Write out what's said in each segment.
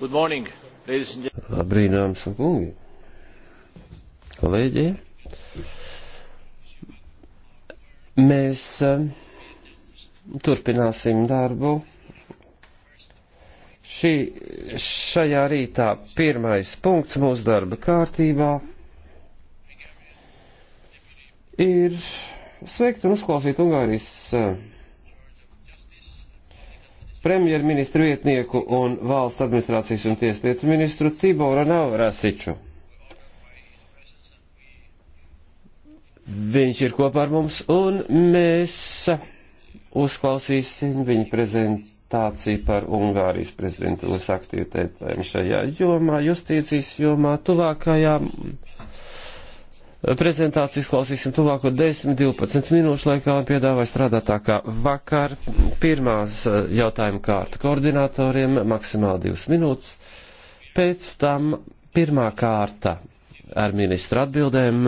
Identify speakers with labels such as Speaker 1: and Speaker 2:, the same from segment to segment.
Speaker 1: Good morning, ladies and gentlemen. Labrīt, dāmas un kungi. Kolēģi. Mēs um, turpināsim darbu. Šī, šajā rītā pirmais punkts mūsu darba kārtībā ir sveikt un uzklausīt Ungārijas uh, premjerministru vietnieku un valsts administrācijas un tieslietu ministru Ciboru Navrasiču. Viņš ir kopā ar mums un mēs uzklausīsim viņa prezentāciju par Ungārijas prezidentūras aktivitātēm šajā jomā, justīcijas jomā, tuvākajā prezentāciju klausīsim tuvāko 10-12 minūšu laikā un piedāvāju strādāt tā kā vakar. Pirmās eh, jautājuma kārta koordinatoriem maksimāli 2 minūtes, pēc tam pirmā kārta ar ministra atbildēm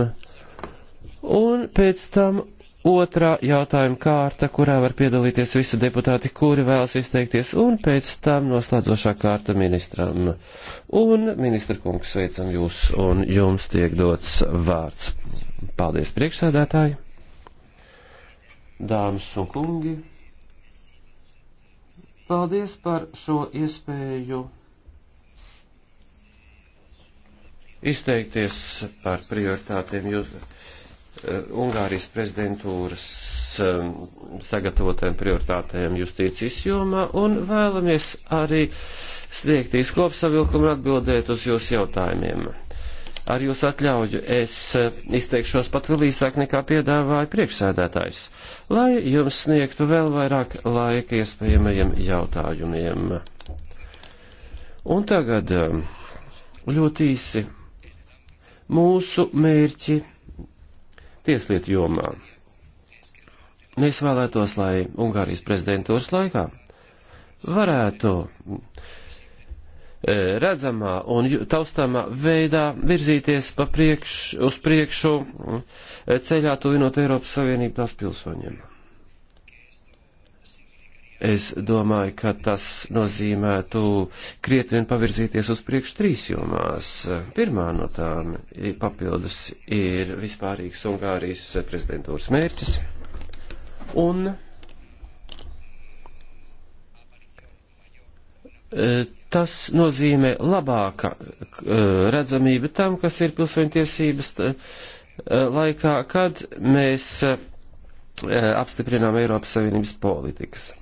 Speaker 1: un pēc tam otrā jautājuma kārta, kurā var piedalīties visi deputāti, kuri vēlas izteikties, un pēc tam noslēdzošā kārta ministram. Un, ministra kungs, sveicam jūs, un jums tiek dots vārds. Paldies, priekšsēdētāji, dāmas un kungi. Paldies par šo iespēju izteikties par prioritātiem jūsu Eh, Ungārijas prezidentūras ehm, sagatavotēm prioritātēm justīcijas jomā un vēlamies arī sniegt izkopsavilkumu un atbildēt uz jūsu jautājumiem. Ar jūsu atļauju es eh, izteikšos pat vēl īsāk nekā piedāvāja priekšsēdētājs, lai jums sniegtu vēl vairāk laika iespējamajiem jautājumiem. Un tagad ehm, ļoti īsi mūsu mērķi tieslietu jomā. Mēs vēlētos, lai Ungārijas prezidentūras laikā varētu e, redzamā un taustāmā veidā virzīties pa priekš, uz priekšu e, ceļā tuvinot Eiropas Savienību tās pilsoņiem. Es domāju, ka tas nozīmētu krietni pavirzīties uz priekšu trīs jomās. Pirmā no tām papildus ir vispārīgs Ungārijas prezidentūras mērķis. Un e, tas nozīmē labāka e, redzamība tam, kas ir pilsoņtiesības e, laikā, kad mēs apstiprinām Eiropas Savienības politikas.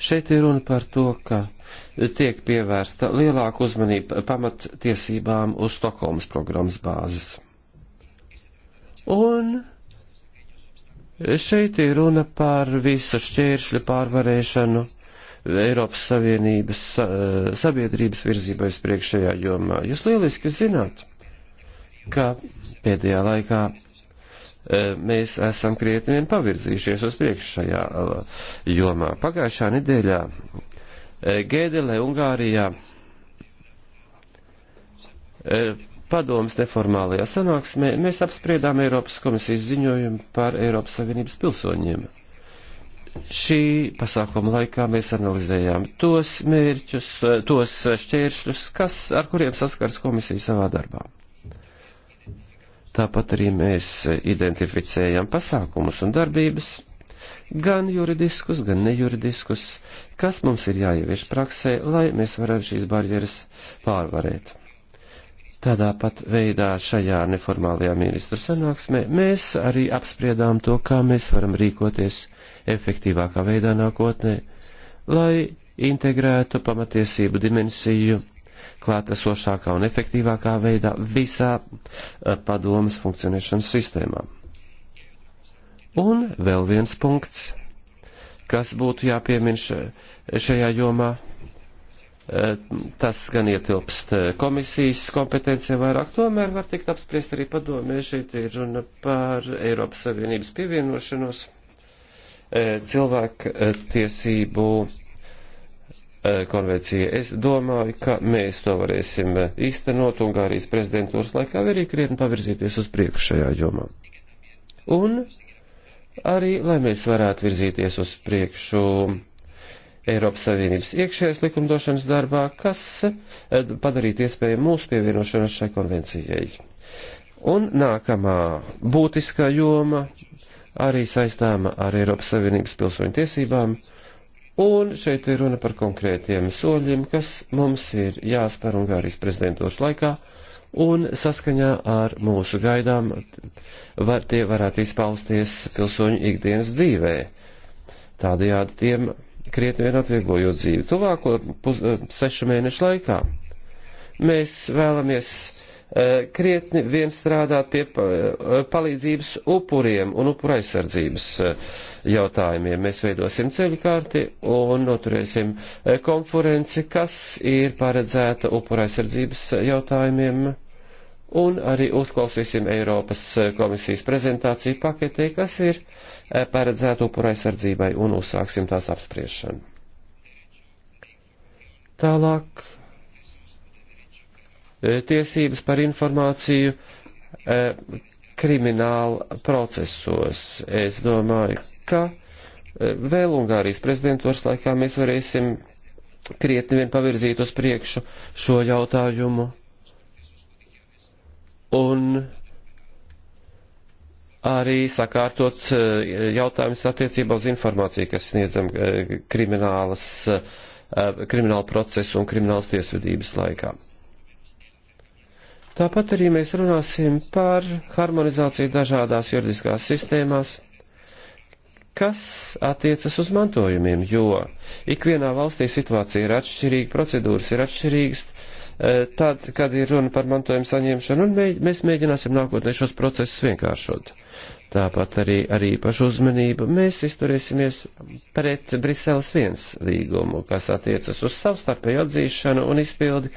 Speaker 1: Šeit ir runa par to, ka tiek pievērsta lielāka uzmanība pamattiesībām uz Stokholmas programmas bāzes. Un šeit ir runa par visu šķēršļu pārvarēšanu Eiropas Savienības sabiedrības virzībai uz priekšējā jomā. Jūs lieliski zināt, ka pēdējā laikā Eh, mēs esam krietni vien pavirzījušies uz priekšu šajā eh, jomā. Pagājušā nedēļā eh, Gēdelē, Ungārijā padomas neformālajā sanāksmē mēs apspriedām Eiropas komisijas ziņojumu par Eiropas Savienības pilsoņiem. Šī pasākuma laikā mēs analizējām tos mērķus, tos šķēršļus, kas, ar kuriem saskars komisija savā darbā. Tāpat arī mēs identificējam pasākumus un darbības, gan juridiskus, gan nejuridiskus, kas mums ir jāievieš praksē, lai mēs varētu šīs barjeras pārvarēt. Tādā pat veidā šajā neformālajā ministru sanāksmē mēs arī apspriedām to, kā mēs varam rīkoties efektīvākā veidā nākotnē, lai integrētu pamatiesību dimensiju klātesošākā un efektīvākā veidā visā eh, padomas funkcionēšanas sistēmā. Un vēl viens punkts, kas būtu jāpiemin šajā jomā, eh, tas gan ietilpst eh, komisijas kompetencija vairāk, tomēr var tikt apspriest arī padomē, šeit ir runa par Eiropas Savienības pievienošanos cilvēku tiesību Eh, konvencija. Es domāju, ka mēs to varēsim eh, īstenot Ungārijas prezidentūras laikā, arī krietni pavirzīties uz priekšu šajā jomā. Un arī, lai mēs varētu virzīties uz priekšu Eiropas Savienības iekšējais likumdošanas darbā, kas eh, padarītu iespēju mūsu pievienošanos šai konvencijai. Un nākamā būtiskā joma arī saistāma ar Eiropas Savienības pilsoņu tiesībām Un šeit ir runa par konkrētiem soļiem, kas mums ir jāspēr Ungārijas prezidentūras laikā, un saskaņā ar mūsu gaidām var, tie varētu izpausties pilsoņu ikdienas dzīvē. Tādējādi tiem krietni vien atvieglojot dzīvi tuvāko pus, sešu mēnešu laikā. Mēs vēlamies Eh, krietni vien strādāt pie eh, palīdzības upuriem un upura aizsardzības eh, jautājumiem. Mēs veidosim ceļu kārti un noturēsim konferenci, kas ir paredzēta upura aizsardzības jautājumiem. Un arī uzklausīsim Eiropas komisijas prezentāciju paketē, kas ir paredzēta upura aizsardzībai un uzsāksim tās apspriešanu. Tālāk E, tiesības par informāciju e, krimināla procesos. Es domāju, ka e, vēl Ungārijas prezidentūras laikā mēs varēsim krietni vien pavirzīt uz priekšu šo jautājumu. Un arī sakārtot jautājumus attiecībā uz informāciju, kas sniedzam kriminālas, krimināla procesu un kriminālas tiesvedības laikā. Tāpat arī mēs runāsim par harmonizāciju dažādās juridiskās sistēmās, kas attiecas uz mantojumiem, jo ikvienā valstī situācija ir atšķirīga, procedūras ir atšķirīgas, eh, tad, kad ir runa par mantojumu saņemšanu, un mēs mēģināsim nākotnē šos procesus vienkāršot. Tāpat arī, arī pašu uzmanību mēs izturēsimies pret Briseles viens līgumu, kas attiecas uz savstarpēju atzīšanu un izpildi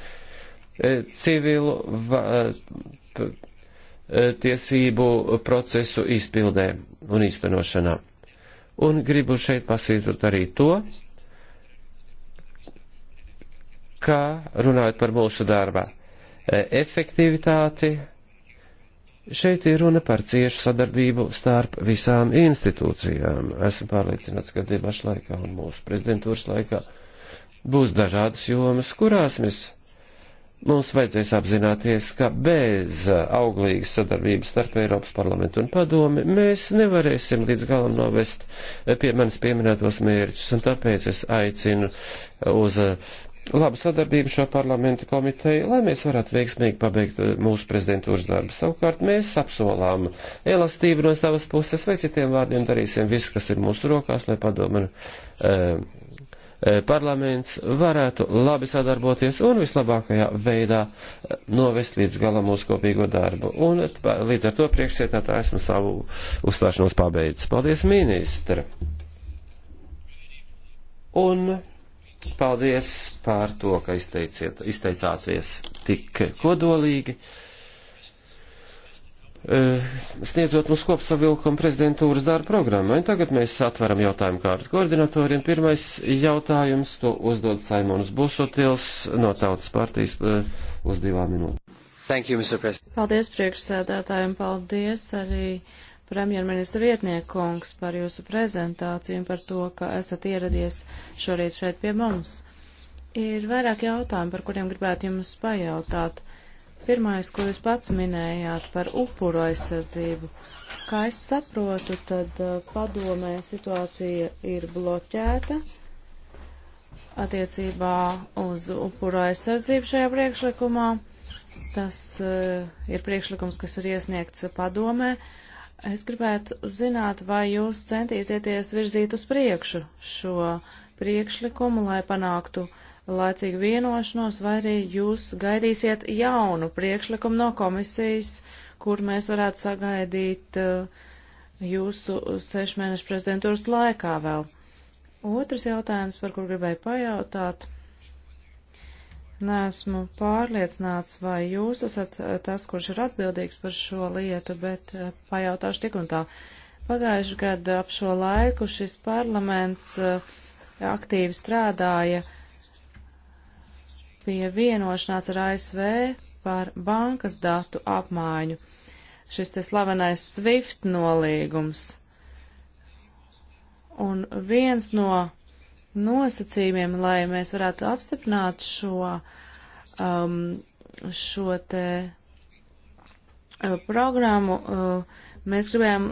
Speaker 1: Eh, civilu va, eh, eh, tiesību procesu izpildē un īstenošanā. Un gribu šeit pasvītrot arī to, kā runājot par mūsu darba efektivitāti, šeit ir runa par ciešu sadarbību starp visām institūcijām. Esmu pārliecināts, ka debašu laikā un mūsu prezidentūras laikā būs dažādas jomas, kurās mēs Mums vajadzēs apzināties, ka bez auglīgas sadarbības starp Eiropas parlamentu un padomi mēs nevarēsim līdz galam novest pie manis pieminētos mērķus, un tāpēc es aicinu uz eh, labu sadarbību šo parlamentu komiteju, lai mēs varētu veiksmīgi pabeigt eh, mūsu prezidentūras darbu. Savukārt mēs apsolām elastību no savas puses, vai citiem vārdiem darīsim visu, kas ir mūsu rokās, lai padomu uh, eh, E, parlaments varētu labi sadarboties un vislabākajā veidā e, novest līdz galam mūsu kopīgo darbu. Un līdz ar to priekšsētātā esmu savu uzstāšanos pabeidzis. Paldies, ministra! Un paldies par to, ka izteicāties tik kodolīgi. E, sniedzot mums kopsavilkumu prezidentūras darba programmai. Tagad mēs atveram jautājumu kārtu koordinatoriem. Pirmais jautājums to uzdod Saimons Busotils no Tautas partijas e, uz divām minūtēm. You,
Speaker 2: paldies priekšsēdētājiem, paldies arī premjerministra vietniekungs par jūsu prezentāciju un par to, ka esat ieradies šorīt šeit pie mums. Ir vairāk jautājumu, par kuriem gribētu jums pajautāt. Pirmais, ko jūs pats minējāt par upuru aizsardzību. Kā es saprotu, tad uh, padomē situācija ir bloķēta attiecībā uz upuru aizsardzību šajā priekšlikumā. Tas uh, ir priekšlikums, kas ir iesniegts padomē. Es gribētu zināt, vai jūs centīsieties virzīt uz priekšu šo priekšlikumu, lai panāktu uh, laicīgu vienošanos, vai arī jūs gaidīsiet jaunu priekšlikumu no komisijas, kur mēs varētu sagaidīt uh, jūsu sešmēnešu prezidentūras laikā vēl. Otrs jautājums, par kur gribēju pajautāt. Nesmu pārliecināts, vai jūs esat uh, tas, kurš ir atbildīgs par šo lietu, bet uh, pajautāšu tik un tā. Pagājuši gadu ap šo laiku šis parlaments aktīvi strādāja uh, pie vienošanās ar ASV par bankas datu apmaiņu. Šis te slavenais SWIFT nolīgums. Un viens no nosacījumiem, lai mēs varētu apstiprināt šo, um, šo te uh, programmu, uh, mēs gribējām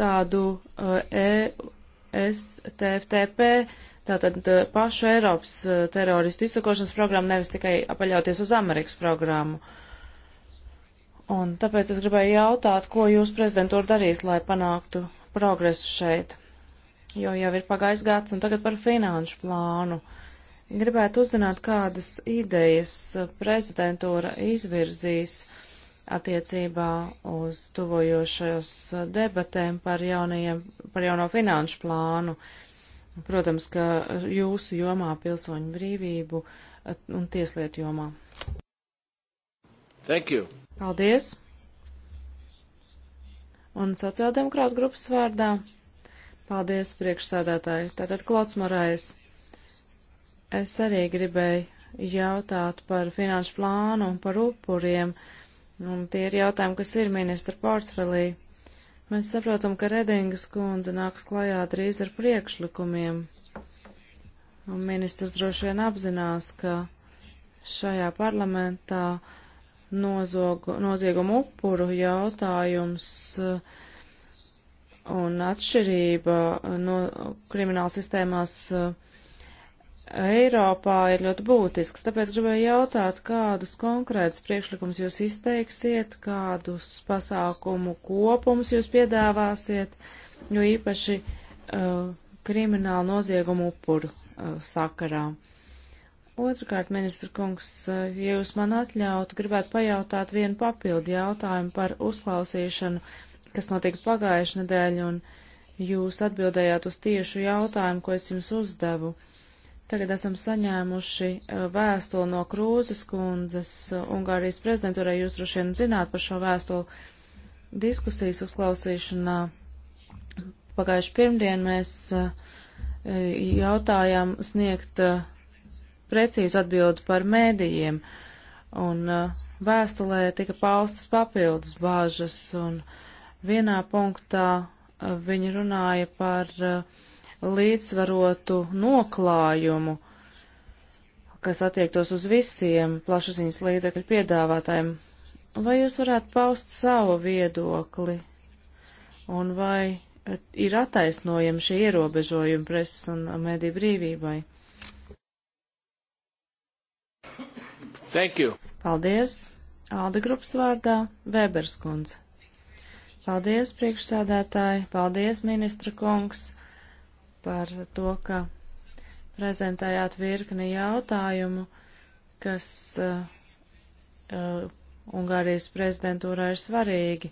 Speaker 2: tādu uh, ESTFTP tātad eh, pašu Eiropas eh, teroristu izsakošanas programmu, nevis tikai paļauties uz Amerikas programmu. Un tāpēc es gribēju jautāt, ko jūs prezidentūra darīs, lai panāktu progresu šeit, jo jau ir pagājis gads un tagad par finanšu plānu. Gribētu uzzināt, kādas idejas eh, prezidentūra izvirzīs attiecībā uz tuvojošajos debatēm par, jaunajiem, par jauno finanšu plānu. Uh, protams, ka jūsu jomā pilsoņu brīvību un tieslietu jomā. Thank you. Paldies. Un sociāldemokrāta grupas vārdā. Paldies, priekšsādātāji. Tātad Klots Morais. Es arī gribēju jautāt par finanšu plānu un par upuriem. Un tie ir jautājumi, kas ir ministra portfelī. Mēs saprotam, ka Redingas kundze nāks klajā drīz ar priekšlikumiem, un ministrs droši vien apzinās, ka šajā parlamentā nozogu, noziegumu upuru jautājums uh, un atšķirība uh, no krimināla sistēmās uh, Eiropā ir ļoti būtisks, tāpēc gribēju jautāt, kādus konkrētus priekšlikumus jūs izteiksiet, kādus pasākumu kopumus jūs piedāvāsiet, jo īpaši uh, kriminālu noziegumu upuru uh, sakarā. Otrakārt, ministra kungs, uh, ja jūs man atļautu, gribētu pajautāt vienu papildu jautājumu par uzklausīšanu, kas notika pagājušajā nedēļā, un jūs atbildējāt uz tiešu jautājumu, ko es jums uzdevu. Uh, Tagad esam saņēmuši eh, vēstuli no Krūzes kundzes eh, Ungārijas prezidentūrai. Jūs droši vien zināt par šo vēstuli diskusijas uzklausīšanā. Pagājuši pirmdien mēs eh, jautājām sniegt precīzu atbildi par mēdījiem, un vēstulē tika paustas papildus bāžas, un vienā punktā viņi runāja par uh, līdzsvarotu noklājumu, kas attiektos uz visiem plašsaziņas līdzekļu piedāvātājiem. Vai jūs varētu paust savu viedokli? Un vai ir attaisnojami šie ierobežojumi presas un mediju brīvībai? Thank you. Paldies. Alda grupas vārdā Vēberskundze. Paldies, priekšsēdētāji. Paldies, ministra kungs par to, ka prezentējāt virkni jautājumu, kas uh, uh, Ungārijas prezidentūrā ir svarīgi.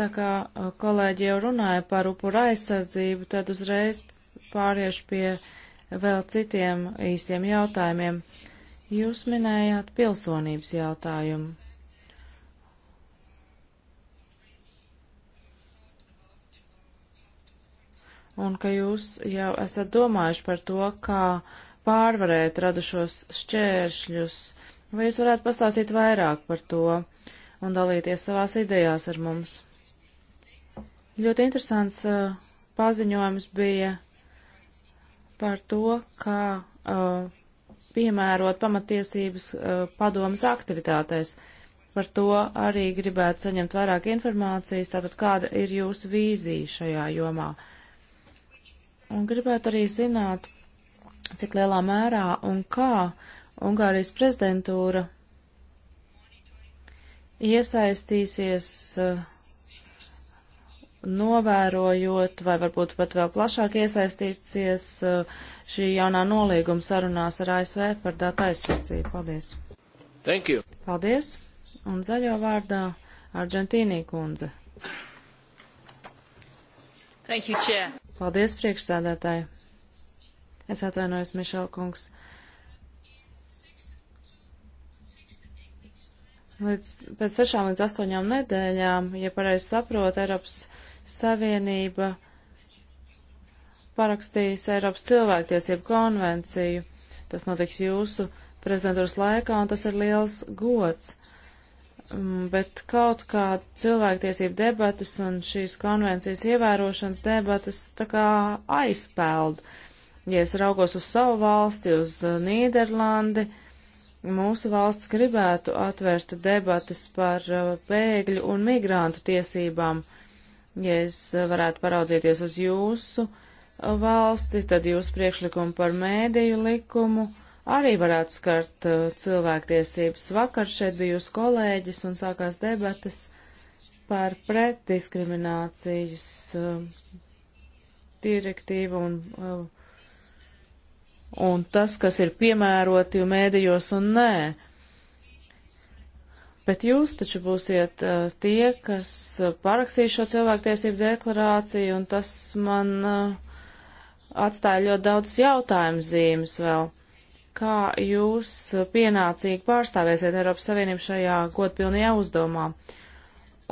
Speaker 2: Tā kā uh, kolēģi jau runāja par upura aizsardzību, tad uzreiz pāriešu pie vēl citiem īsiem jautājumiem. Jūs minējāt pilsonības jautājumu. un ka jūs jau esat domājuši par to, kā pārvarēt radušos šķēršļus. Vai jūs varētu pastāstīt vairāk par to un dalīties savās idejās ar mums? Ļoti interesants uh, paziņojums bija par to, kā uh, piemērot pamatiesības uh, padomas aktivitātēs. Par to arī gribētu saņemt vairāk informācijas, tātad kāda ir jūsu vīzija šajā jomā. Uh, Un gribētu arī zināt, cik lielā mērā un kā Ungārijas prezidentūra iesaistīsies eh, novērojot, vai varbūt pat vēl plašāk iesaistīsies eh, šī jaunā nolīguma sarunās ar ASV par datu aizsardzību. Paldies! Thank you! Paldies! Un zaļo vārdā Argentīnī kundze. Thank you, Chair. Paldies, priekšsādātāji. Es atvainojos, Mišel kungs. Līdz, pēc sešām līdz astoņām nedēļām, ja pareizi saprot, Eiropas Savienība parakstīs Eiropas cilvēktiesību konvenciju. Tas notiks jūsu prezidentūras laikā, un tas ir liels gods. Uh, Mm, bet kaut kā cilvēktiesību debatas un šīs konvencijas ievērošanas debatas tā kā aizpeld. Ja es raugos uz savu valsti, uz uh, Nīderlandi, mūsu valsts gribētu atvērt debatas par uh, bēgļu un migrantu tiesībām. Ja es uh, varētu paraudzīties uz jūsu uh, valsti, tad jūs priekšlikumu par mēdīju likumu arī varētu skart uh, cilvēktiesības. Vakar šeit bija jūs kolēģis un sākās debatas par pretdiskriminācijas uh, direktīvu un, uh, un tas, kas ir piemēroti mēdījos un nē. Bet jūs taču būsiet uh, tie, kas parakstīs šo cilvēktiesību deklarāciju, un tas man uh, atstāja ļoti daudz jautājumu zīmes vēl. Kā jūs pienācīgi pārstāvēsiet Eiropas Savienību šajā godpilnajā uzdevumā?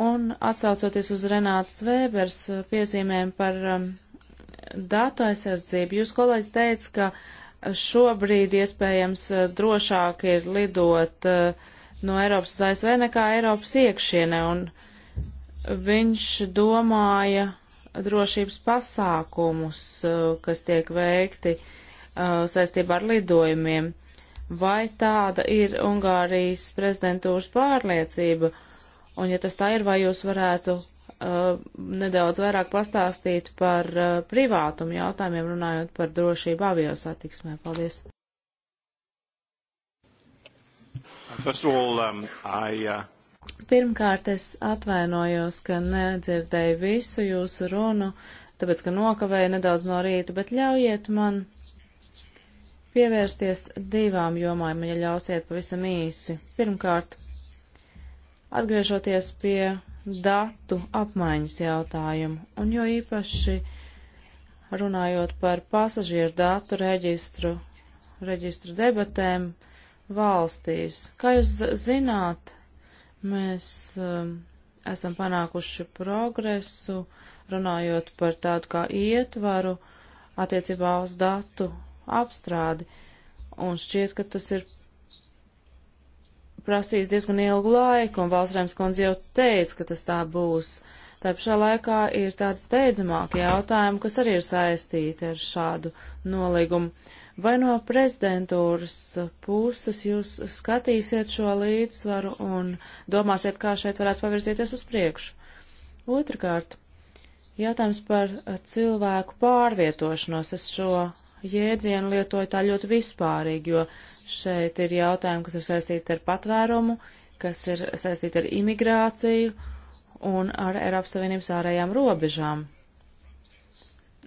Speaker 2: Un atsaucoties uz Renātas Vēbers piezīmēm par um, datu aizsardzību, jūs kolēģis teica, ka šobrīd iespējams uh, drošāk ir lidot uh, no Eiropas uz ASV nekā Eiropas iekšienē, un viņš domāja, drošības pasākumus, eh, kas tiek veikti eh, saistībā ar lidojumiem. Vai tāda ir Ungārijas prezidentūras pārliecība? Un, ja tas tā ir, vai jūs varētu uh, nedaudz vairāk pastāstīt par uh, privātumu jautājumiem, runājot par drošību avio satiksmē? Paldies!
Speaker 3: First of all, um, I, uh...
Speaker 2: Pirmkārt, es atvainojos, ka nedzirdēju visu jūsu runu, tāpēc, ka nokavēju nedaudz no rīta, bet ļaujiet man pievērsties divām jomām, ja ļausiet pavisam īsi. Pirmkārt, atgriežoties pie datu apmaiņas jautājumu, un jo īpaši runājot par pasažieru datu reģistru, reģistru debatēm valstīs. Kā jūs zināt, Mēs um, esam panākuši progresu, runājot par tādu kā ietvaru attiecībā uz datu apstrādi, un šķiet, ka tas ir prasījis diezgan ilgu laiku, un Valsrēms kundze jau teica, ka tas tā būs. Tā pašā laikā ir tādi steidzamāki jautājumi, kas arī ir saistīti ar šādu nolīgumu. Vai no prezidentūras puses jūs skatīsiet šo līdzsvaru un domāsiet, kā šeit varētu pavirzīties uz priekšu? Otrakārt, jautājums par cilvēku pārvietošanos. Es šo jēdzienu lietoju tā ļoti vispārīgi, jo šeit ir jautājumi, kas ir saistīti ar patvērumu, kas ir saistīti ar imigrāciju un ar Eiropas Savienības ārējām robežām.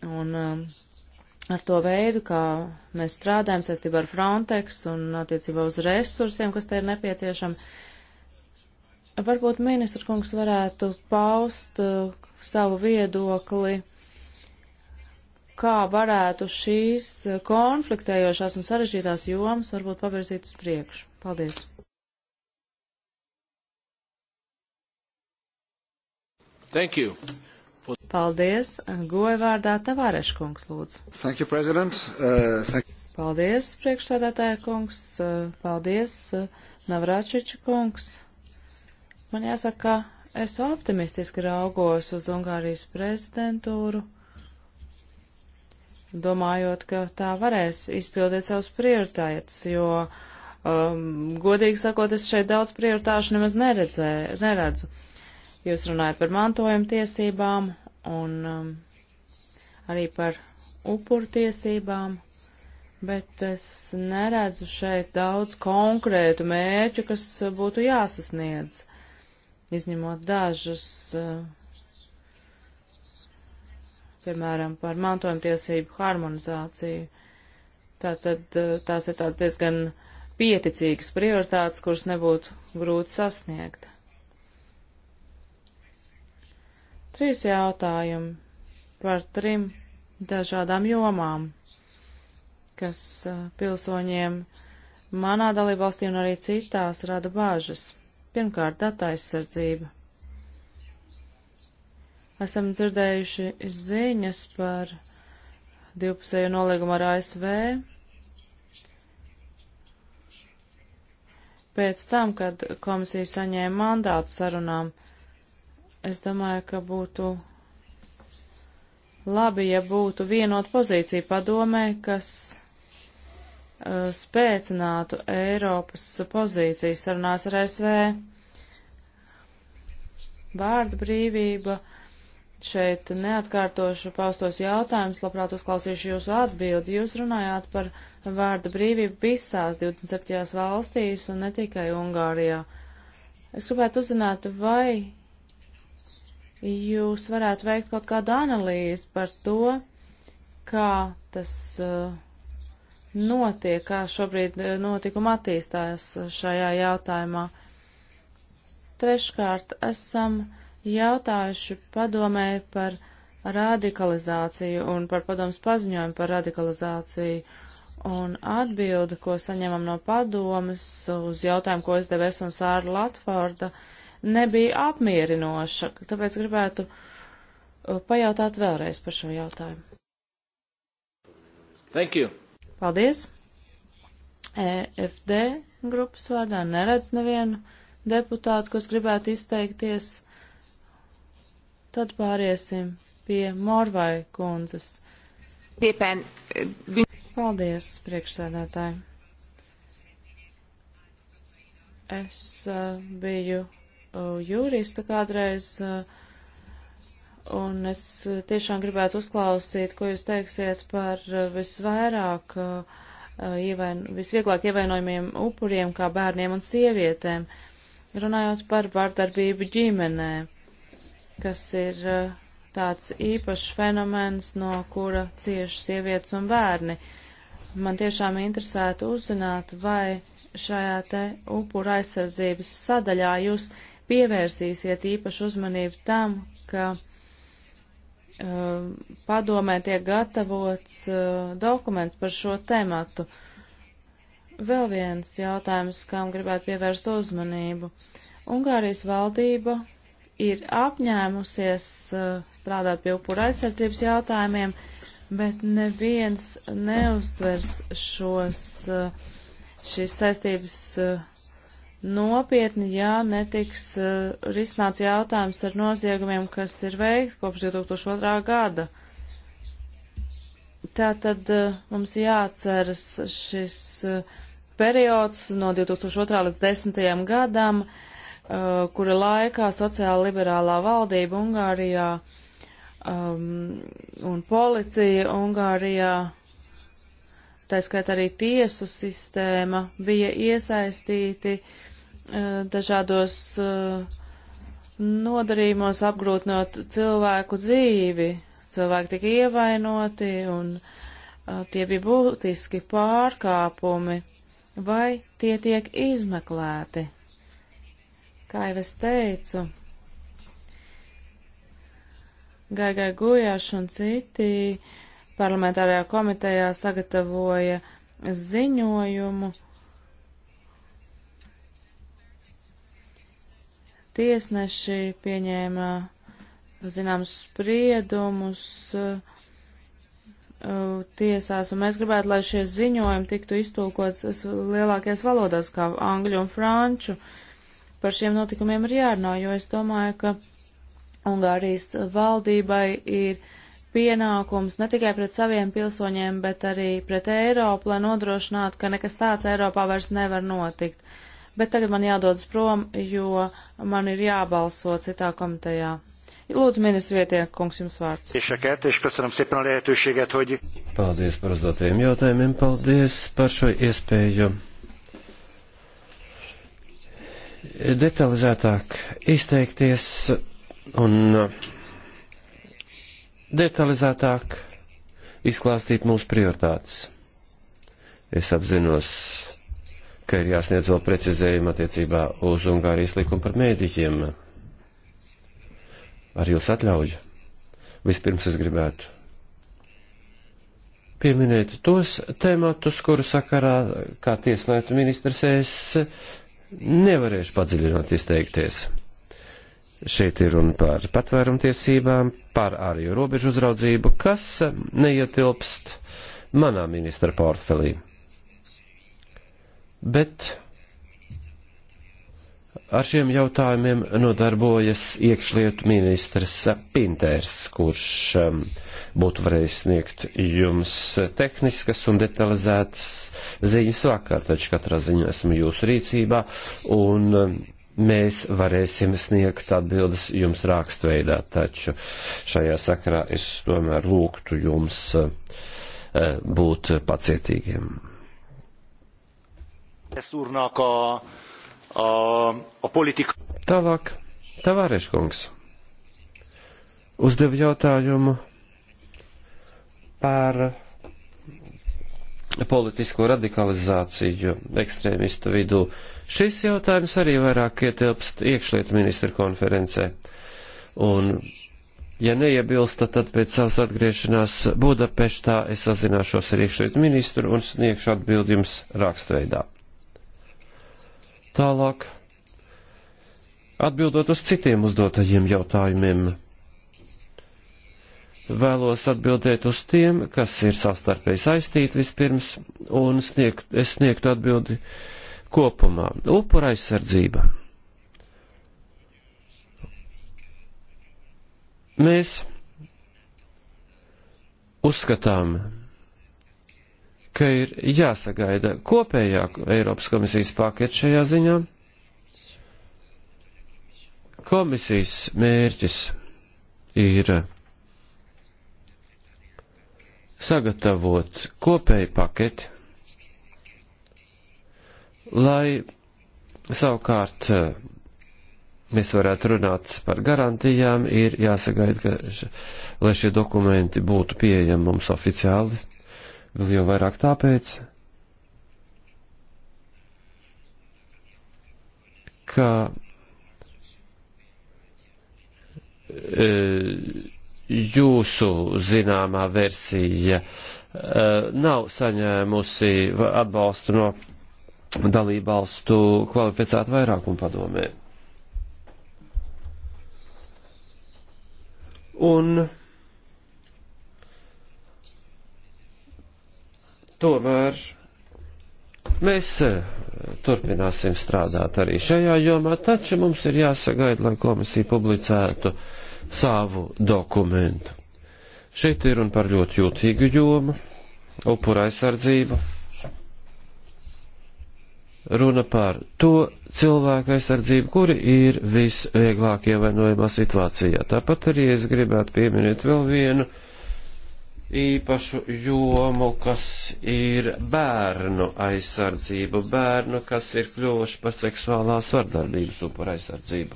Speaker 2: Un um, ar to veidu, kā mēs strādājam saistībā ar Frontex un attiecībā uz resursiem, kas te ir nepieciešami. Varbūt ministra kungs varētu paust uh, savu viedokli, kā varētu šīs konfliktējošās un sarežģītās jomas varbūt pavirzīt uz priekšu. Paldies! Thank you. Paldies. Goja vārdā Tavāreš kungs, lūdzu.
Speaker 3: Thank you, President. Uh, thank you.
Speaker 2: Paldies, priekšsādātāja kungs. Uh, paldies, uh, Navračiča kungs. Man jāsaka, ka es optimistiski raugos uz Ungārijas prezidentūru domājot, ka tā varēs izpildīt savus prioritātes, jo, um, godīgi sakot, es šeit daudz prioritāšu nemaz neredzē, neredzu. Jūs runājat par mantojuma tiesībām un um, arī par upuru tiesībām, bet es neredzu šeit daudz konkrētu mērķu, kas būtu jāsasniedz, izņemot dažus, uh, piemēram, par mantojuma tiesību harmonizāciju. Tātad uh, tās ir tādas diezgan pieticīgas prioritātes, kuras nebūtu grūti sasniegt. Trīs jautājumi par trim dažādām jomām, kas pilsoņiem manā dalībvalstī un arī citās rada bāžas. Pirmkārt, data aizsardzība. Esam dzirdējuši ziņas par divpusēju nolīgumu ar ASV. Pēc tam, kad komisija saņēma mandātu sarunām, uh, es domāju, ka būtu labi, ja būtu vienot pozīcija padomē, kas uh, spēcinātu Eiropas pozīcijas sarunās ar ASV. Vārda brīvība. Šeit neatkārtošu paustos jautājumus, labprāt uzklausīšu jūsu atbildi. Jūs runājāt par vārda brīvību visās 27 valstīs un ne tikai Ungārijā. Es gribētu uzzināt, vai jūs varētu veikt kaut kādu analīzi par to, kā tas uh, notiek, kā šobrīd uh, notikuma attīstās šajā jautājumā. Treškārt, esam jautājuši padomē par radikalizāciju un par padomus paziņojumu par radikalizāciju. Un atbilde, ko saņemam no padomas uz jautājumu, ko es devu es un Sāra Latforda, uh, nebija apmierinoša. Tāpēc gribētu uh, pajautāt vēlreiz par šo jautājumu. Thank you. Paldies. EFD grupas vārdā neredz nevienu deputātu, kas gribētu izteikties. Tad pāriesim pie Morvai kundzes. Tiepen. Eh, Paldies, priekšsēdētāji. Es uh, biju juristu kādreiz, un es tiešām gribētu uzklausīt, ko jūs teiksiet par visvairāk ievain, visvieglāk ievainojumiem upuriem, kā bērniem un sievietēm, runājot par vārdarbību ģimenē, kas ir tāds īpašs fenomens, no kura cieši sievietes un bērni. Man tiešām interesētu uzzināt, vai šajā te upura aizsardzības sadaļā jūs pievērsīsiet īpašu uzmanību tam, ka uh, padomē tiek gatavots uh, dokuments par šo tematu. Vēl viens jautājums, kam gribētu pievērst uzmanību. Ungārijas valdība ir apņēmusies uh, strādāt pie upura aizsardzības jautājumiem, bet neviens neuztvers šos, uh, šīs saistības uh, nopietni, ja netiks uh, risināts jautājums ar noziegumiem, kas ir veikti kopš 2002. gada. Tātad uh, mums jāatceras šis uh, periods no 2002. līdz 2010. gadam, kura laikā sociāla liberālā valdība Ungārijā um, un policija Ungārijā taiskait arī tiesu sistēma, bija iesaistīti uh, dažādos nodarījumos apgrūtinot cilvēku dzīvi. Cilvēki tika ievainoti un tie bija būtiski pārkāpumi. Vai tie tiek izmeklēti? Kā jau es teicu, Gaigai Gujaš un citi parlamentārajā komitejā sagatavoja ziņojumu, uh, tiesneši pieņēma zināms spriedumus uh, tiesās, un mēs gribētu, lai šie ziņojumi tiktu iztulkots lielākajās valodās, kā angļu un franču. Par šiem notikumiem ir jārunā, jo es domāju, ka Ungārijas valdībai ir pienākums ne tikai pret saviem pilsoņiem, bet arī pret Eiropu, lai nodrošinātu, ka nekas tāds Eiropā vairs nevar notikt. Uh, bet tagad man jādodas prom, jo man ir jābalso citā komitejā. Lūdzu, ministrs vietniek, kungs, jums vārds.
Speaker 1: Paldies par uzdotajiem jautājumiem, paldies par šo iespēju detalizētāk izteikties un detalizētāk izklāstīt mūsu prioritātes. Es apzinos ka ir jāsniedz vēl precizējumi attiecībā uz Ungārijas likumu par mēdīķiem. Ar jūs atļauju? Vispirms es gribētu pieminēt tos tēmatus, kuru sakarā, kā tieslietu ministrs, es nevarēšu padziļināt izteikties. Šeit ir runa par patvērumtiesībām, par ārējo robežu uzraudzību, kas neietilpst manā ministra portfelī bet ar šiem jautājumiem nodarbojas iekšlietu ministrs Pintērs, kurš um, būtu varējis sniegt jums tehniskas un detalizētas ziņas vakar, taču katrā ziņā esmu jūsu rīcībā un um, mēs varēsim sniegt atbildes jums rakstveidā, taču šajā sakarā es tomēr lūgtu jums uh, uh, būt pacietīgiem.
Speaker 3: Tālāk,
Speaker 1: Tavāreškungs uzdev jautājumu par politisko radikalizāciju ekstrēmistu vidū. Šis jautājums arī vairāk ietilpst iekšlietu ministra konferencē. Un, ja neiebilsta, tad pēc savas atgriešanās Budapeštā es sazināšos ar iekšlietu ministru un sniegšu atbildi jums rakstveidā. Tālāk, atbildot uz citiem uzdotajiem jautājumiem, vēlos atbildēt uz tiem, kas ir sastarpēji saistīti vispirms, un sniegt, es sniegtu atbildi kopumā. Upura aizsardzība. Mēs uzskatām, ka ir jāsagaida kopējā Eiropas komisijas paketa šajā ziņā. Komisijas mērķis ir sagatavot kopēju paketi, lai savukārt eh, mēs varētu runāt par garantijām, ir jāsagaida, ka, lai šie dokumenti būtu pieejami mums oficiāli vēl jau vairāk tāpēc, ka e, jūsu zināmā versija e, nav saņēmusi atbalstu no dalībvalstu kvalificētu vairākumu padomē. Un Tomēr mēs e, turpināsim strādāt arī šajā jomā, taču mums ir jāsagaida, lai komisija publicētu savu dokumentu. Šeit ir un par ļoti jūtīgu jomu - upura aizsardzība. Runa par to cilvēku aizsardzību, kuri ir visvieglāk ievainojamā situācijā. Tāpat arī es gribētu pieminēt vēl vienu uh, īpašu jomu, kas ir bērnu aizsardzība, bērnu, kas ir kļuvuši par seksuālās vardarbības upura aizsardzību.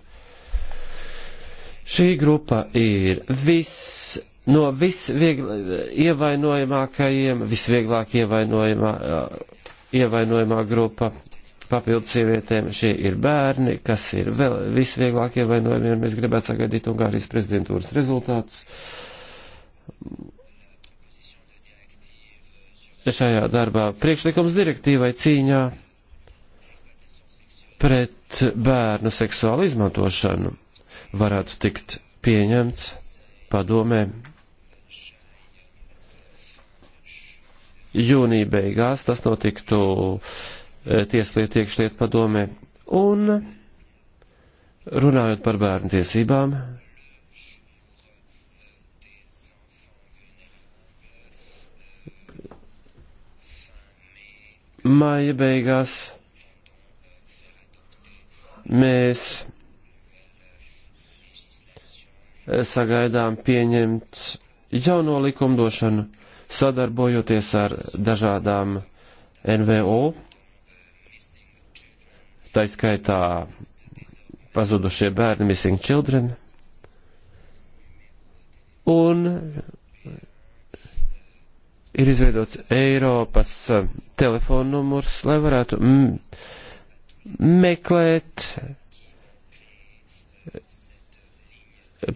Speaker 1: Šī grupa ir viss no visievainojamākajiem, visvieglāk ievainojamā, ievainojamā grupa papildus sievietēm. Šie ir bērni, kas ir vēl visvieglāk ievainojami, un mēs gribētu sagaidīt Ungārijas prezidentūras rezultātus šajā darbā. Priekšlikums direktīvai cīņā pret bērnu seksuālu izmantošanu varētu tikt pieņemts padomē jūnija beigās, tas notiktu e, tieslietu iekšlietu padomē. Un runājot par bērnu tiesībām, Māja beigās mēs eh, sagaidām pieņemt jauno likumdošanu, sadarbojoties ar dažādām NVO, taiskaitā pazudušie bērni, missing children, un ir izveidots Eiropas eh, telefonu numurs, lai varētu meklēt,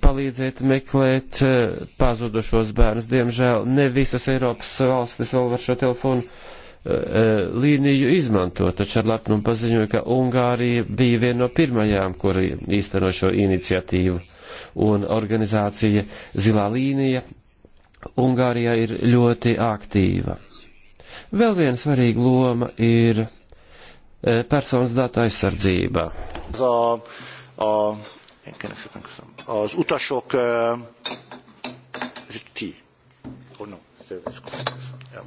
Speaker 1: palīdzēt meklēt eh, pazudušos bērnus. Diemžēl ne visas Eiropas valstis vēl var šo telefonu eh, līniju izmantot, taču ar lepnumu paziņoja, ka Ungārija bija viena no pirmajām, kuri īsteno šo iniciatīvu, un organizācija Zilā līnija Ungārijā ir ļoti aktīva. Vēl viena svarīga loma ir eh, personas datu aizsardzība.
Speaker 3: Az utasok eh,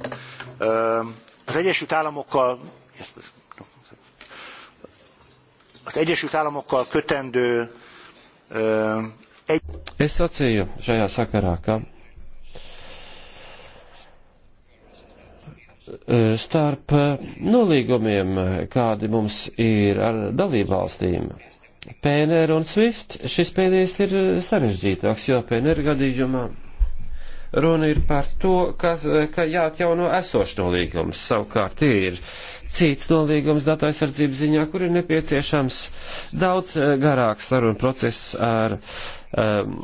Speaker 3: eh, az Egyesült Államokkal az Egyesült Államokkal kötendő egy...
Speaker 1: Es sacīju šajā sakarā, ka Eh, starp eh, nolīgumiem, eh, kādi mums ir ar dalībvalstīm. PNR un SWIFT šis pēdējais ir sarežģītāks, jo PNR gadījumā runa ir par to, kas, ka jāatjauno esošs nolīgums. Savukārt ir cits nolīgums datu aizsardzības ziņā, kur ir nepieciešams daudz garāks sarunu process ar um,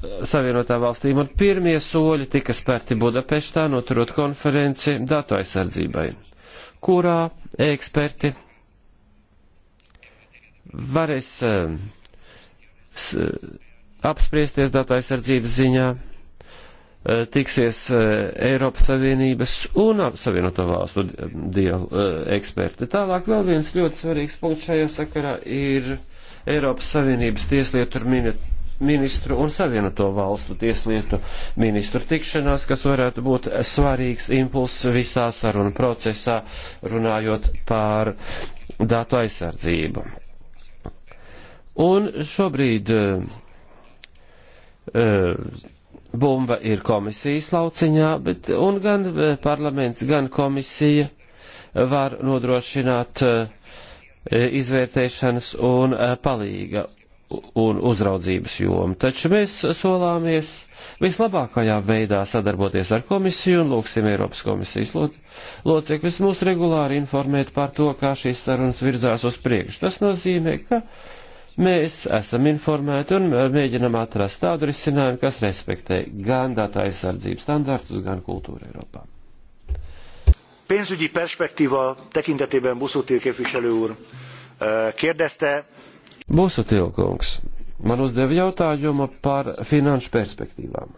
Speaker 1: Savienotām valstīm, un pirmie soļi tika spērti Budapeštā, noturot konferenci datu aizsardzībai, kurā eksperti varēs eh, apspriesties datu aizsardzības ziņā, eh, tiksies eh, Eiropas Savienības un Savienoto valstu eksperti. Tālāk vēl viens ļoti svarīgs punkts šajā sakarā ir Eiropas Savienības tieslietu ministru un savienoto valstu tieslietu ministru tikšanās, kas varētu būt svarīgs impulss visā sarunu procesā, runājot pār datu aizsardzību. Un šobrīd uh, bumba ir komisijas lauciņā, bet un gan eh, parlaments, gan komisija var nodrošināt uh, izvērtēšanas un palīga un uzraudzības jomu. Taču mēs solāmies vislabākajā veidā sadarboties ar komisiju un lūksim Eiropas komisijas locekļus mūs regulāri informēt par to, kā šīs sarunas virzās uz priekšu. Tas nozīmē, ka mēs esam informēti un mēģinam atrast tādu risinājumu, kas respektē gan datu aizsardzības standartus, gan kultūru Eiropā.
Speaker 3: Pénzügyi perspektíva tekintetében Buszutil képviselő úr eh, kérdezte,
Speaker 1: Būsu tilkungs, man uzdev jautājumu par finanšu perspektīvām.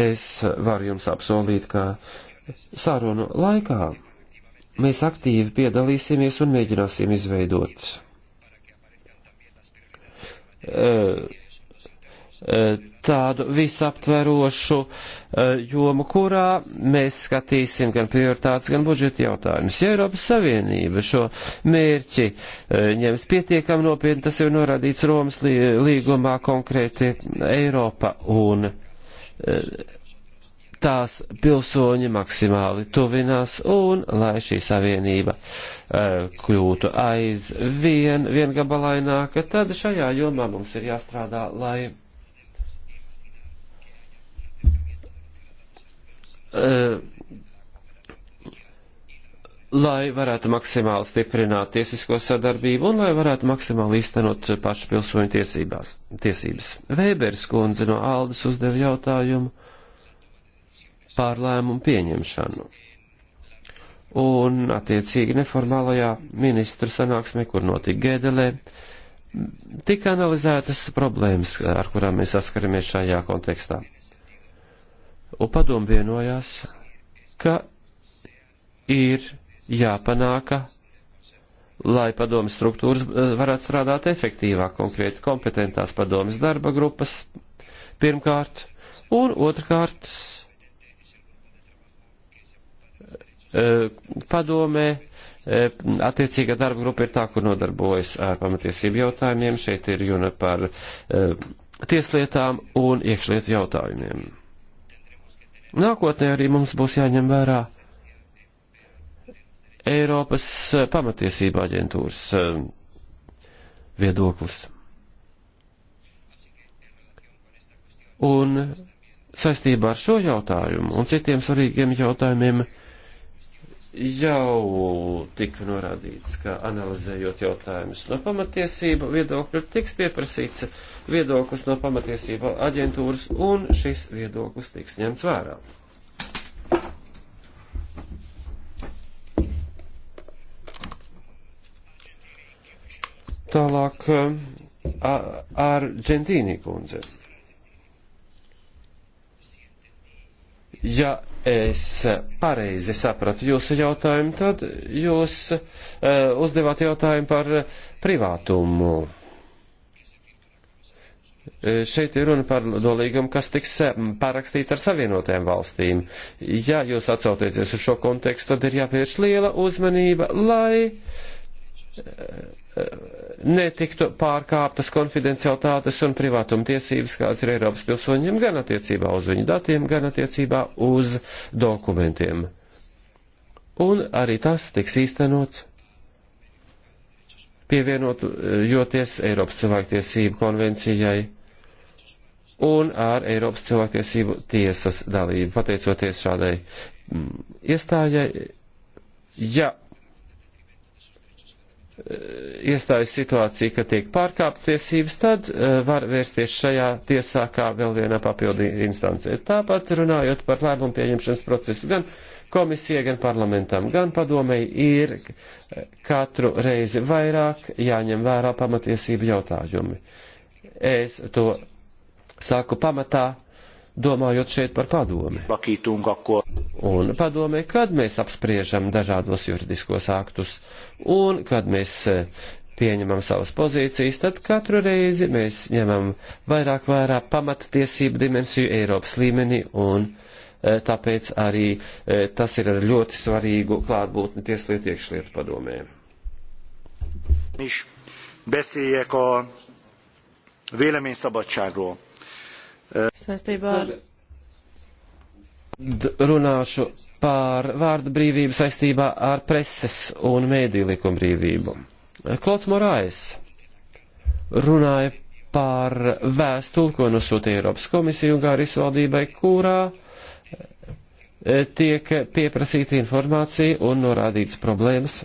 Speaker 1: Es varu jums apsolīt, ka sarunu laikā mēs aktīvi piedalīsimies un mēģināsim izveidot eh, E, tādu visaptverošu e, jomu, kurā mēs skatīsim gan prioritātes, gan budžeta jautājumus. Ja Eiropas Savienība šo mērķi e, ņems pietiekam nopietni, tas jau norādīts Romas līgumā konkrēti Eiropa un tās pilsoņi maksimāli tuvinās un lai šī savienība uh, kļūtu aizvien viengabalaināka, tad šajā jomā mums ir jāstrādā, lai Eh, lai varētu maksimāli stiprināt tiesisko sadarbību un lai varētu maksimāli īstenot pašu pilsoņu tiesībās, tiesības. Vēberis kundze no Aldas uzdeva jautājumu par lēmumu pieņemšanu. Un, attiecīgi, neformālajā ministru sanāksmē, kur notika Gēdelē, tika analizētas problēmas, ar kurām mēs saskaramies šajā kontekstā un padomu vienojās, ka ir jāpanāka, lai padomu struktūras eh, varētu strādāt efektīvāk, konkrēti kompetentās padomas darba grupas pirmkārt, un otrkārt eh, padomē eh, attiecīgā darba grupa ir tā, kur nodarbojas ar pamatiesību jautājumiem. Šeit ir runa par tieslietām un iekšlietu jautājumiem. Nākotnē arī mums būs jāņem vērā Eiropas eh, pamatiesība aģentūras eh, viedoklis. Un saistībā ar šo jautājumu un citiem svarīgiem jautājumiem jau tika norādīts, ka analizējot jautājumus no pamatiesību viedokļa, tiks pieprasīts viedoklis no pamatiesību aģentūras, un šis viedoklis tiks ņemts vērā. Tālāk ar Džentīnī kundzes. Ja es pareizi sapratu jūsu jautājumu, tad jūs uh, uzdevāt jautājumu par privātumu. Eh, šeit ir runa par dolīgumu, kas tiks eh, parakstīts ar savienotajām valstīm. Ja jūs atsaucieties uz šo kontekstu, tad ir jāpievērš liela uzmanība, lai netiktu pārkāptas konfidencialitātes un privātuma tiesības, kādas ir Eiropas pilsoņiem, gan attiecībā uz viņu datiem, gan attiecībā uz dokumentiem. Un arī tas tiks īstenots pievienojoties Eiropas cilvēktiesību konvencijai un ar Eiropas cilvēktiesību tiesas dalību. Pateicoties šādai mm, iestājai, ja Eh, iestājas situācija, ka tiek pārkāptas tiesības, tad eh, var vērsties šajā tiesā kā vēl vienā papildu instancē. Tāpat runājot par lēmumu pieņemšanas procesu, gan komisija, gan parlamentam, gan padomei ir eh, katru reizi vairāk jāņem vērā pamatiesību jautājumi. Es to saku pamatā domājot šeit par padomi. Un padomē, kad mēs apspriežam dažādos juridiskos aktus un kad mēs e, pieņemam savas pozīcijas, tad katru reizi mēs ņemam vairāk vērā pamattiesību dimensiju Eiropas līmenī un e, tāpēc arī e, tas ir ar ļoti svarīgu klātbūtni tieslietu iekšlietu padomē.
Speaker 3: Viņš beszéljek a véleményszabadságról.
Speaker 2: Saistībā ar.
Speaker 1: Runāšu pār vārdu brīvību saistībā ar preses un mēdī likumbrīvību. Klots Morais runāja par vēstuli, ko nosūtīja Eiropas komisija Ungāris valdībai, kurā e, tiek pieprasīta informācija un norādīts problēmas,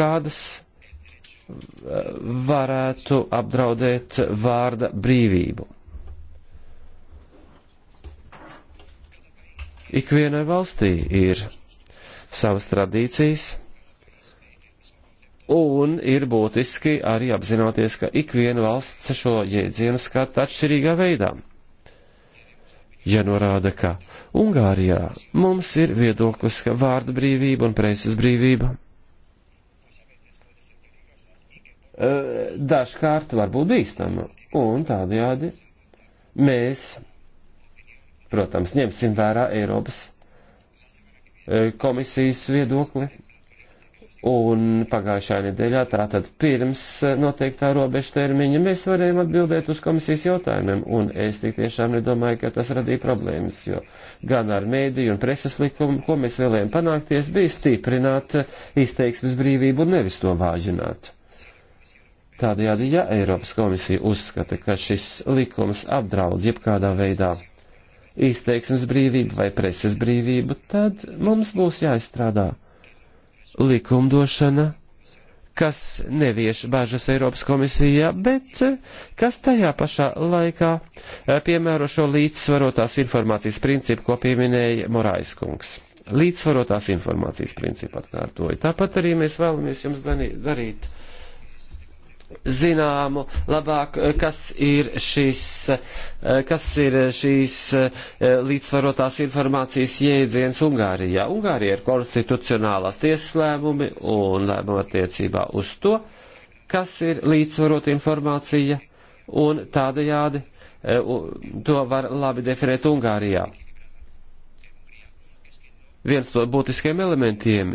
Speaker 1: kādas e, varētu apdraudēt vārda brīvību. Ikvienai valstī ir savas tradīcijas, un ir būtiski arī apzināties, ka ikviena valsts šo jēdzienu skata atšķirīgā veidā. Ja norāda, ka Ungārijā mums ir viedoklis, ka vārda brīvība un preses brīvība eh, dažkārt var būt bīstama, un tādējādi mēs Protams, ņemsim vērā Eiropas e, komisijas viedokli. Un pagājušā nedēļā, tātad pirms noteiktā robeža termiņa, mēs varējām atbildēt uz komisijas jautājumiem, un es tik tiešām nedomāju, ka tas radīja problēmas, jo gan ar mēdīju un preses likumu, ko mēs vēlējām panākties, bija stiprināt izteiksmes brīvību un nevis to vāžināt. Tādējādi, ja Eiropas komisija uzskata, ka šis likums apdraud jebkādā veidā izteiksmes brīvību vai preses brīvību, tad mums būs jāizstrādā likumdošana, kas nevieš bažas Eiropas komisijā, bet eh, kas tajā pašā laikā eh, piemēro šo līdzsvarotās informācijas principu, ko pieminēja Morais kungs. Līdzsvarotās informācijas principu atkārtoju. Tāpat arī mēs vēlamies jums darīt zināmu labāk, eh, kas ir, šis, eh, kas ir šīs eh, līdzsvarotās informācijas jēdziens Ungārijā. Ungārija ir konstitucionālās tiesas lēmumi un lēmumi attiecībā uz to, kas ir līdzsvarota informācija un tādajādi to var labi definēt Ungārijā. Viens no būtiskiem elementiem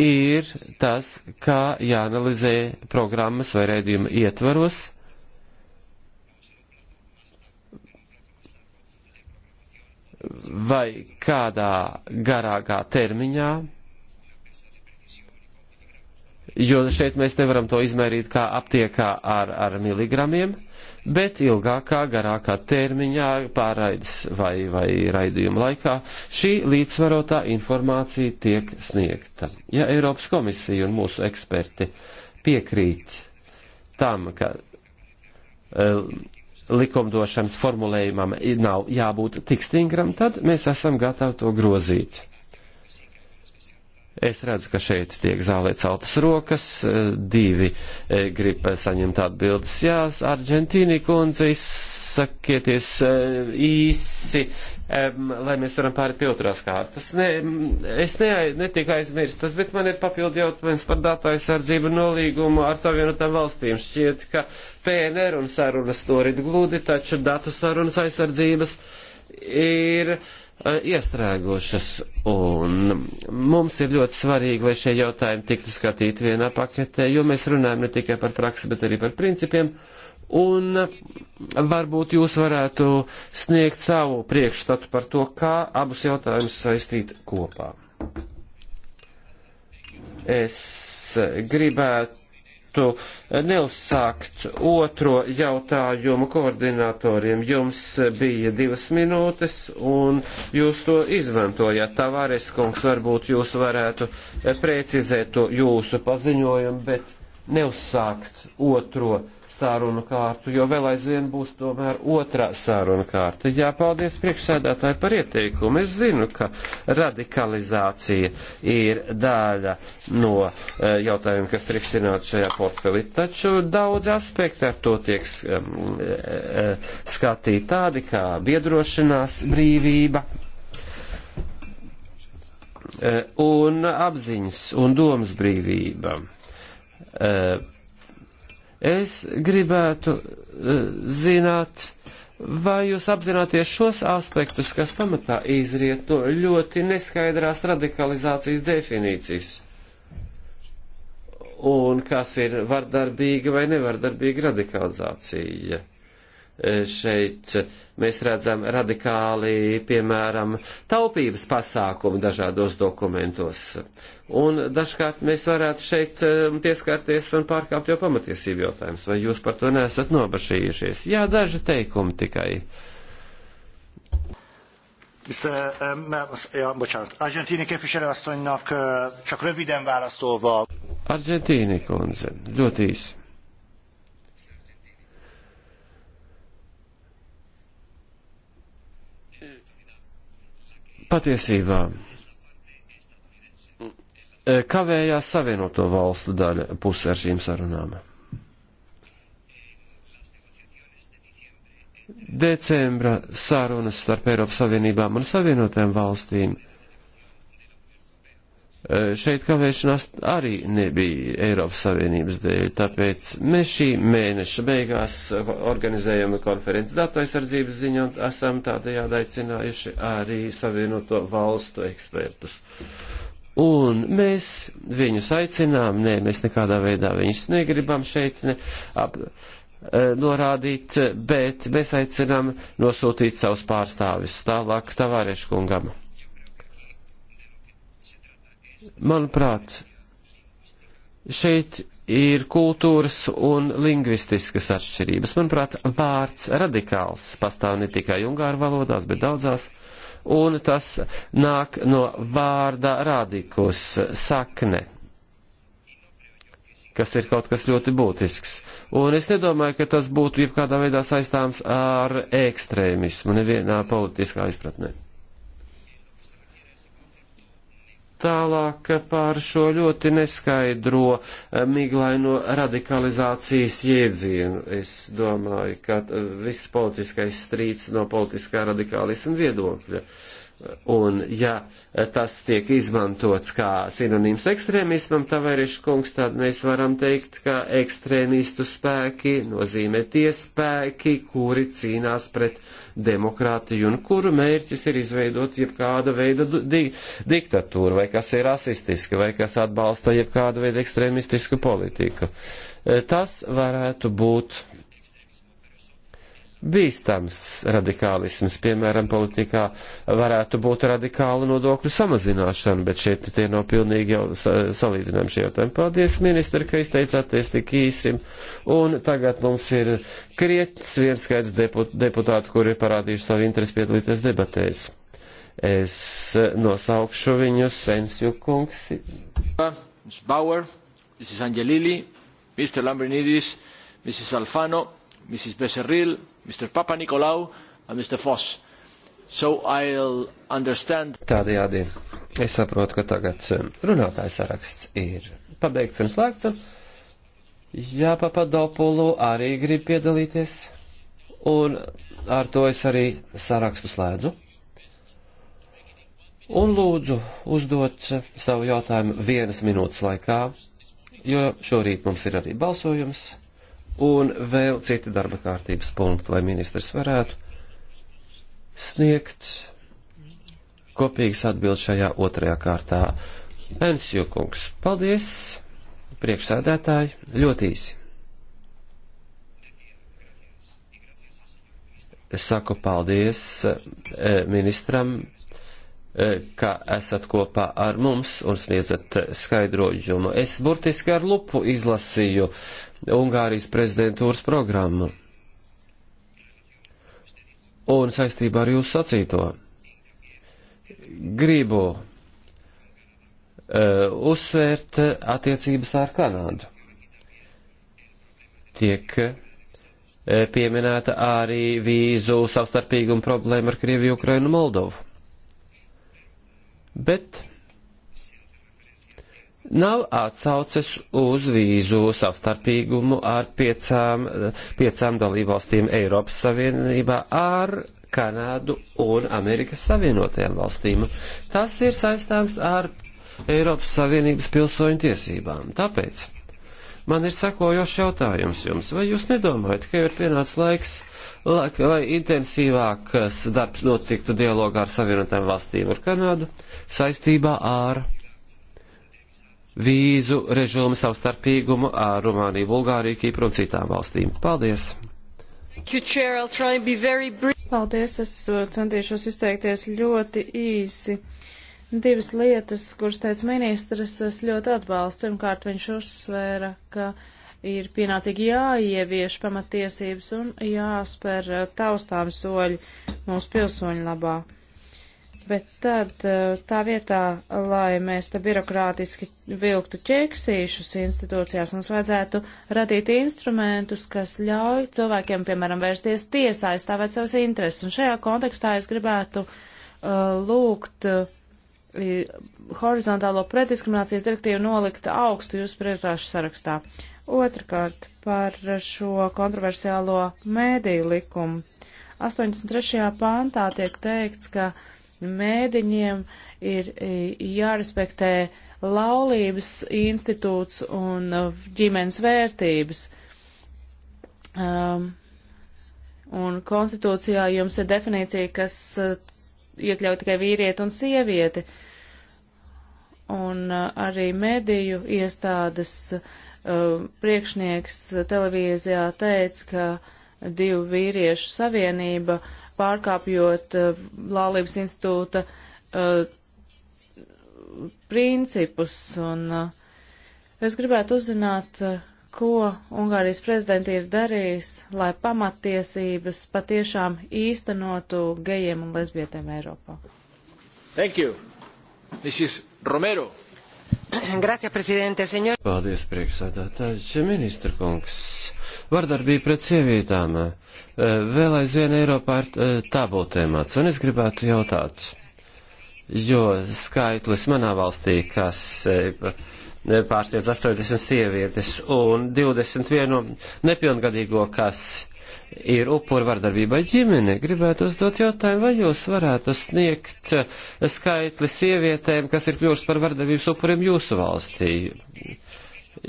Speaker 1: ir tas, kā jāanalizē programmas vai rēdījuma ietvaros. Vai kādā garākā termiņā jo šeit mēs nevaram to izmērīt kā aptiekā ar, ar miligramiem, bet ilgākā, garākā termiņā, pārraides vai, vai raidījuma laikā šī līdzsvarotā informācija tiek sniegta. Ja Eiropas komisija un mūsu eksperti piekrīt tam, ka um, likumdošanas formulējumam nav jābūt tik stingram, tad mēs esam gatavi to grozīt. Es redzu, ka šeit tiek zālē celtas rokas, eh, divi eh, grib saņemt atbildes. Jā, Argentīnī kundze, izsakieties eh, īsi, lai mēs varam pāri pilturās kārtas. Ne, es ne, netiku aizmirstas, bet man ir papildi jautājums par datu aizsardzību nolīgumu ar savienotām valstīm. Šķiet, ka PNR un sarunas norit glūdi, taču datu sarunas aizsardzības ir Eh, iestrēgošas, un mums ir ļoti svarīgi, lai šie jautājumi tiktu skatīti vienā paketē, jo mēs runājam ne tikai par praksi, bet arī par principiem, un varbūt jūs varētu sniegt savu priekšstatu par to, kā abus jautājumus saistīt kopā. Es gribētu varētu neuzsākt otro jautājumu koordinatoriem. Jums bija divas minūtes un jūs to izmantojat. Tavāres kungs, varbūt jūs varētu precizēt to jūsu paziņojumu, bet neuzsākt otro jautājumu sārunu kārtu, jo vēl aizvien būs tomēr otrā sārunu kārta. Jā, paldies priekšsēdētāji par ieteikumu. Es zinu, ka radikalizācija ir daļa no eh, jautājumiem, kas risināt šajā portfelī, taču daudz aspekti ar to tiek um, eh, eh, skatīti tādi kā biedrošanās brīvība un apziņas un domas brīvība Es gribētu eh, zināt, vai jūs apzināties šos aspektus, kas pamatā izriet no ļoti neskaidrās radikalizācijas definīcijas un kas ir vardarbīga vai nevardarbīga radikalizācija šeit mēs redzam radikāli, piemēram, taupības pasākumu dažādos dokumentos. Un dažkārt mēs varētu šeit um, pieskarties un pārkāpt jau pamatiesību jautājums. Vai jūs par to nesat nobašījušies? Jā, daži teikumi tikai.
Speaker 3: Mr. Um, ja, bocsánat. Argentini képviselőasszonynak uh, csak röviden válaszolva.
Speaker 1: Argentini konzem, ļoti īsi Patiesībā e, kavējās savienoto valstu daļa puse ar šīm sarunām. Decembra sarunas starp Eiropas Savienībām un Savienotajām valstīm Šeit kavēšanās arī nebija Eiropas Savienības dēļ, tāpēc mēs šī mēneša beigās organizējam konferences datu aizsardzības ziņu un esam tādējādi aicinājuši arī Savienoto valstu ekspertus. Un mēs viņus aicinām, nē, mēs nekādā veidā viņus negribam šeit ne, ap, norādīt, bet mēs aicinām nosūtīt savus pārstāvis tālāk Tavārešu kungam. Manuprāt, šeit ir kultūras un lingvistiskas atšķirības. Manuprāt, vārds radikāls pastāv ne tikai ungāru valodās, bet daudzās, un tas nāk no vārda radikus, sakne, kas ir kaut kas ļoti būtisks. Un es nedomāju, ka tas būtu jebkādā veidā saistāms ar ekstrēmismu nevienā politiskā izpratnē. Tālāk par šo ļoti neskaidro eh, miglaino radikalizācijas jēdzienu. Es domāju, ka eh, viss politiskais strīds no politiskā radikālisma viedokļa. Uh, Un, ja tas tiek izmantots kā sinonīms ekstrēmismam, tavarišu kungs, tad mēs varam teikt, ka ekstrēmistu spēki nozīmē tie spēki, kuri cīnās pret demokrātiju un kuru mērķis ir izveidot jebkāda veida di diktatūru, vai kas ir rasistiska, vai kas atbalsta jebkādu veidu ekstrēmistisku politiku. E, tas varētu būt bīstams radikālisms. Piemēram, politikā varētu būt radikāla nodokļu samazināšana, bet šeit tie nav pilnīgi jau salīdzinām šie jautājumi. Paldies, ministri, ka izteicāties tik īsim. Un tagad mums ir krietns viens skaits deput deputātu, kuri ir parādījuši savu interesi piedalīties debatēs. Es nosaukšu viņus Sensju kungs. Bauer, Mrs. Angelili, Mr. Lambrinidis, Mrs. Alfano. Mrs. Becerril, Mr. Papa Nicolau and Mr. Foss. So I'll understand. Tādējādi es saprotu, ka tagad um, runātājs saraksts ir pabeigts un slēgts. Un jā, Papadopulu arī grib piedalīties. Un ar to es arī sarakstu slēdzu. Un lūdzu uzdot uh, savu jautājumu vienas minūtes laikā, jo šorīt mums ir arī balsojums un vēl citi darba kārtības punkti, lai ministrs varētu sniegt kopīgas atbildes šajā otrajā kārtā. Ensju kungs, paldies, priekšsēdētāji, ļoti īsi. Es saku paldies eh, ministram, eh, ka esat kopā ar mums un sniedzat eh, skaidrojumu. Es burtiski ar lupu izlasīju uh, Ungārijas prezidentūras programmu. Un saistībā ar jūsu sacīto gribu uh, uzsvērt attiecības ar Kanādu. Tiek uh, pieminēta arī vīzu savstarpīguma problēma ar Krieviju, Ukrainu, Moldovu. Bet nav atsauces uz vīzu savstarpīgumu ar piecām, piecām dalībvalstīm Eiropas Savienībā ar Kanādu un Amerikas Savienotajām valstīm. Tas ir saistāms ar Eiropas Savienības pilsoņu tiesībām. Tāpēc man ir sakojošs jautājums jums. Vai jūs nedomājat, ka ir pienācis laiks, lai intensīvāks darbs notiktu dialogā ar Savienotajām valstīm ar Kanādu saistībā ar vīzu režīmu savstarpīgumu ar Rumāniju, Bulgāriju, Kipru un citām valstīm. Paldies!
Speaker 2: Paldies, es uh, centīšos izteikties ļoti īsi. Divas lietas, kuras teica ministrs, es ļoti atbalstu. Pirmkārt, viņš uzsvēra, ka ir pienācīgi jāievieš pamatiesības un jāspēr uh, taustām soļi mūsu pilsoņu labā. Bet tad eh, tā vietā, lai mēs te birokrātiski vilktu ķeksīšus institūcijās, mums vajadzētu radīt instrumentus, kas ļauj cilvēkiem, piemēram, vērsties tiesā, aizstāvēt savas intereses. Un šajā kontekstā es gribētu uh, lūgt uh, horizontālo pretdiskriminācijas direktīvu nolikt augstu jūsu priekšrāšu sarakstā. Otrakārt, par šo kontroversiālo mēdīju likumu. 83. pāntā tiek teikts, ka uh, mēdiņiem ir jārespektē laulības institūts un uh, ģimenes vērtības. Um, un konstitūcijā jums ir definīcija, kas uh, iekļauj tikai vīrieti un sievieti. Un uh, arī mediju iestādes uh, priekšnieks televīzijā teica, ka divu vīriešu savienība uh, pārkāpjot uh, laulības institūta uh, principus. Un uh, es gribētu uzzināt, uh, ko Ungārijas prezidenti ir darījis, lai pamattiesības patiešām īstenotu gejiem un lesbietēm Eiropā.
Speaker 3: Thank you.
Speaker 1: Mrs. Romero.
Speaker 2: Gracias, prezidente, senor.
Speaker 1: Paldies, priekšsēdētājs. Ministra kungs, vardarbība pret sievietām eh, vēl aizvien Eiropā ir eh, tabū tēmats, un es gribētu jautāt, jo skaitlis manā valstī, kas eh, pārsniedz 80 sievietes un 21 nepilngadīgo, kas ir upuru vardarbībai ģimene, gribētu uzdot jautājumu, vai jūs varētu sniegt eh, skaitli sievietēm, kas ir kļuvušas par vardarbības upuriem jūsu valstī?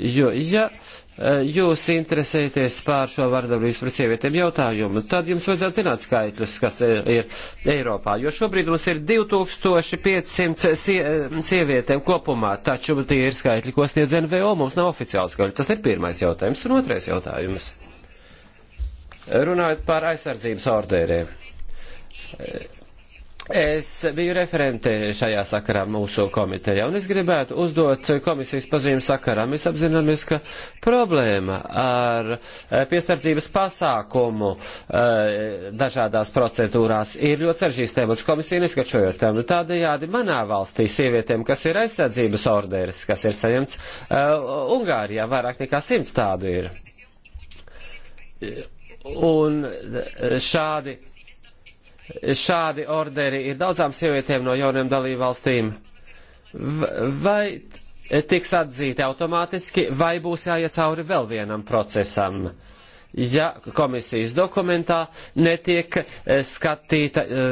Speaker 1: Jo, ja eh, jūs interesēties pār šo vardarbības pret sievietēm jautājumu, tad jums vajadzētu zināt skaitļus, kas eh, ir Eiropā, jo šobrīd mums ir 2500 sie sievietēm kopumā, taču tie ir skaitļi, ko sniedz NVO, mums nav oficiāli skaitļi. Tas ir pirmais jautājums un otrais jautājums. Runājot par aizsardzības ordēriem. Es biju referente šajā sakarā mūsu komitejā, un es gribētu uzdot komisijas pazīmu sakarā. Mēs apzināmies, ka problēma ar eh, piesardzības pasākumu eh, dažādās procedūrās ir ļoti saržīstēma, un komisija neskačojot tam. Tādējādi manā valstī sievietēm, kas ir aizsardzības orderis, kas ir saņemts eh, Ungārijā, vairāk nekā simts tādu ir Un e, šādi, šādi orderi ir daudzām sievietēm no jauniem dalībvalstīm. Vai tiks atzīti automātiski, vai būs jāiet cauri vēl vienam procesam? ja komisijas dokumentā netiek e, skatīta e,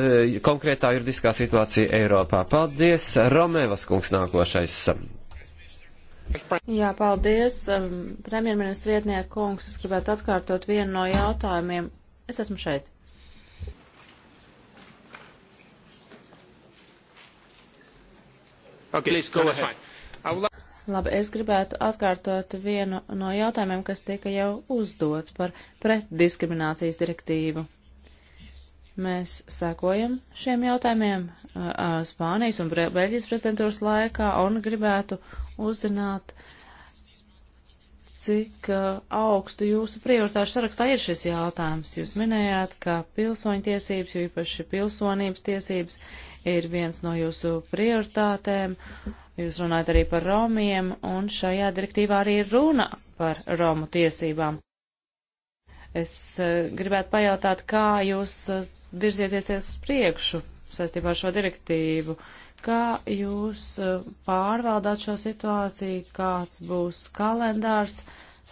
Speaker 1: konkrētā juridiskā situācija Eiropā. Paldies, Romēvas kungs nākošais.
Speaker 2: Jā, paldies. Um, Premjerministra vietnieka kungs, es gribētu atkārtot vienu no jautājumiem. Es esmu šeit.
Speaker 3: Okay, will...
Speaker 2: Labi, es gribētu atkārtot vienu no jautājumiem, kas tika jau uzdots par pretdiskriminācijas direktīvu. Mēs sekojam šiem jautājumiem Spānijas un Beļģijas prezidentūras laikā un gribētu uzzināt, cik augstu jūsu prioritāšu sarakstā ir šis jautājums. Jūs minējāt, ka pilsoņu tiesības, jo īpaši pilsonības tiesības, ir viens no jūsu prioritātēm. Jūs runājat arī par romiem, un šajā direktīvā arī ir runa par romu tiesībām. Es eh, gribētu pajautāt, kā jūs eh, virzieties uz priekšu saistībā ar šo direktīvu, kā jūs eh, pārvaldāt šo situāciju, kāds būs kalendārs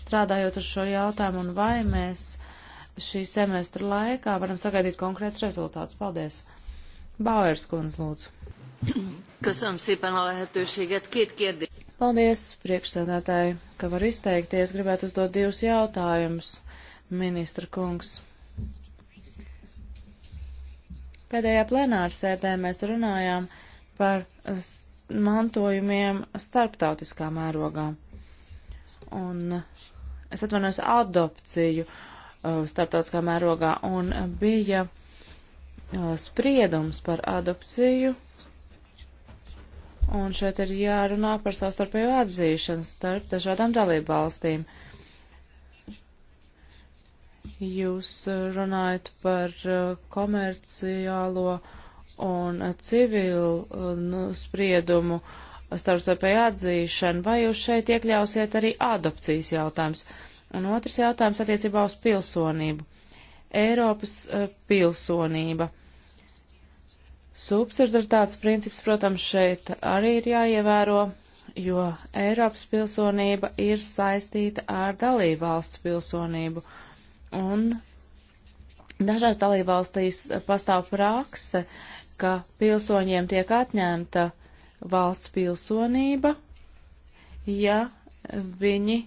Speaker 2: strādājot ar šo jautājumu un vai mēs šī semestra laikā varam sagaidīt konkrēts rezultāts. Paldies! Bauers kundze, lūdzu.
Speaker 4: Köszönöm szépen a lehetőséget. Két kérdés.
Speaker 2: Paldies, priekšsēdētāji, ka var izteikties. Gribētu uzdot divus jautājumus ministra kungs. Pēdējā plenāra sēdē mēs runājām par mantojumiem starptautiskā mērogā. Un es atvainojos adopciju uh, starptautiskā mērogā un bija uh, spriedums par adopciju. Un šeit ir jārunā par savstarpēju atzīšanu starp dažādām dalību valstīm. Uh, Jūs eh, runājat par eh, komerciālo un eh, civilu nu, spriedumu starptautēju atzīšanu, vai jūs šeit iekļausiet arī adopcijas jautājums? Un otrs jautājums attiecībā uz pilsonību. Eiropas pilsonība. Subsidaritātes princips, protams, šeit arī ir jāievēro, jo Eiropas pilsonība ir saistīta ar dalībvalsts pilsonību. Uh, Un dažās dalībvalstīs pastāv prakse, ka pilsoņiem tiek atņemta valsts pilsonība, ja viņi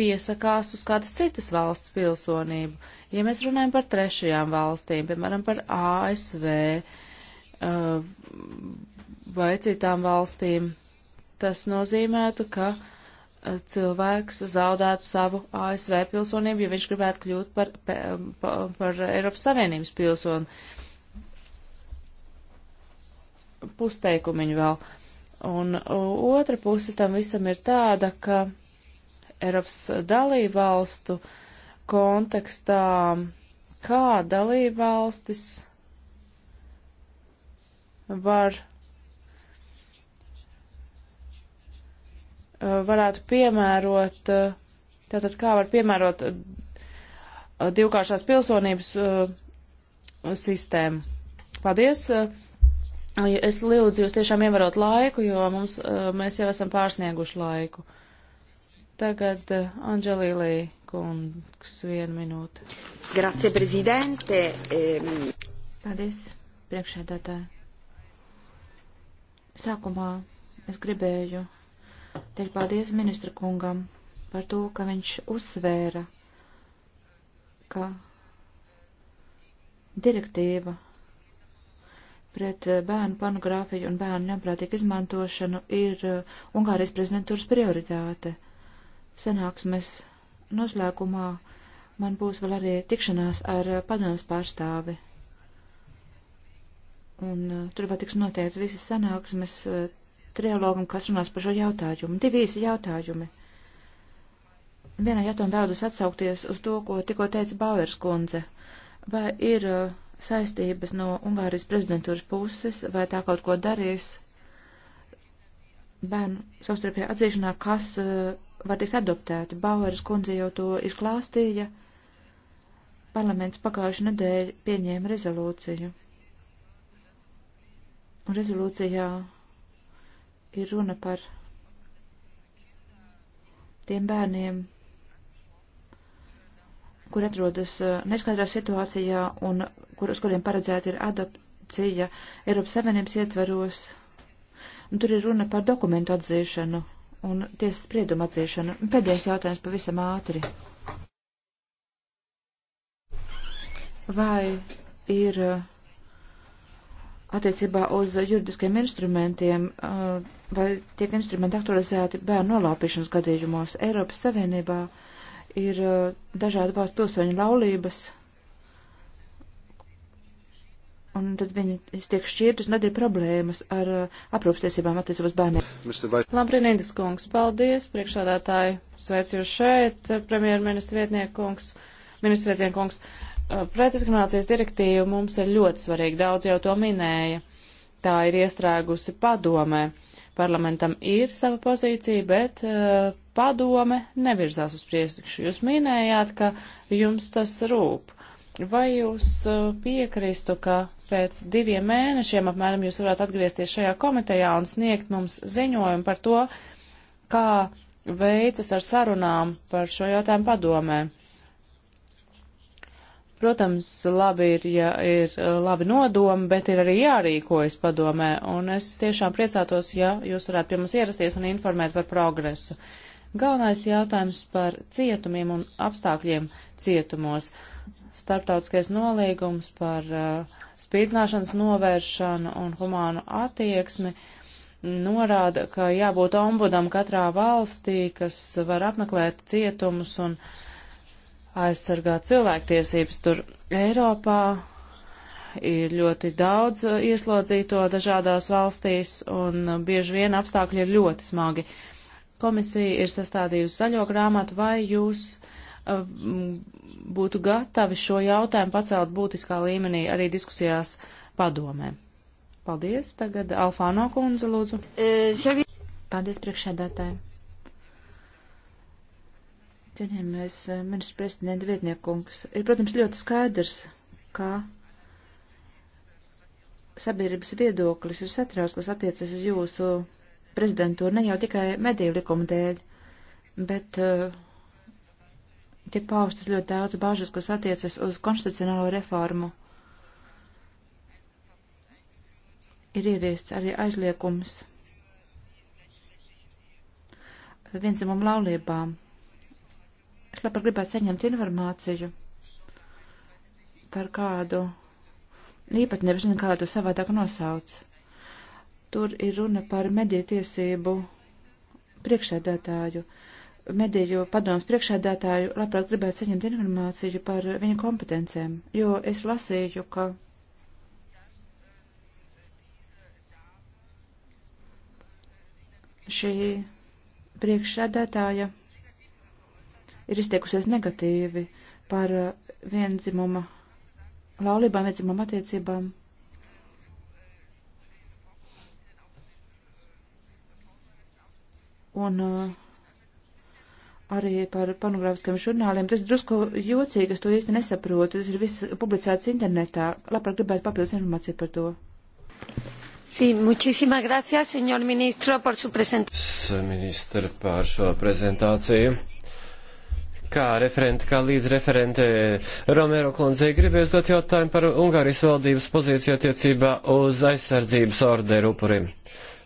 Speaker 2: piesakās uz kādas citas valsts pilsonību. Ja mēs runājam par trešajām valstīm, piemēram, par ASV uh, vai citām valstīm, tas nozīmētu, ka uh, cilvēks zaudētu savu ASV pilsonību, ja viņš gribētu kļūt par, par, par Eiropas Savienības pilsoni. Pusteikumiņu vēl. Un otra puse tam visam ir tāda, ka Eiropas dalībvalstu kontekstā kā dalībvalstis var Uh, varētu piemērot, uh, tātad kā var piemērot uh, divkāršās pilsonības sistēmu. Paldies! Es lūdzu jūs tiešām ievarot laiku, jo mums, mēs jau esam pārsnieguši laiku. Tagad Anģelīlī kungs vienu minūti. Grazie, prezidente.
Speaker 4: Ehm, Paldies, priekšēdētāji. Sākumā es gribēju Teikt paldies ministra kungam par to, ka viņš uzsvēra, ka direktīva pret bērnu pornogrāfiju un bērnu ļaunprātīgu izmantošanu ir uh, Ungārijas prezidentūras prioritāte. Sanāksmes noslēgumā man būs vēl arī tikšanās ar uh, padomus pārstāvi. Un uh, tur vēl tiks noteikti visas sanāksmes trialogam, kas runās par šo jautājumu. Divi īsi jautājumi. Vienā jautājumā vēlos atsaukties uz to, ko tikko teica Bauers kundze. Vai ir uh, saistības no Ungārijas prezidentūras puses, vai tā kaut ko darīs bērnu savstarpējā atzīšanā, kas uh, var tikt adoptēti? Bauers kundze jau to izklāstīja. Parlaments pagājuši nedēļu pieņēma rezolūciju. Un rezolūcijā ir runa par tiem bērniem, kur atrodas uh, neskaidrā situācijā un kur, uz kuriem paredzēta ir adopcija Eiropas Savienības ietvaros. Un tur ir runa par dokumentu atzīšanu un tiesas spriedumu atzīšanu. Pēdējais jautājums pavisam ātri. Vai ir uh, attiecībā uz juridiskiem instrumentiem uh, vai tiek instrumenti aktualizēti bērnu nolāpīšanas gadījumos. Eiropas Savienībā ir uh, dažādi valsts pilsoņu laulības, un tad viņi tiek šķirtas, un tad ir problēmas ar uh, aprūpstiesībām attiecībā uz bērniem. Lambrinīdis kungs, paldies, priekšādātāji, sveicu jūs šeit, uh,
Speaker 2: premjerministra vietnieku kungs, ministra vietnieku kungs. Pretdiskriminācijas direktīva mums ir ļoti svarīga, daudz jau to minēja. Tā ir iestrēgusi padomē. Parlamentam ir sava pozīcija, bet uh, padome nevirzās uz priekšu. Jūs minējāt, ka jums tas rūp. Vai jūs uh, piekristu, ka pēc diviem mēnešiem apmēram jūs varētu atgriezties šajā komitejā un sniegt mums ziņojumu par to, kā veicas ar sarunām par šo jautājumu padomē? Protams, labi ir, ja ir eh, labi nodomi, bet ir arī jārīkojas padomē, un es tiešām priecātos, ja jūs varētu pie mums ierasties un informēt par progresu. Galvenais jautājums par cietumiem un apstākļiem cietumos. Startautiskais nolīgums par uh, spīdzināšanas novēršanu un humānu attieksmi norāda, ka jābūt ombudam katrā valstī, kas var apmeklēt cietumus un uh, aizsargāt cilvēktiesības. Tur Eiropā ir ļoti daudz uh, ieslodzīto dažādās valstīs, un uh, bieži vien apstākļi ir ļoti smagi. Komisija ir sastādījusi zaļo grāmatu, vai jūs uh, būtu gatavi šo jautājumu pacelt būtiskā līmenī arī diskusijās padomē. Paldies, tagad Alfāno kundze, lūdzu.
Speaker 4: Paldies priekšēdētāji. Cienījamais eh, ministra prezidenta vietniekungs. Ir, protams, ļoti skaidrs, ka sabiedrības viedoklis ir satrauts, kas attiecas uz jūsu prezidentūru ne jau tikai mediju likuma dēļ, bet uh, tiek paustas ļoti daudz bažas, kas attiecas uz konstitucionālo reformu. Ir ieviests arī aizliekums vienzimam laulībām. Es labāk gribētu saņemt informāciju par kādu īpatni, nevis zinu, kādu savādāk nosauc. Tur ir runa par mediju tiesību priekšsēdētāju. Mediju padomus priekšsēdētāju labprāt gribētu saņemt informāciju par viņu kompetencēm, jo es lasīju, ka šī priekšsēdētāja ir izteikusies negatīvi par uh, vienzimuma laulībām, vienzimuma attiecībām. Un uh, arī par pornogrāfiskiem žurnāliem. Tas drusku jocīgi, es to īsti nesaprotu. Tas ir viss publicēts internetā. Labāk gribētu papildus informāciju par to. Sí, muchísimas gracias, señor ministro, por su presentación.
Speaker 1: Ministra, par šo prezentāciju kā referente, kā līdzreferente Romero Klundzei gribēs dot jautājumu par Ungārijas valdības pozīciju attiecībā uz aizsardzības orderu upurim.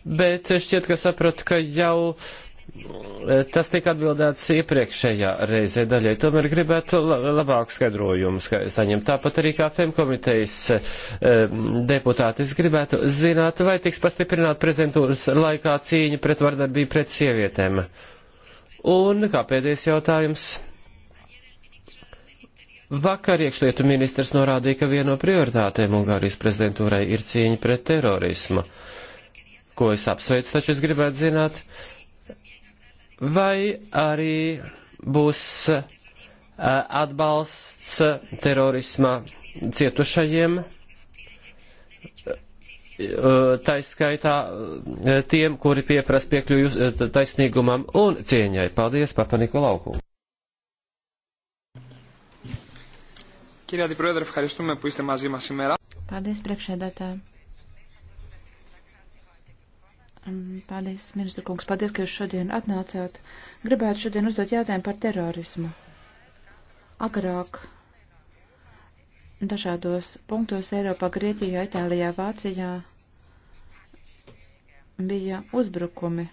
Speaker 1: Bet šķiet, ka sapratu, ka jau e, tas tika atbildēts iepriekšējā reizē daļai. Tomēr gribētu labāku skaidrojumu saņemt. Tāpat arī kā FEM komitejas e, deputātis gribētu zināt, vai tiks pastiprināta prezidentūras laikā cīņa pret vardarbību pret sievietēm. Un kā pēdējais jautājums? Vakar iekšlietu ministrs norādīja, ka viena no prioritātēm Ungārijas prezidentūrai ir cīņa pret terorismu, ko es apsveicu, taču es gribētu zināt, vai arī būs eh, atbalsts terorisma cietušajiem, eh, taiskaitā eh, tiem, kuri pieprasa piekļuvi taisnīgumam un cieņai. Paldies, Papa Nikolau! Κύριε Αντιπρόεδρε, ευχαριστούμε που είστε μαζί μας σήμερα.
Speaker 4: Paldies, priekšēdētāji. Paldies, ministra kungs, paldies, ka jūs šodien atnācāt. Gribētu šodien uzdot jautājumu par terorismu. Agrāk dažādos punktos Eiropā, Grieķijā, Itālijā, Vācijā bija uzbrukumi,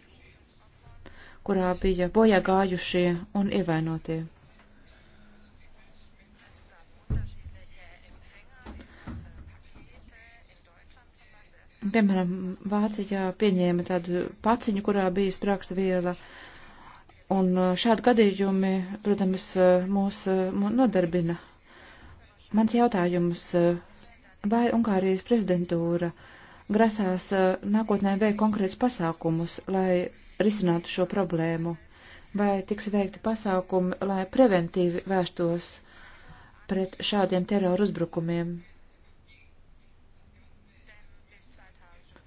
Speaker 4: kurā bija bojā gājušie un ievainotie. Piemēram, Vācijā pieņēma tādu paciņu, kurā bija sprāksta viela. Un uh, šādi gadījumi, protams, uh, mūs uh, nodarbina. Mans jautājums, vai Ungārijas prezidentūra grasās nākotnē veikt konkrēts pasākumus, lai risinātu šo problēmu? Vai tiks veikti pasākumi, lai preventīvi vērstos pret šādiem teroru uzbrukumiem?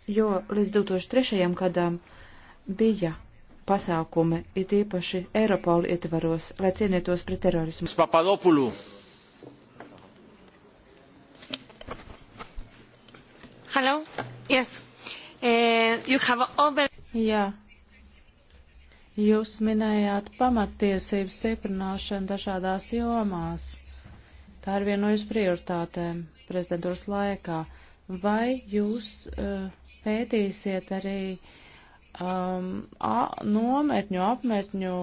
Speaker 4: jo līdz 2003. gadam bija pasākumi, it īpaši Eiropola ietvaros, lai cīnītos pret terorismu. Papadopulu.
Speaker 2: Hello? Yes. Uh, you have over... Jā. Jūs minējāt pamattiesību stiprināšanu dažādās jomās. Tā ir viena no jūsu prioritātēm prezidentūras laikā. Vai jūs uh, pētīsiet arī um, a, nometņu, apmetņu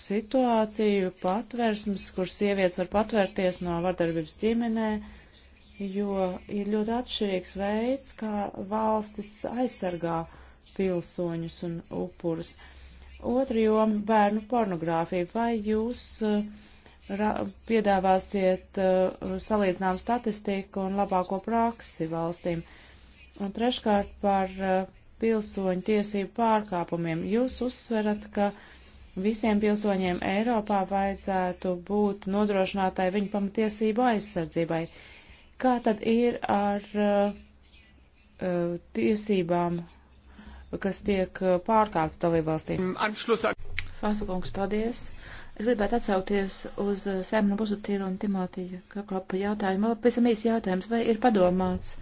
Speaker 2: situāciju, patversmes, kur sievietes var patvērties no vardarbības ģimenē, jo ir ļoti atšķirīgs veids, kā valstis aizsargā pilsoņus un upurus. Otra joma - bērnu pornogrāfija. Vai jūs uh, piedāvāsiet uh, salīdzinām statistiku un labāko praksi valstīm? Uh, Un treškārt par uh, pilsoņu tiesību pārkāpumiem. Jūs uzsverat, ka visiem pilsoņiem Eiropā vajadzētu būt nodrošinātai viņu pamatiesību aizsardzībai. Kā tad ir ar uh, uh tiesībām, kas tiek uh, pārkāptas dalībvalstīm? Mm,
Speaker 4: Fāsakungs, paldies! Es gribētu atsaukties uz Sēmnu Buzutīru un Timotiju Kaklapu jautājumu. Pēc tam īsi jautājums, vai ir padomāts?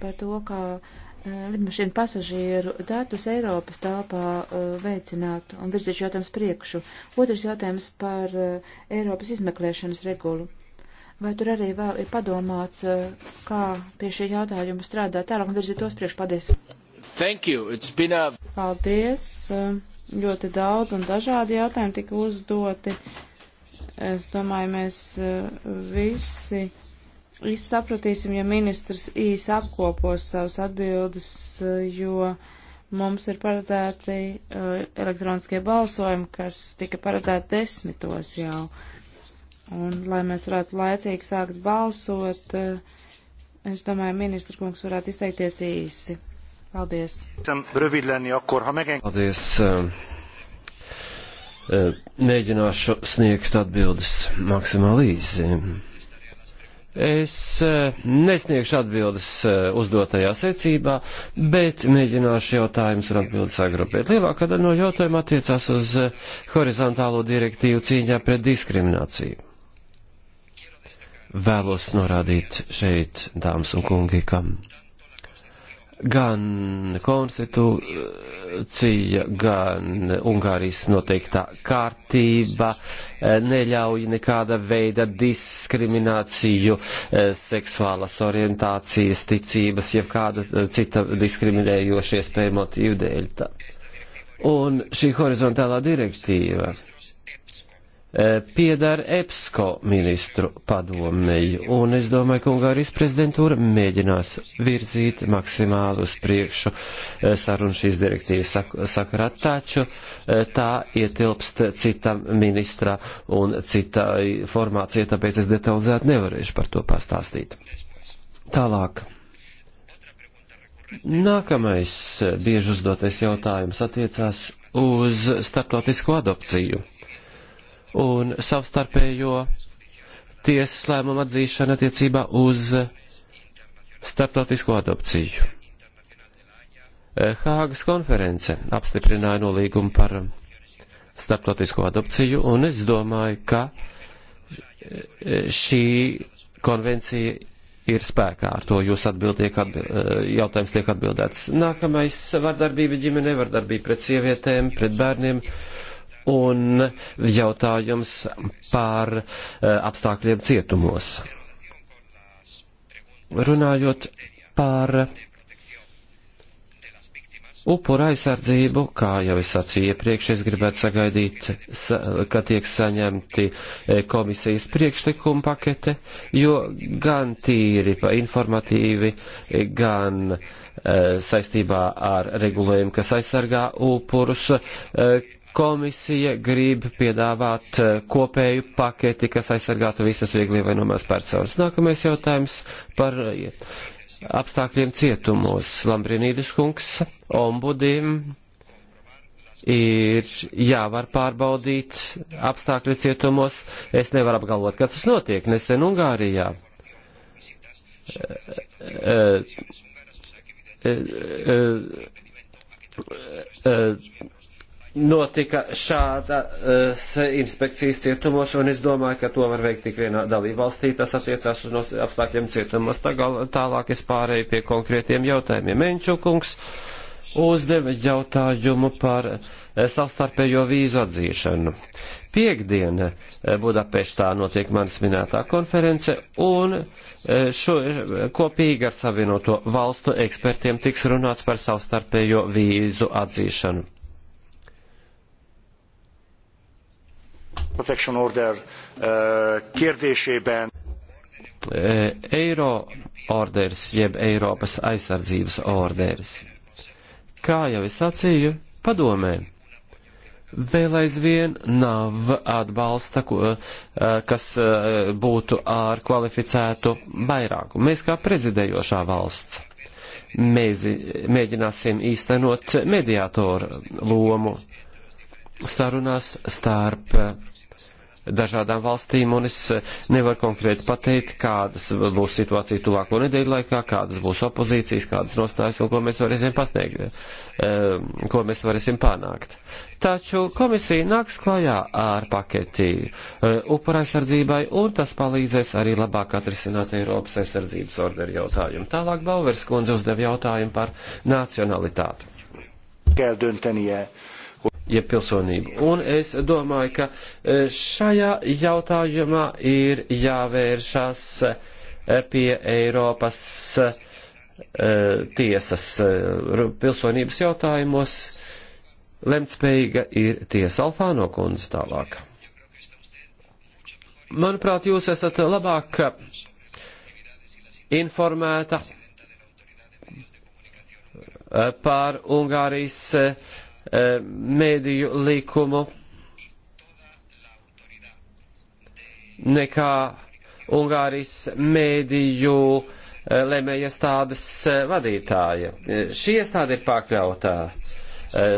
Speaker 4: par to, kā eh, lidmašīnu pasažieru datus Eiropas telpā eh, veicināt un virzīt jautājums priekšu. Otrs jautājums par eh, Eiropas izmeklēšanas regulu. Vai tur arī vēl ir padomāts, kā pie šī jautājuma strādāt tālāk un virzīt tos priekšu? Paldies!
Speaker 3: Thank you! It's been a...
Speaker 2: Paldies! Ļoti daudz un dažādi jautājumi tika uzdoti. Es domāju, mēs visi Viss sapratīsim, ja ministrs īsi apkopos savus atbildes, jo mums ir paredzēti uh, elektroniskie balsojumi, kas tika paredzēti desmitos jau. Un, lai mēs varētu laicīgi sākt balsot, uh, es domāju, ministra kungs varētu izteikties īsi. Paldies.
Speaker 1: Paldies. Uh, mēģināšu sniegt atbildes maksimāli īsi Es eh, nesniegšu atbildes eh, uzdotajā secībā, bet mēģināšu jautājumus un atbildes agrupēt. Lielākā daļa no jautājuma attiecās uz eh, horizontālo direktīvu cīņā pret diskrimināciju. Vēlos norādīt šeit, dāmas un kungi, kam gan konstitūcija, gan Ungārijas noteiktā kārtība eh, neļauj nekāda veida diskrimināciju eh, seksuālas orientācijas, ticības, jeb kāda eh, cita diskriminējoša iespēja motīvu dēļ. Un šī horizontālā direktīva Eh, piedara EPSCO ministru padomēji, un es domāju, ka Ungārijas prezidentūra mēģinās virzīt maksimāli uz priekšu eh, sarunu šīs direktīvas sakarā, taču eh, tā ietilpst citam ministra un citai formācijai, tāpēc es detalizēti nevarēšu par to pastāstīt. Tālāk. Nākamais bieži uzdotais jautājums attiecās uz starptautisko adopciju un savstarpējo tiesas lēmumu atzīšanu attiecībā uz starptautisko adopciju. Eh, Hāgas konference apstiprināja nolīgumu par starptautisko adopciju, un es domāju, ka eh, šī konvencija ir spēkā. Ar to jūs atbildiet, atbild, eh, jautājums tiek atbildēts. Nākamais - vardarbība ģimene, vardarbība pret sievietēm, pret bērniem un jautājums par eh, apstākļiem cietumos. Runājot par upura aizsardzību, kā jau es sacīju iepriekš, es gribētu sagaidīt, ka tiek saņemti eh, komisijas priekšlikuma pakete, jo gan tīri informatīvi, gan eh, saistībā ar regulējumu, kas aizsargā upurus, Komisija grib piedāvāt eh, kopēju paketi, kas aizsargātu visas viegli vainojumās personas. Nākamais jautājums par eh, apstākļiem cietumos. Lambrinīdis kungs, ombudim ir jāvar pārbaudīt apstākļi cietumos. Es nevaru apgalvot, ka tas notiek nesen Ungārijā. Uh, uh, uh, notika šādas eh, inspekcijas cietumos, un es domāju, ka to var veikt tik vienā dalībvalstī. Tas attiecās uz no apstākļiem cietumos. Tagal, tālāk es pārēju pie konkrētiem jautājumiem. Menčukungs uzdeva jautājumu par eh, savstarpējo vīzu atzīšanu. Piektdien eh, Budapeštā notiek manis minētā konference, un šo, kopīgi ar savienoto valstu ekspertiem tiks runāts par savstarpējo vīzu atzīšanu
Speaker 3: Protection Order uh, kérdésében.
Speaker 1: E, eiro orders, jeb Eiropas aizsardzības orders. Kā jau es sacīju, padomē, vēl aizvien nav atbalsta, e, kas e, būtu ar kvalificētu vairāku. Mēs kā prezidējošā valsts mēs mēģināsim īstenot mediātoru lomu sarunās starp eh, dažādām valstīm, un es eh, nevaru konkrēti pateikt, kādas būs situācija tuvāko nedēļu laikā, kādas būs opozīcijas, kādas nostājas un ko mēs varēsim pasniegt, eh, ko mēs varēsim panākt. Taču komisija nāks klajā ar paketi upura aizsardzībai, un tas palīdzēs arī labāk atrisināt Eiropas aizsardzības orderu jautājumu. Tālāk Balvers kundze uzdev jautājumu par nacionalitāti.
Speaker 3: Kell döntenie
Speaker 1: jeb pilsonību. Un es domāju, ka e, šajā jautājumā ir jāvēršas e, pie Eiropas e, tiesas pilsonības jautājumos. Lemtspējīga ir tiesa Alfāno kundze tālāk. Manuprāt, jūs esat labāk informēta par Ungārijas Eh, mēdīju likumu nekā Ungārijas mēdīju eh, lemējas tādas eh, vadītāja. Šī iestāde ir pakļautā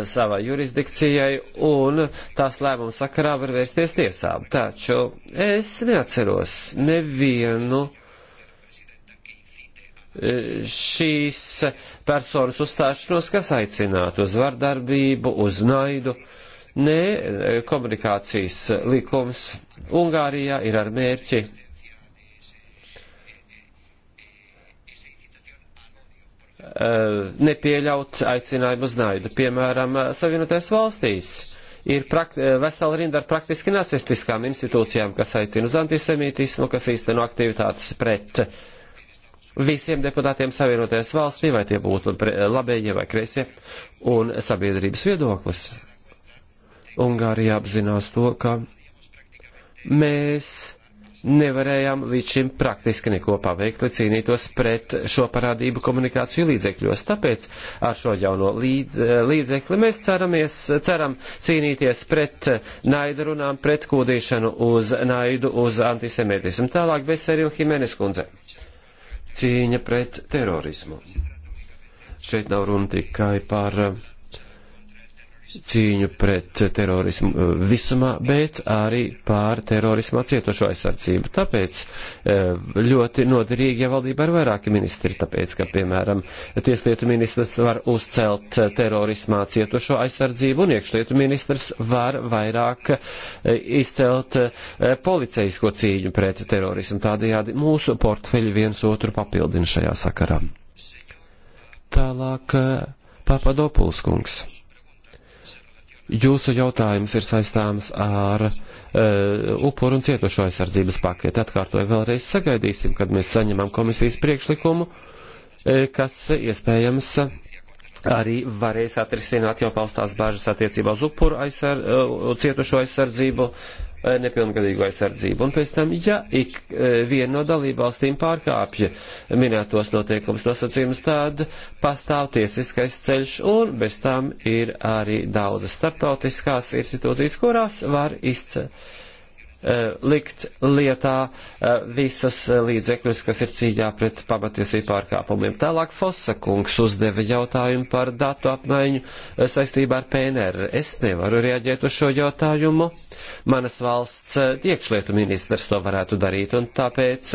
Speaker 1: savā jurisdikcijai un tās lēmuma sakarā var vērsties tiesām. Taču es neatceros nevienu šīs personas uzstāšanos, kas aicinātu uz vardarbību, uz naidu. Nē, komunikācijas likums Ungārijā ir ar mērķi nepieļaut aicinājumu uz naidu. Piemēram, Savienotajās valstīs ir vesela rinda ar praktiski nacistiskām institūcijām, kas aicina uz antisemītismu, kas īsteno aktivitātes pret uh, visiem deputātiem savienoties valstī, vai tie būtu labējie vai kreisie, un sabiedrības viedoklis. Ungārija apzinās to, ka mēs nevarējām līdz šim praktiski neko paveikt, lai cīnītos pret šo parādību komunikāciju līdzekļos. Tāpēc ar šo jauno līdz, līdzekli mēs ceramies, ceram cīnīties pret naidarunām, pret kūdīšanu uz naidu, uz antisemītismu. Tālāk bez Serila Himenes kundze cīņa pret terorismu. Šeit nav runa tikai par uh, cīņu pret terorismu eh, visumā, bet arī pār terorismu cietošo aizsardzību. Tāpēc eh, ļoti noderīgi, ja valdība ir vairāki ministri, tāpēc, ka, piemēram, tieslietu ministrs var uzcelt eh, terorismā cietošo aizsardzību un iekšlietu ministrs var vairāk izcelt policeisko cīņu pret terorismu. Tādējādi mūsu portfeļi viens otru papildina šajā sakarā. Tālāk Papadopulskungs. Jūsu jautājums ir saistāms ar uh, upuru un cietušo aizsardzības paketi. Atkārtoju vēlreiz sagaidīsim, kad mēs saņemam komisijas priekšlikumu, e, kas iespējams arī varēs atrisināt jau paustās bāžas attiecībā uz upuru aizsar, uh, cietušo aizsardzību, Eh, nepilngadīgo aizsardzību. Un pēc tam, ja ik eh, viena no dalībvalstīm pārkāpja minētos noteikumus nosacījumus, tad pastāv tiesiskais ceļš, un bez tam ir arī daudzas starptautiskās institūcijas, kurās var izcelt Eh, likt lietā eh, visus eh, līdzekļus, kas ir cīņā pret pamatiesību pārkāpumiem. Tālāk Fosa kungs uzdeva jautājumu par datu apmaiņu saistībā ar PNR. Es nevaru reaģēt uz šo jautājumu. Manas valsts iekšlietu ministrs to varētu darīt, un tāpēc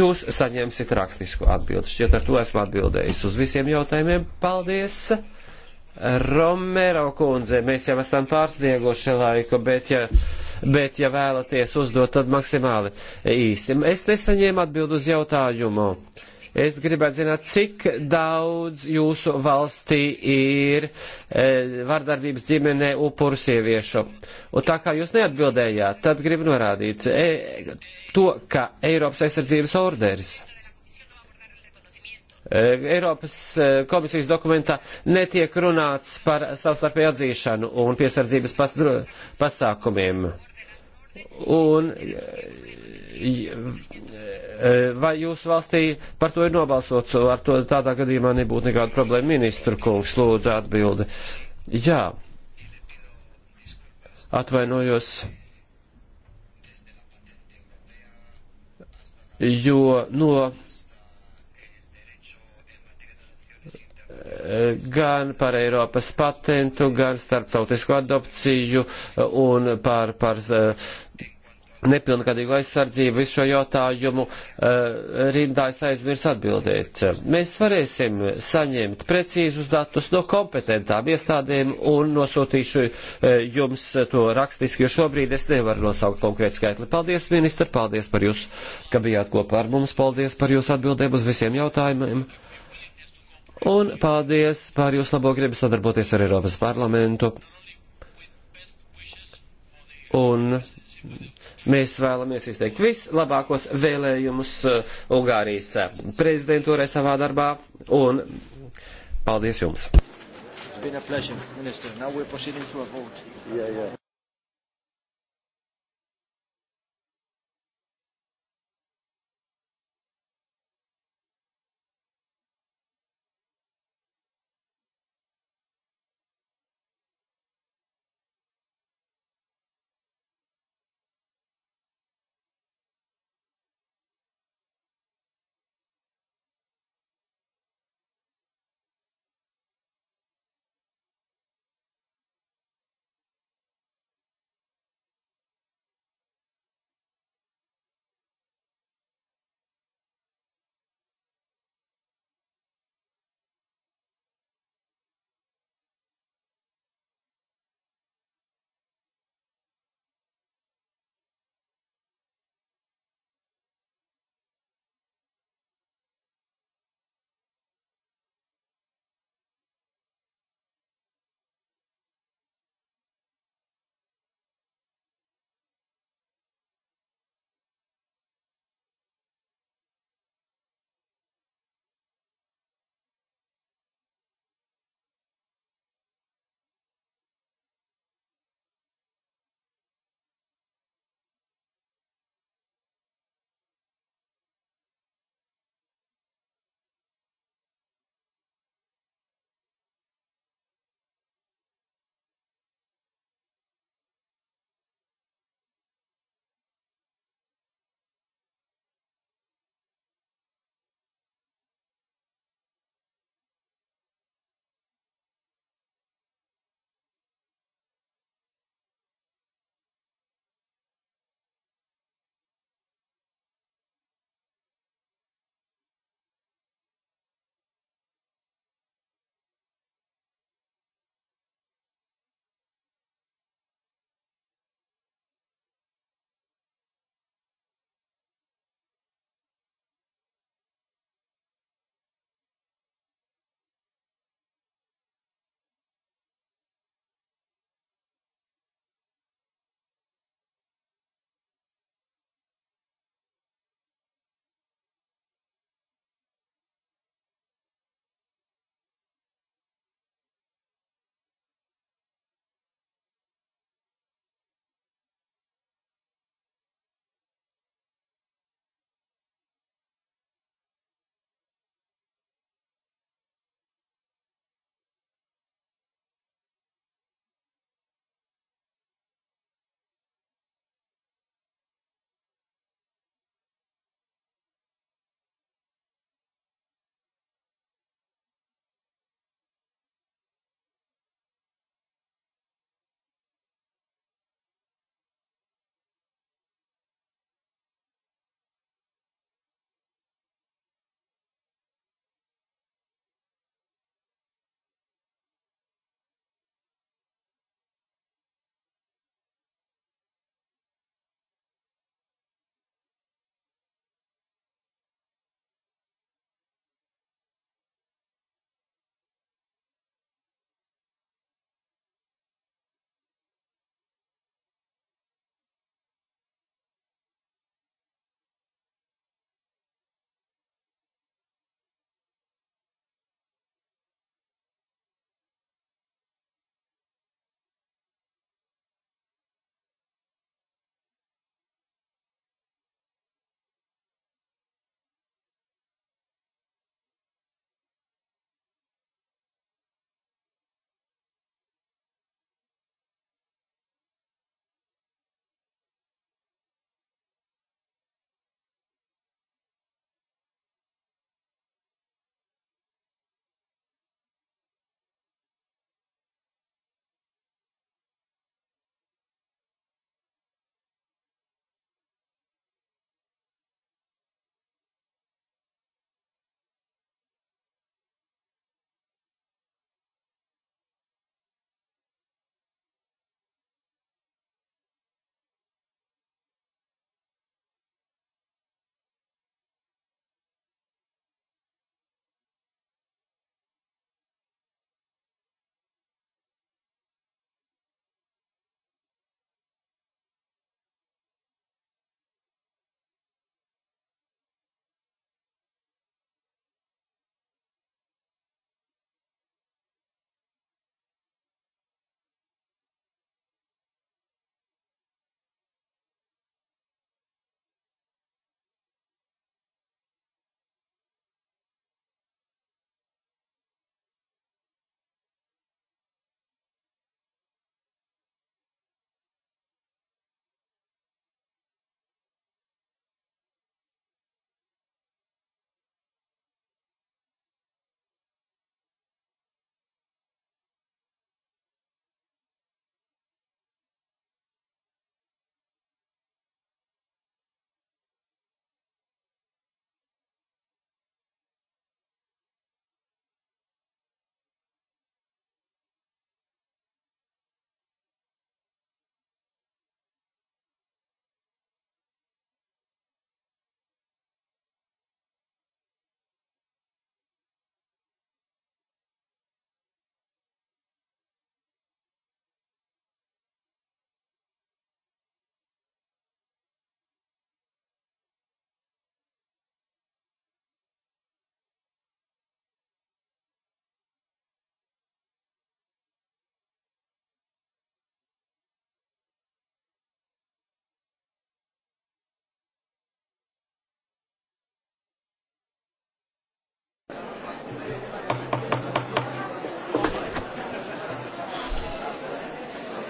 Speaker 1: jūs saņemsiet rakstisku atbildi. Šķiet, ar to esmu atbildējis uz visiem jautājumiem. Paldies! Romero kundze, mēs jau esam pārsnieguši laiku, bet ja bet ja vēlaties uzdot, tad maksimāli īsi. Es nesaņēmu atbildu uz jautājumu. Es gribētu zināt, cik daudz jūsu valstī ir e, vardarbības ģimenē upuru sieviešu. Un tā kā jūs neatbildējāt, tad gribu norādīt e, to, ka Eiropas aizsardzības orderis E, Eiropas e, komisijas dokumentā netiek runāts par savstarpēju atzīšanu un piesardzības pasākumiem. Un e, vai jūsu valstī par to ir nobalsots, ar to tādā gadījumā nebūtu nekāda problēma? Ministru kungs, lūdzu atbildi. Jā, atvainojos. Jo no gan par Eiropas patentu, gan starptautisku adopciju un par, par eh, nepilngadīgu aizsardzību visu šo jautājumu eh, rindā es aizmirsu atbildēt. Mēs varēsim saņemt precīzus datus no kompetentām iestādēm un nosūtīšu eh, jums to rakstiski, jo šobrīd es nevaru nosaukt konkrētu skaitli. Paldies, ministra, paldies par jūs, ka bijāt kopā ar mums, paldies par jūsu atbildēm uz visiem jautājumiem. Un paldies par jūsu labo gribu sadarboties ar Eiropas parlamentu. Un mēs vēlamies izteikt vislabākos vēlējumus uh, Ungārijas uh, prezidentūrai savā darbā. Un paldies jums!
Speaker 3: It's been a pleasure, Minister. Now we're proceeding to a vote. Yeah, yeah.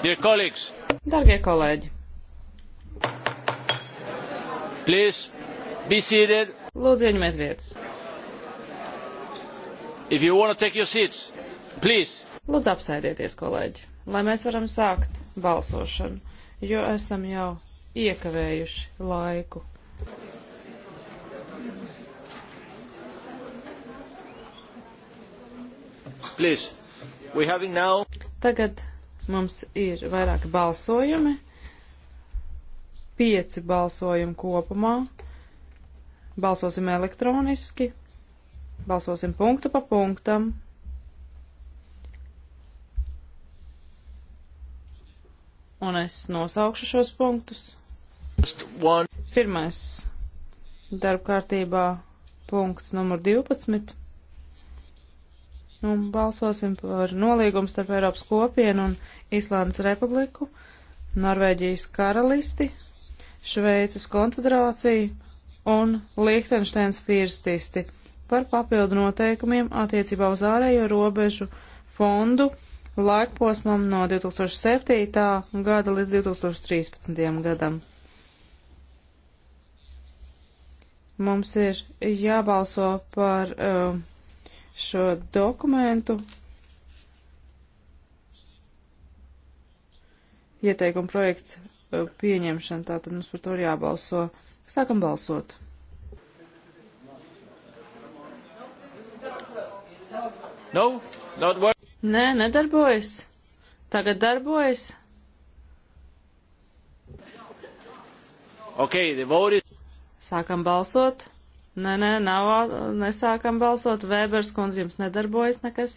Speaker 1: Darbie
Speaker 2: kolēģi! Lūdzu, ieņemies vietas. Seats, Lūdzu, apsēdieties, kolēģi, lai mēs varam sākt balsošanu, jo esam jau iekavējuši laiku. Now... Tagad Mums ir vairāki balsojumi, pieci balsojumi kopumā. Balsosim elektroniski, balsosim punktu pa punktam. Un es nosaukšu šos punktus. Pirmais darba kārtībā punkts numur 12. Un nu, balsosim par nolīgumu starp Eiropas kopienu un Islandes republiku, Norvēģijas karalisti, Šveices konfederāciju un Liechtensteins firstisti par papildu noteikumiem attiecībā uz ārējo robežu fondu laikposmam no 2007. gada līdz 2013. gadam. Mums ir jābalso par uh, šo dokumentu. Ieteikuma projekts uh, pieņemšana, tātad mums par to ir jābalso. Sākam balsot.
Speaker 1: No, not work.
Speaker 2: Nē, nedarbojas. Tagad darbojas.
Speaker 1: Okay, the vote is...
Speaker 2: Sākam balsot. Nē, nē, nav, nesākam balsot. Vēbers kundze, jums nedarbojas nekas.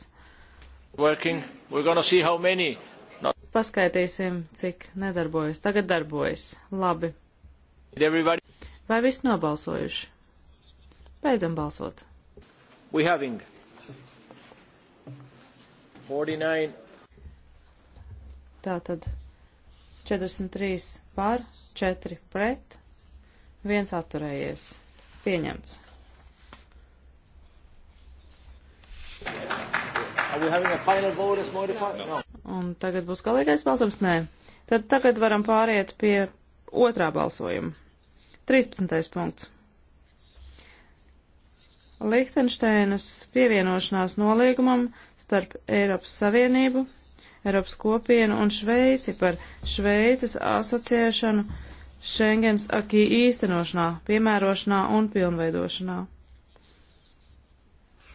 Speaker 1: Working. We're gonna see how many.
Speaker 2: Not... Paskaitīsim, cik nedarbojas. Tagad darbojas. Labi. Everybody... Vai viss nobalsojuši? Beidzam balsot.
Speaker 1: We having 49.
Speaker 2: Tātad 43 pār, 4 pret, 1 atturējies. Pieņemts. Un tagad būs galīgais balsojums? Nē. Tad tagad varam pāriet pie otrā balsojuma. 13. punkts. Lihtenšteinas pievienošanās nolīgumam starp Eiropas Savienību, Eiropas kopienu un Šveici par Šveices asociēšanu Schengens akī īstenošanā, piemērošanā un pilnveidošanā.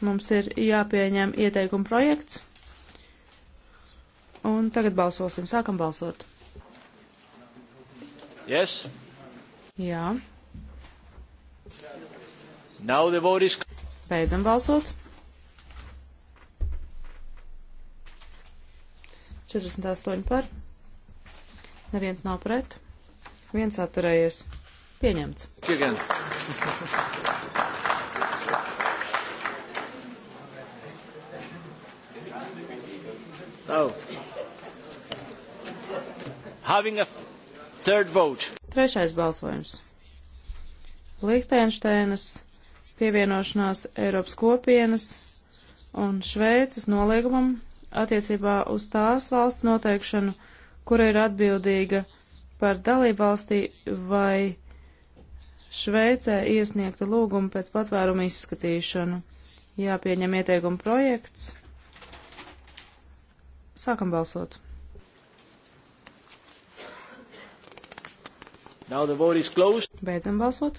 Speaker 2: Mums ir jāpieņem ieteikuma projekts. Un tagad balsosim. Sākam balsot. Yes. Jā.
Speaker 1: Now the vote is...
Speaker 2: Beidzam balsot. 48 par. Neviens nav pret viens atturējies. Pieņemts. Kirgen. Oh. Having a third vote. Trešais balsojums. Liechtensteinas pievienošanās Eiropas kopienas un Šveices noliegumam attiecībā uz tās valsts noteikšanu, kura ir atbildīga par dalībvalstī vai Šveicē iesniegta lūguma pēc patvēruma izskatīšanu. Jāpieņem ieteikuma projekts. Sākam balsot. Now the vote is closed. Beidzam balsot.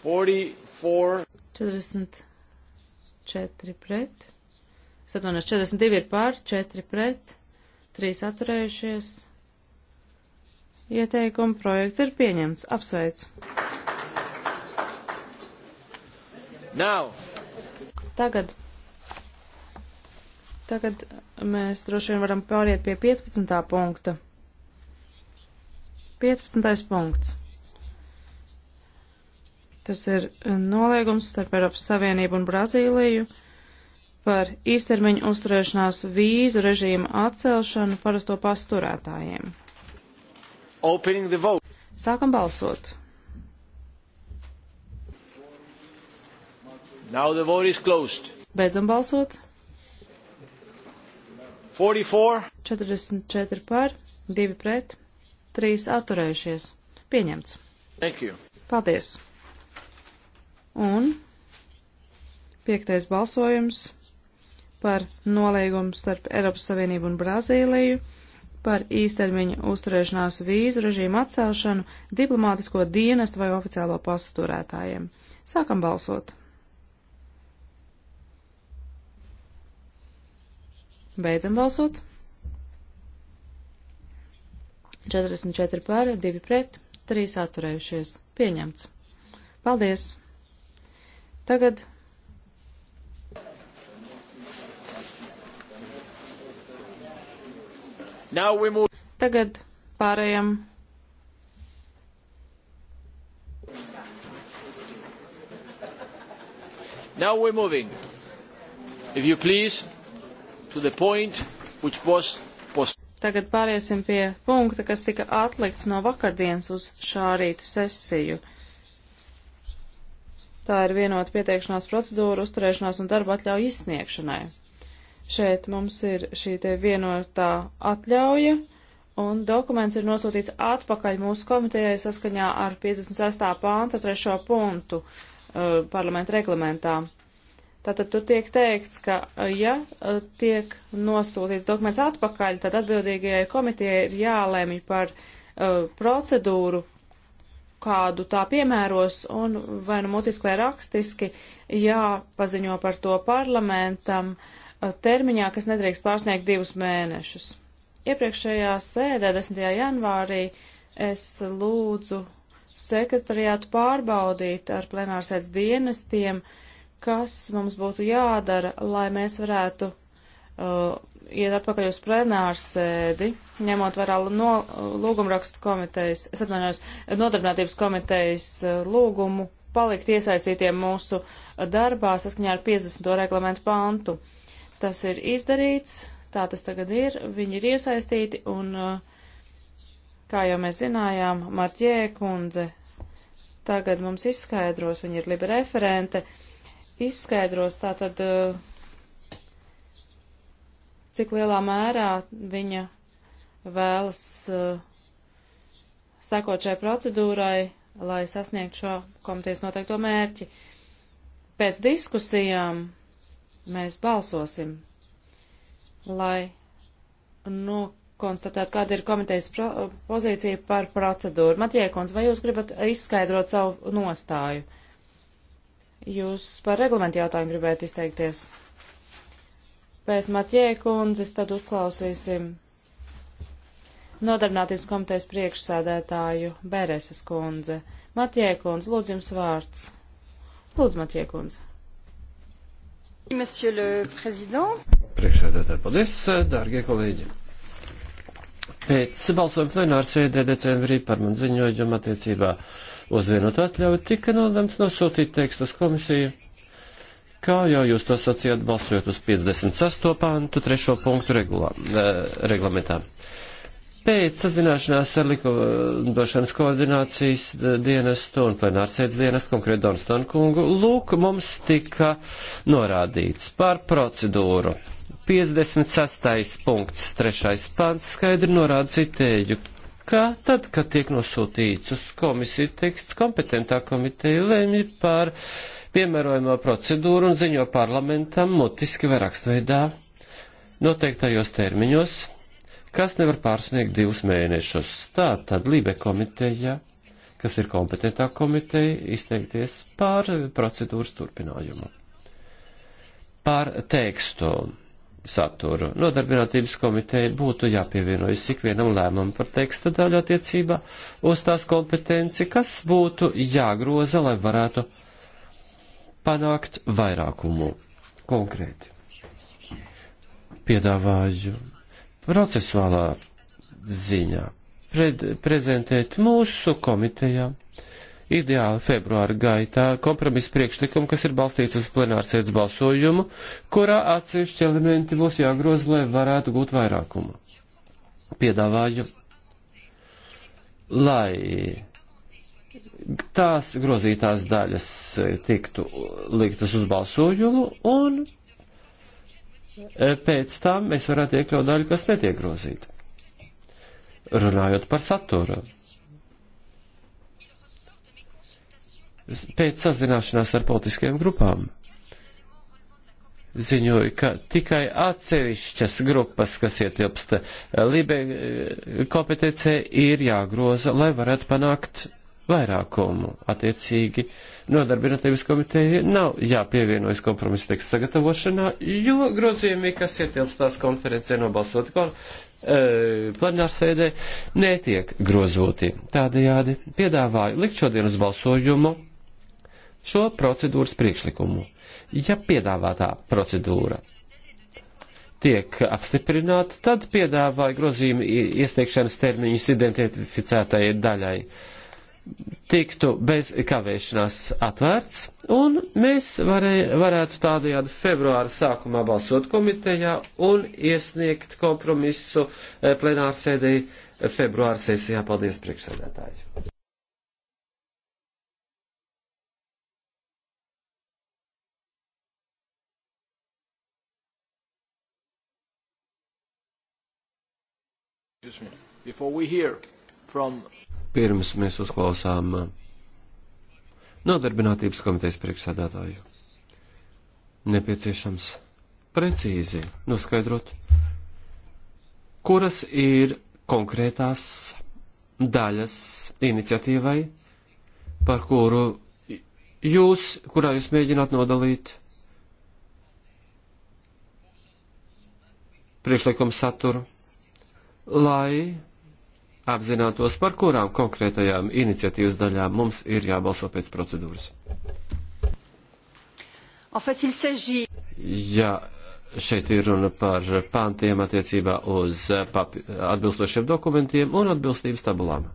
Speaker 2: Forty-four. 44 4 pret, 742 ir pār, 4 pret, 3 atturējušies. Ieteikuma projekts ir pieņemts. Apsveicu. Now. Tagad. Tagad mēs droši vien varam pāriet pie 15. punkta. 15. punkts. Tas ir e, noliegums starp Eiropas Savienību un Brazīliju par īstermiņu uzturēšanās vīzu režīmu atcelšanu parasto pasturētājiem. Sākam balsot. Beidzam balsot. 44. 44 par, 2 pret, 3 atturējušies. Pieņemts. Paldies. Un piektais balsojums par nolīgumu starp Eiropas Savienību un Brazīliju par īstermiņa uzturēšanās vīzu režīmu atcelšanu diplomātisko dienestu vai oficiālo pastu turētājiem. Sākam balsot! Beidzam balsot! 44 pār, 2 pret, 3 atturējušies. Pieņemts. Paldies! Tagad Tagad pārējām.
Speaker 1: Now we're moving, if you please, to the point which was post.
Speaker 2: Tagad pāriesim pie punkta, kas tika atlikts no vakardienas uz šā rīta sesiju. Tā ir vienota pieteikšanās procedūra uzturēšanās un darba atļauju izsniegšanai. Šeit mums ir šī te vienotā atļauja, un dokuments ir nosūtīts atpakaļ mūsu komitejai saskaņā ar 56. pānta 3. punktu uh, parlamenta reglamentā. Tātad tur tiek teikts, ka uh, ja uh, tiek nosūtīts dokuments atpakaļ, tad atbildīgajai komitejai ir jālēmj par uh, procedūru, kādu tā piemēros un vai nu mutiski vai rakstiski jāpaziņo par to parlamentam uh, termiņā, kas nedrīkst pārsniegt divus mēnešus. Iepriekšējā sēdē 10. janvārī es lūdzu sekretariātu pārbaudīt ar plenārsēdz dienestiem, kas mums būtu jādara, lai mēs varētu uh, iet atpakaļ uz plenāru sēdi, ņemot vērā no lūgumrakstu komitejas, es atvainojos, nodarbinātības komitejas eh, lūgumu palikt iesaistītiem mūsu darbā saskaņā ar 50. reglamentu pantu. Tas ir izdarīts, tā tas tagad ir, viņi ir iesaistīti un, eh, kā jau mēs zinājām, Marķē kundze tagad mums izskaidros, viņa ir liba referente, izskaidros tātad. Uh, cik lielā mērā viņa vēlas uh, sekot šai procedūrai, lai sasniegtu šo komitejas noteikto mērķi. Pēc diskusijām mēs balsosim, lai nokonstatētu, kāda ir komitejas pozīcija par procedūru. Matiekons, vai jūs gribat izskaidrot savu nostāju? Jūs par reglamentu jautājumu gribētu izteikties? Pēc Matjē kundzes tad uzklausīsim Nodarbinātības komitejas priekšsēdētāju Bereses kundze. Matjē kundze, lūdzu jums vārds. Lūdzu,
Speaker 4: Matjē kundze.
Speaker 1: Priekšsēdētāji, paldies, dārgie kolēģi. Pēc balsojuma plenāra sēdē decembrī par man ziņojumu attiecībā uz vienotu atļauju tika nolēmts nosūtīt tekstu uz komisiju Kā jau jūs to sacījāt, balsojot uz 56. pantu, trešo punktu regulā, eh, reglamentā. Pēc sazināšanās ar likumdošanas koordinācijas eh, dienestu un plenārsēdes dienestu, konkrēt Donstonu kungu, lūk, mums tika norādīts par procedūru. 56. punkts, 3. pants skaidri norāda citēju, ka tad, kad tiek nosūtīts uz komisiju teksts, kompetentā komiteja lemj par uh, piemērojamo procedūru un ziņo parlamentam mutiski vai rakstveidā noteiktajos termiņos, kas nevar pārsniegt divus mēnešus. Tā tad Lībe komiteja, kas ir kompetentā komiteja, izteikties par procedūras turpinājumu. Par tekstu saturu. Nodarbinātības komiteja būtu jāpievienojas ikvienam lēmumam par teksta daļu attiecībā uz tās kompetenci, kas būtu jāgroza, lai varētu panākt vairākumu konkrēti. Piedāvāju procesuālā ziņā pred, prezentēt mūsu komitejā ideāli februāra gaitā kompromisa priekšlikumu, kas ir balstīts uz plenārsēdes balsojumu, kurā atsevišķi elementi būs jāgroz, lai varētu gūt vairākumu. Piedāvāju, lai tās grozītās daļas eh, tiktu liktas uz balsojumu, un eh, pēc tam mēs varētu iekļaut daļu, kas netiek grozīta. Runājot par saturu. Pēc sazināšanās ar politiskajām grupām ziņoja, ka tikai atsevišķas grupas, kas ietilpst eh, Libe kompetencē, ir jāgroza, lai varētu panākt vairākumu. Attiecīgi, nodarbinātības komiteja nav jāpievienojas kompromisa teksta sagatavošanā, jo grozījumi, kas ietilps tās konferencē nobalsot kon, e, plenārsēdē, netiek grozoti. Tādējādi piedāvāju likt šodien uz balsojumu šo procedūras priekšlikumu. Ja piedāvātā procedūra tiek apstiprināta, tad piedāvāju grozījumu iesniegšanas termiņus identificētajai daļai. Uh, tiktu bez kavēšanās atvērts, un mēs varē, varētu tādajādi februāra sākumā balsot komitejā un iesniegt kompromisu eh, plenārsēdē februāra sesijā. Paldies, priekšsēdētāji! Before we hear from Pirms mēs uzklausām uh, nodarbinātības komitejas priekšsēdētāju. Nepieciešams precīzi noskaidrot, kuras ir konkrētās daļas iniciatīvai, par kuru jūs, kurā jūs mēģināt nodalīt priekšlikumu saturu, lai apzinātos, par kurām konkrētajām iniciatīvas daļām mums ir jābalso pēc procedūras. Jā, šeit ir runa par pāntiem attiecībā uz atbilstošiem dokumentiem un atbilstības tabulām.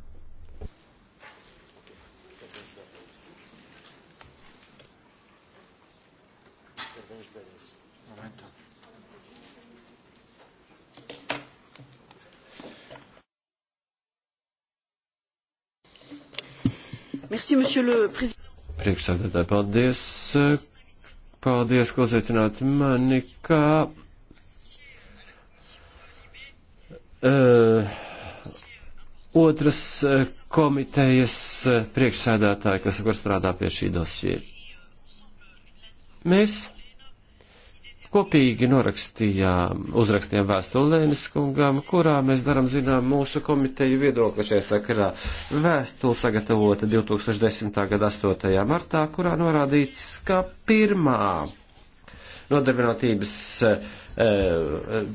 Speaker 4: Merci, monsieur le président.
Speaker 1: Priekšsēdētāji, paldies. Paldies, ka uzaicināt mani, kā. Uh, eh, otras eh, komitejas eh, priekšsēdētāji, kas var strādā pie šī dosie. Mēs Kopīgi norakstījām, uzrakstījām vēstuli Lēnis kungām, kurā mēs darām zinām mūsu komiteju viedokli šajā sakarā. Vēstuli sagatavota 2010. gada 8. martā, kurā norādīts, ka pirmā nodarbinātības eh, eh,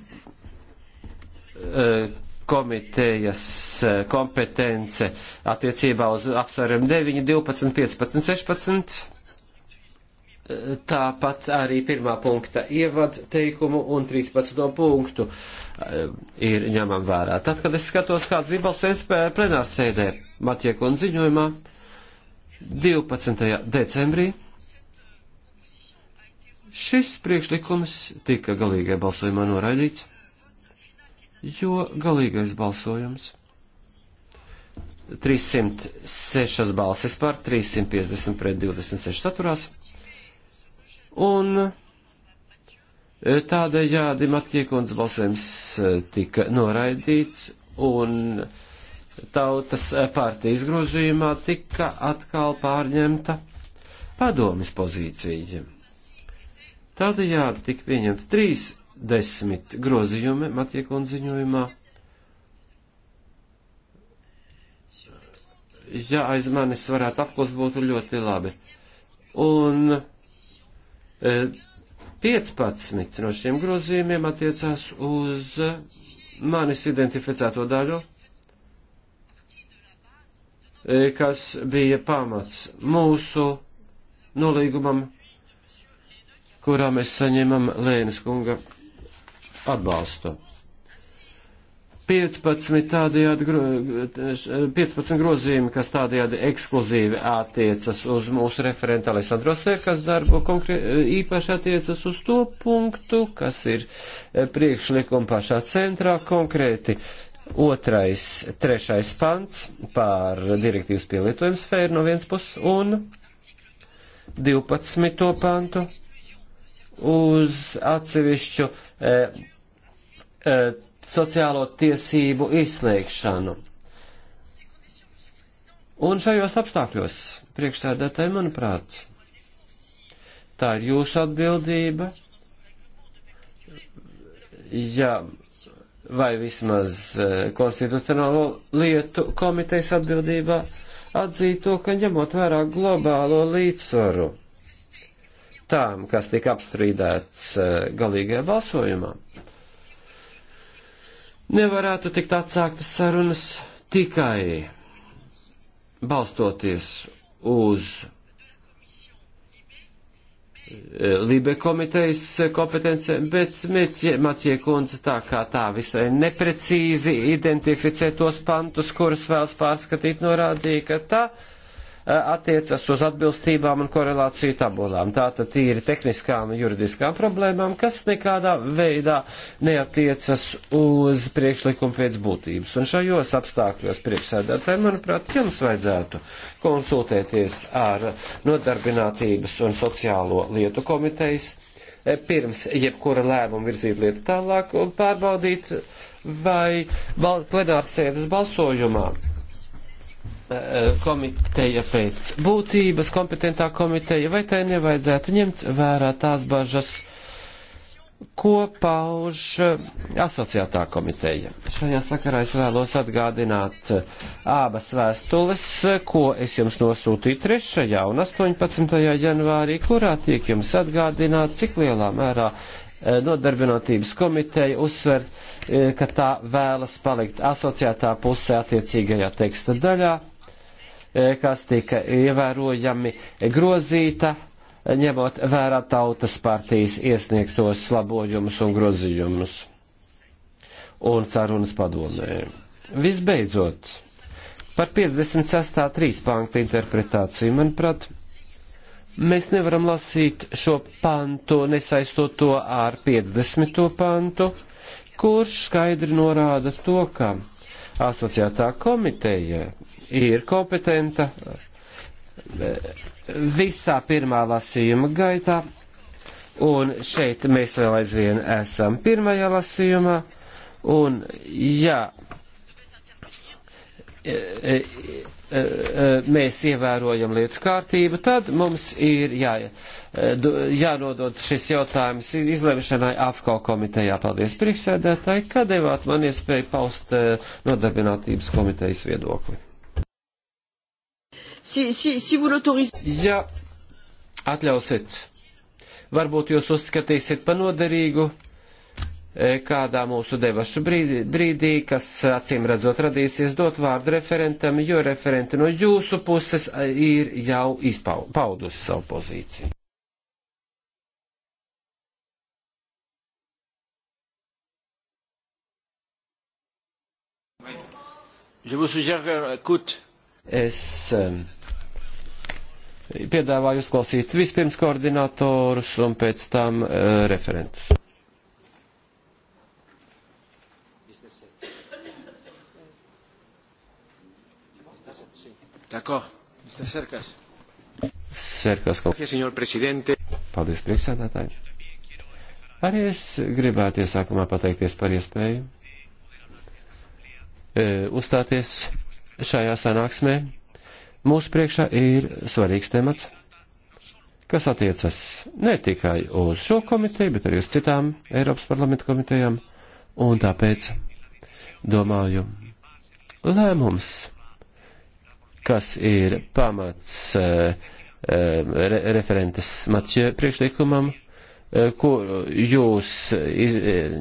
Speaker 1: eh komitejas eh, kompetence attiecībā uz apsvērumiem 9, 12, 15, 16 tāpat arī pirmā punkta ievad teikumu un 13. punktu eh, ir ņemam vērā. Tad, kad es skatos, kāds bija balsojums plenārs sēdē Matieku un ziņojumā 12. decembrī, šis priekšlikums tika galīgajā balsojumā noraidīts, jo galīgais balsojums 306 balsis par 350 pret 26 saturās Un e, tādējādi Matiekons balsojums e, tika noraidīts un tautas partijas grozījumā tika atkal pārņemta padomis pozīcija. Tādējādi tika pieņemts 30 grozījumi Matiekona ziņojumā. Ja aiz manis varētu apklus, būtu ļoti labi. Un 15 e, no šiem grozījumiem attiecās uz manis identificēto daļu, e, kas bija pamats mūsu nolīgumam, kurā mēs saņemam Lēnas kunga atbalstu. 15, tādējādi, 15 grozījumi, kas tādējādi ekskluzīvi attiecas uz mūsu referenta Alessandro Serkas darbu, konkrē, īpaši attiecas uz to punktu, kas ir e, priekšlikuma pašā centrā konkrēti. Otrais, trešais pants pār direktīvas pielietojumu sfēru no vienas puses un 12. pantu uz atsevišķu e, e, sociālo tiesību izslēgšanu. Un šajos apstākļos, priekšsēdētāji, manuprāt, tā ir jūsu atbildība, ja vai vismaz eh, konstitucionālo lietu komitejas atbildībā atzīt to, ka ņemot vērā globālo līdzsvaru tām, kas tika apstrīdēts eh, galīgajā balsojumā nevarētu tikt atsāktas sarunas tikai balstoties uz e, Libe komitejas kompetence, bet Macie kundze tā kā tā visai neprecīzi identificē tos pantus, kurus vēlas pārskatīt, norādīja, ka tā. Ta Eh, attiecas uz atbilstībām un korelāciju tabulām. Tātad tīri tehniskām un juridiskām problēmām, kas nekādā veidā neatiecas uz priekšlikumu pēc būtības. Un šajos apstākļos priekšsēdētāji, manuprāt, jums vajadzētu konsultēties ar nodarbinātības un sociālo lietu komitejas eh, pirms jebkura lēmuma virzīt lietu tālāk un pārbaudīt, vai plenārsēdes balsojumā Eh, komiteja pēc būtības, kompetentā komiteja, vai tai nevajadzētu ņemt vērā tās bažas, ko pauž eh, asociētā komiteja. Šajā sakarā es vēlos atgādināt eh, abas vēstules, ko es jums nosūtīju 3. un 18. janvārī, kurā tiek jums atgādināt, cik lielā mērā nodarbinātības komiteja uzsver, ka tā vēlas palikt asociētā pusē attiecīgajā teksta daļā E, kas tika ievērojami grozīta, ņemot vērā tautas partijas iesniegtos labojumus un grozījumus un sarunas padomē. Visbeidzot, par 56.3. pantu interpretāciju, manuprāt, mēs nevaram lasīt šo pantu, nesaistot to ar 50. pantu, kurš skaidri norāda to, ka asociētā komiteja ir kompetenta visā pirmā lasījuma gaitā, un šeit mēs vēl aizvien esam pirmajā lasījumā, un jā, e, e, e, mēs ievērojam lietu kārtību, tad mums ir jā, jānodod šis jautājums izlemšanai AFKO komitejā. Paldies priekšsēdētāji, ka devāt man iespēju paust nodarbinātības komitejas viedokli
Speaker 4: si, si, si vous l'autorisez. Ja
Speaker 1: atļausiet, varbūt jūs uzskatīsiet par noderīgu e, kādā mūsu debašu brīdī, brīdī, kas acīm redzot radīsies, dot vārdu referentam, jo referenti no jūsu puses e, ir jau izpaudusi savu pozīciju.
Speaker 3: Je vous suggère, écoute.
Speaker 1: Es um, piedāvāju uzklausīt vispirms koordinatorus un pēc tam uh, referentus. Serkas kaut. Paldies, priekšsēdētāji. Arī es gribētu iesākumā pateikties par iespēju e, uzstāties šajā sanāksmē Mūsu priekšā ir svarīgs temats, kas attiecas ne tikai uz šo komiteju, bet arī uz citām Eiropas parlamenta komitejām, un tāpēc domāju, lēmums, kas ir pamats uh, re referentes Matķa priekšlikumam, Eh, kuru jūs iz, eh,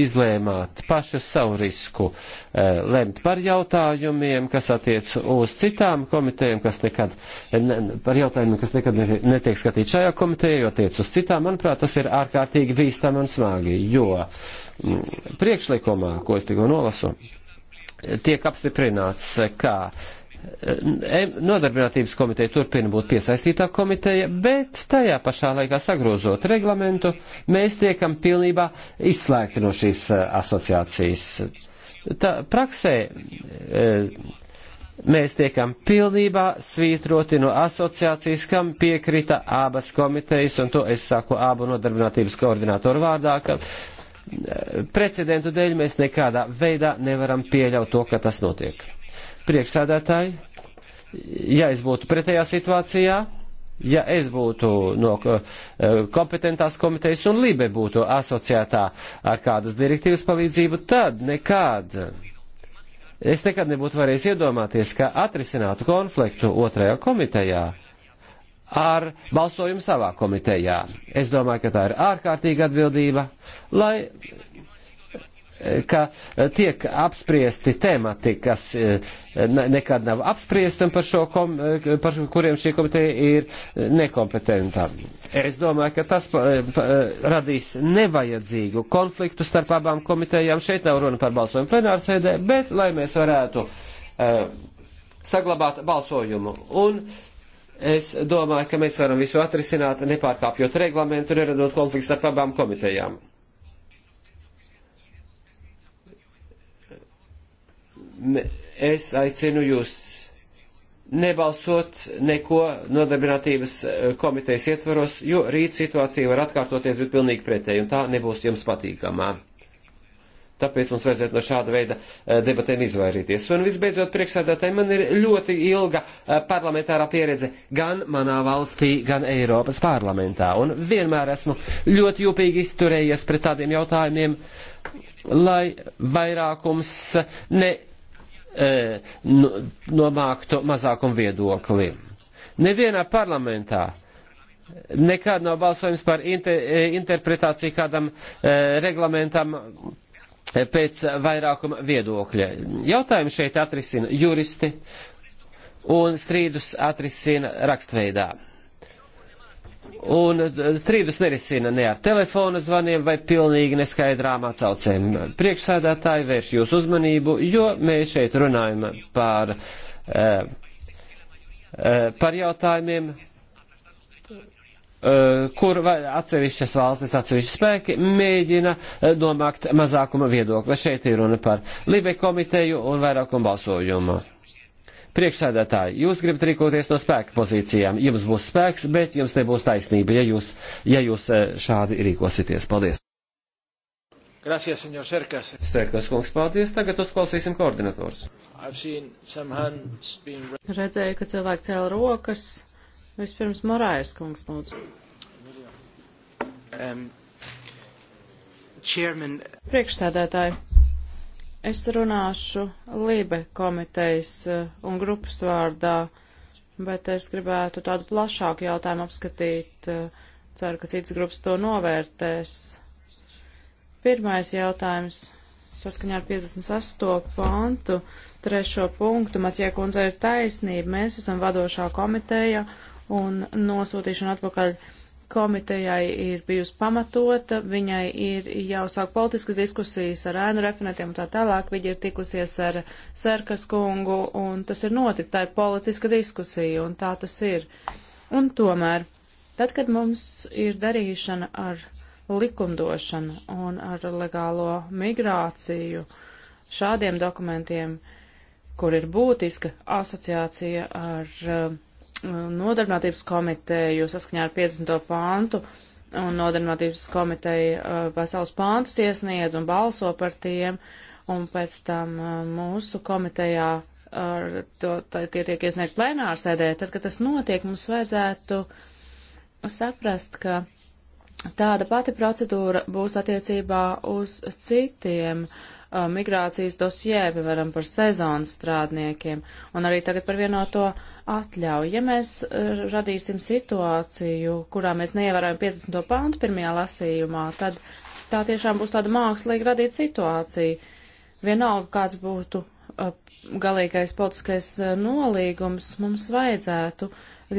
Speaker 1: izlēmāt pašu savu risku eh, lemt par jautājumiem, kas attiec uz citām komitejām, kas nekad, ne, par jautājumiem, kas nekad netiek skatīt šajā komitejā, jo attiec uz citām, manuprāt, tas ir ārkārtīgi bīstami un smagi, jo mm, priekšlikumā, ko es tikko nolasu, tiek apstiprināts, ka E, nodarbinātības komiteja turpina būt piesaistītā komiteja, bet tajā pašā laikā sagrozot reglamentu, mēs tiekam pilnībā izslēgti no šīs e, asociācijas. Tā praksē e, mēs tiekam pilnībā svītroti no asociācijas, kam piekrita abas komitejas, un to es saku abu nodarbinātības koordinātoru vārdā, ka precedentu dēļ mēs nekādā veidā nevaram pieļaut to, ka tas notiek priekšsēdētāji, ja es būtu pretējā situācijā, ja es būtu no eh, kompetentās komitejas un Libe būtu asociētā ar kādas direktīvas palīdzību, tad nekād. Es nekad nebūtu varējis iedomāties, ka atrisinātu konfliktu otrajā komitejā ar balsojumu savā komitejā. Es domāju, ka tā ir ārkārtīga atbildība, lai ka e, tiek apspriesti temati, kas e, nekad nav apspriesti un par, šo kom, e, par kuriem šī komiteja ir nekompetentā. Es domāju, ka tas radīs nevajadzīgu konfliktu starp abām komitejām. Šeit nav runa par balsojumu plenārsēdē, bet lai mēs varētu uh, saglabāt balsojumu. Un es domāju, ka mēs varam visu atrisināt, nepārkāpjot reglamentu, neradot konfliktu starp abām komitejām. es aicinu jūs nebalsot neko nodarbinātības eh, komitejas ietvaros, jo rīt situācija var atkārtoties, bet pilnīgi pretēji, un tā nebūs jums patīkamā. Tāpēc mums vajadzētu no šāda veida eh, debatēm izvairīties. Un visbeidzot, priekšsēdētāji, man ir ļoti ilga eh, parlamentārā pieredze gan manā valstī, gan Eiropas parlamentā. Un vienmēr esmu ļoti jūpīgi izturējies pret tādiem jautājumiem, lai vairākums ne E, nomāktu mazākumu viedokli. Nevienā parlamentā nekad nav balsojums par inter, e, interpretāciju kādam e, reglamentam pēc vairākuma viedokļa. Jautājumu šeit atrisina juristi un strīdus atrisina rakstveidā. Un eh, strīdus nerisina ne ar telefona zvaniem vai pilnīgi neskaidrām atcaucēm. Priekšsēdētāji vērš jūsu uzmanību, jo mēs šeit runājam par, eh, eh, par jautājumiem, kur atsevišķas valstis, atsevišķas spēki mēģina domākt mazākuma viedokli. Šeit ir runa par Libe komiteju un vairākumu balsojumu. Priekšsēdētāji, jūs gribat rīkoties no spēka pozīcijām. Jums būs spēks, bet jums nebūs taisnība, ja jūs, ja jūs eh, šādi rīkosieties. Paldies! Gracias, señor Serkas. Serkas kungs, paldies. Tagad uzklausīsim koordinators. Been...
Speaker 2: Redzēju, ka cilvēki cēla rokas. Vispirms Morājas kungs, lūdzu.
Speaker 3: Um, chairman...
Speaker 2: Priekšsēdētāji, Es runāšu Libe komitejas uh, un grupas vārdā, bet es gribētu tādu plašāku jautājumu apskatīt. Uh, ceru, ka citas grupas to novērtēs. Pirmais jautājums saskaņā ar 58. pantu, trešo punktu, Matjē kundze ir taisnība, mēs esam vadošā komiteja un nosūtīšana atpakaļ komitejai ir bijusi pamatota, viņai ir jāuzsāk politiskas diskusijas ar ēnu referentiem un tā tālāk, viņa ir tikusies ar Serkas kungu, un tas ir noticis, tā ir politiska diskusija, un tā tas ir. Un tomēr, tad, kad mums ir darīšana ar likumdošanu un ar legālo migrāciju, šādiem dokumentiem, kur ir būtiska asociācija ar uh, nodarbinātības komiteju saskaņā ar 50. pāntu, un nodarbinātības komiteja pasaules uh, pāntus iesniedz un balso par tiem, un pēc tam uh, mūsu komitejā to, tie tiek iesniegt plenāru sēdē. Tad, kad tas notiek, mums vajadzētu saprast, ka tāda pati procedūra būs attiecībā uz citiem uh, Uh, migrācijas dosjē, piemēram, par sezonas strādniekiem un arī tagad par vienoto atļauju. Ja mēs uh, radīsim situāciju, kurā mēs neievērojam 50. pāntu pirmajā lasījumā, tad tā tiešām būs tāda mākslīgi radīta situācija. Vienalga, kāds būtu uh, galīgais politiskais nolīgums, mums vajadzētu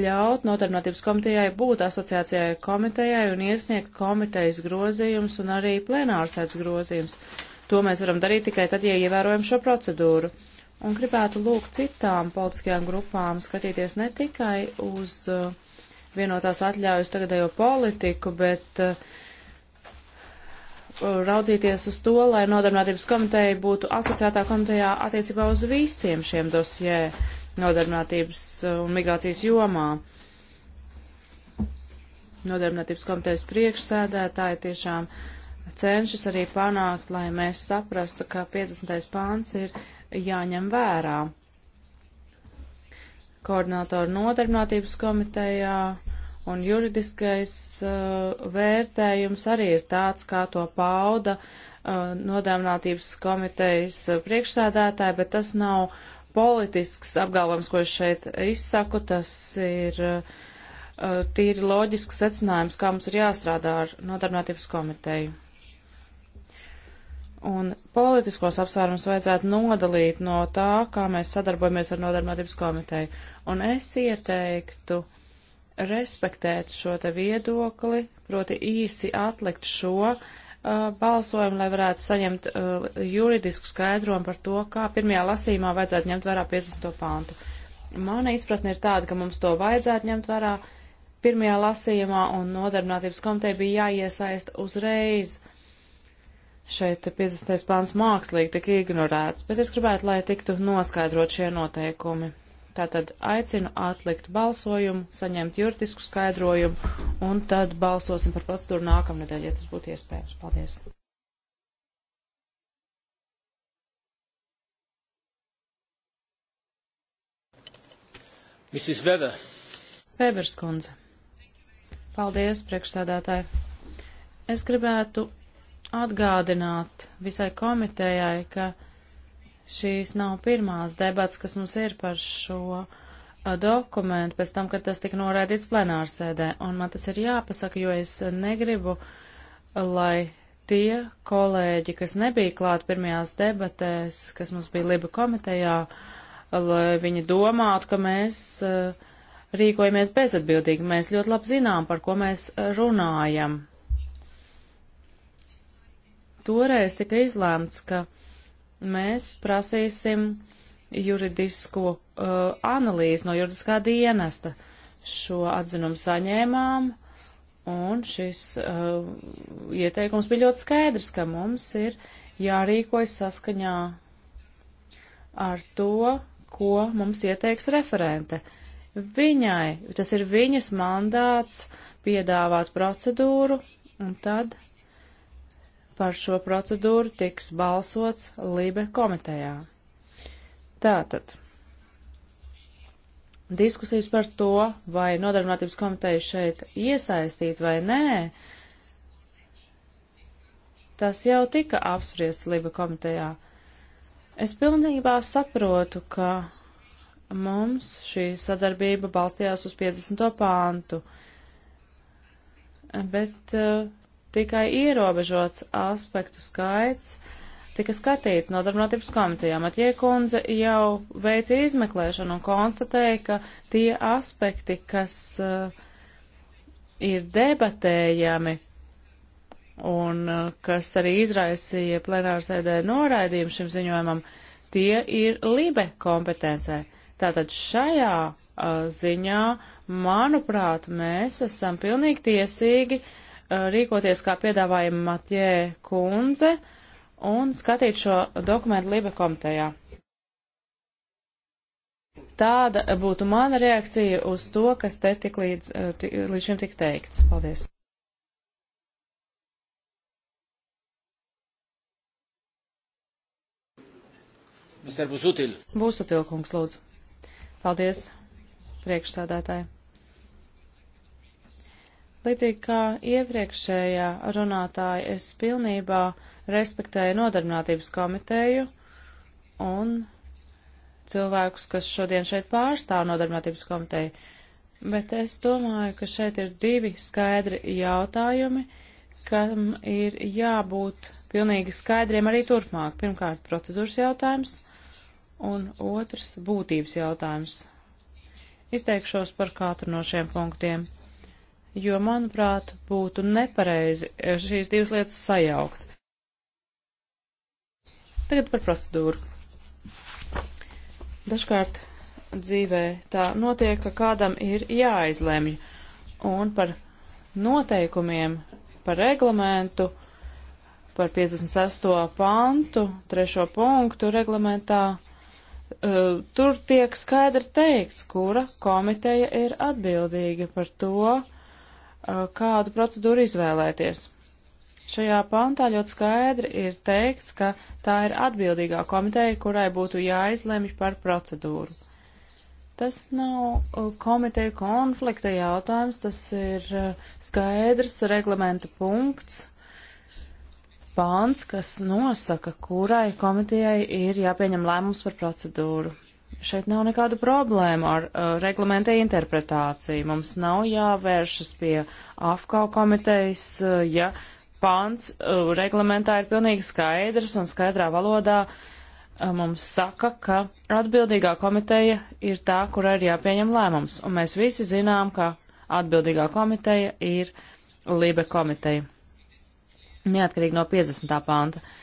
Speaker 2: ļaut notarbinātības komitejai būt asociācijai komitejai un iesniegt komitejas grozījums un arī plenārsēts grozījums. To mēs varam darīt tikai tad, ja ievērojam šo procedūru. Un gribētu lūgt citām politiskajām grupām skatīties ne tikai uz uh, vienotās atļaujas tagadējo politiku, bet uh, raudzīties uz to, lai nodarbinātības komiteja būtu asociētā komitejā attiecībā uz visiem šiem dosjē nodarbinātības uh, un migrācijas jomā. Nodarbinātības komitejas priekšsēdētāji tiešām uh, cenšas arī panākt, lai mēs saprastu, ka 50. pāns ir jāņem vērā. Koordinātori nodarbinātības komitejā un juridiskais uh, vērtējums arī ir tāds, kā to pauda uh, nodarbinātības komitejas priekšsēdētāji, bet tas nav politisks apgalvojums, ko es šeit izsaku, tas ir uh, tīri loģisks secinājums, kā mums ir jāstrādā ar nodarbinātības komiteju. Un politiskos apsvērums vajadzētu nodalīt no tā, kā mēs sadarbojamies ar Nodarbinātības komiteju. Un es ieteiktu respektēt šo te viedokli, proti īsi atlikt šo uh, balsojumu, lai varētu saņemt uh, juridisku skaidrojumu par to, kā pirmajā lasījumā vajadzētu ņemt vērā 50. pāntu. Mana izpratne ir tāda, ka mums to vajadzētu ņemt vērā pirmajā lasījumā, un Nodarbinātības komiteja bija jāiesaista uzreiz šeit 50. pāns mākslīgi tik ignorēts, bet es gribētu, lai tiktu noskaidrot šie noteikumi. Tātad aicinu atlikt balsojumu, saņemt juridisku skaidrojumu, un tad balsosim par procedūru nākamnedēļ, ja tas būtu iespējams. Paldies!
Speaker 1: Mrs. Weber.
Speaker 2: Weberskundze. Paldies, priekšsādātāji. Es gribētu atgādināt visai komitejai, ka šīs nav pirmās debats, kas mums ir par šo dokumentu, pēc tam, kad tas tika noraidīts plenārsēdē. Un man tas ir jāpasaka, jo es negribu, lai tie kolēģi, kas nebija klāt pirmajās debatēs, kas mums bija Liba komitejā, lai viņi domātu, ka mēs rīkojamies bezatbildīgi. Mēs ļoti labi zinām, par ko mēs runājam toreiz tika izlēmts, ka mēs prasīsim juridisko uh, analīzi no juridiskā dienesta. Šo atzinumu saņēmām, un šis uh, ieteikums bija ļoti skaidrs, ka mums ir jārīkojas saskaņā ar to, ko mums ieteiks referente. Viņai, tas ir viņas mandāts piedāvāt procedūru, un tad Par šo procedūru tiks balsots Libe komitejā. Tātad. Diskusijas par to, vai nodarbinātības komiteja šeit iesaistīt vai nē, tas jau tika apspriests Liba komitejā. Es pilnībā saprotu, ka mums šī sadarbība balstījās uz 50. pāntu, bet uh, tikai ierobežots aspektu skaits tika skatīts nodarbinātības komitejā. Matie kundze jau veica izmeklēšanu un konstatēja, ka tie aspekti, kas uh, ir debatējami un uh, kas arī izraisīja plenārsēdē noraidījumu šim ziņojumam, tie ir libe kompetencē. Tātad šajā uh, ziņā, manuprāt, mēs esam pilnīgi tiesīgi uh, Uh, rīkoties, kā piedāvāja Matjē Kunze, un skatīt šo dokumentu Libe komitejā. Tāda būtu mana reakcija uz to, kas te tik līdz, uh, līdz šim tik teikts. Paldies.
Speaker 1: Būs
Speaker 2: utilkungs, lūdzu. Paldies, priekšsādātāji. Līdzīgi kā iepriekšējā runātāja, es pilnībā respektēju nodarbinātības komiteju un cilvēkus, kas šodien šeit pārstāv nodarbinātības komiteju, bet es domāju, ka šeit ir divi skaidri jautājumi, kam ir jābūt pilnīgi skaidriem arī turpmāk. Pirmkārt, procedūras jautājums un otrs būtības jautājums. Izteikšos par katru no šiem punktiem jo, manuprāt, būtu nepareizi šīs divas lietas sajaukt. Tagad par procedūru. Dažkārt dzīvē tā notiek, ka kādam ir jāizlemj, un par noteikumiem, par reglamentu, par 56. pantu, trešo punktu reglamentā, eh, tur tiek skaidri teikts, kura komiteja ir atbildīga par to, Uh, kādu procedūru izvēlēties. Šajā pantā ļoti skaidri ir teikts, ka tā ir atbildīgā komiteja, kurai būtu jāizlemj par procedūru. Tas nav uh, komiteja konflikta jautājums, tas ir uh, skaidrs reglamenta punkts, pāns, kas nosaka, kurai komitejai ir jāpieņem lēmums par procedūru. Šeit nav nekādu problēmu ar uh, reglamenta interpretāciju. Mums nav jāvēršas pie AFKA komitejas, uh, ja pants uh, reglamentā ir pilnīgi skaidrs un skaidrā valodā uh, mums saka, ka atbildīgā komiteja ir tā, kurai ir jāpieņem lēmums. Un mēs visi zinām, ka atbildīgā komiteja ir Libe komiteja. Neatkarīgi no 50. panta. Uh,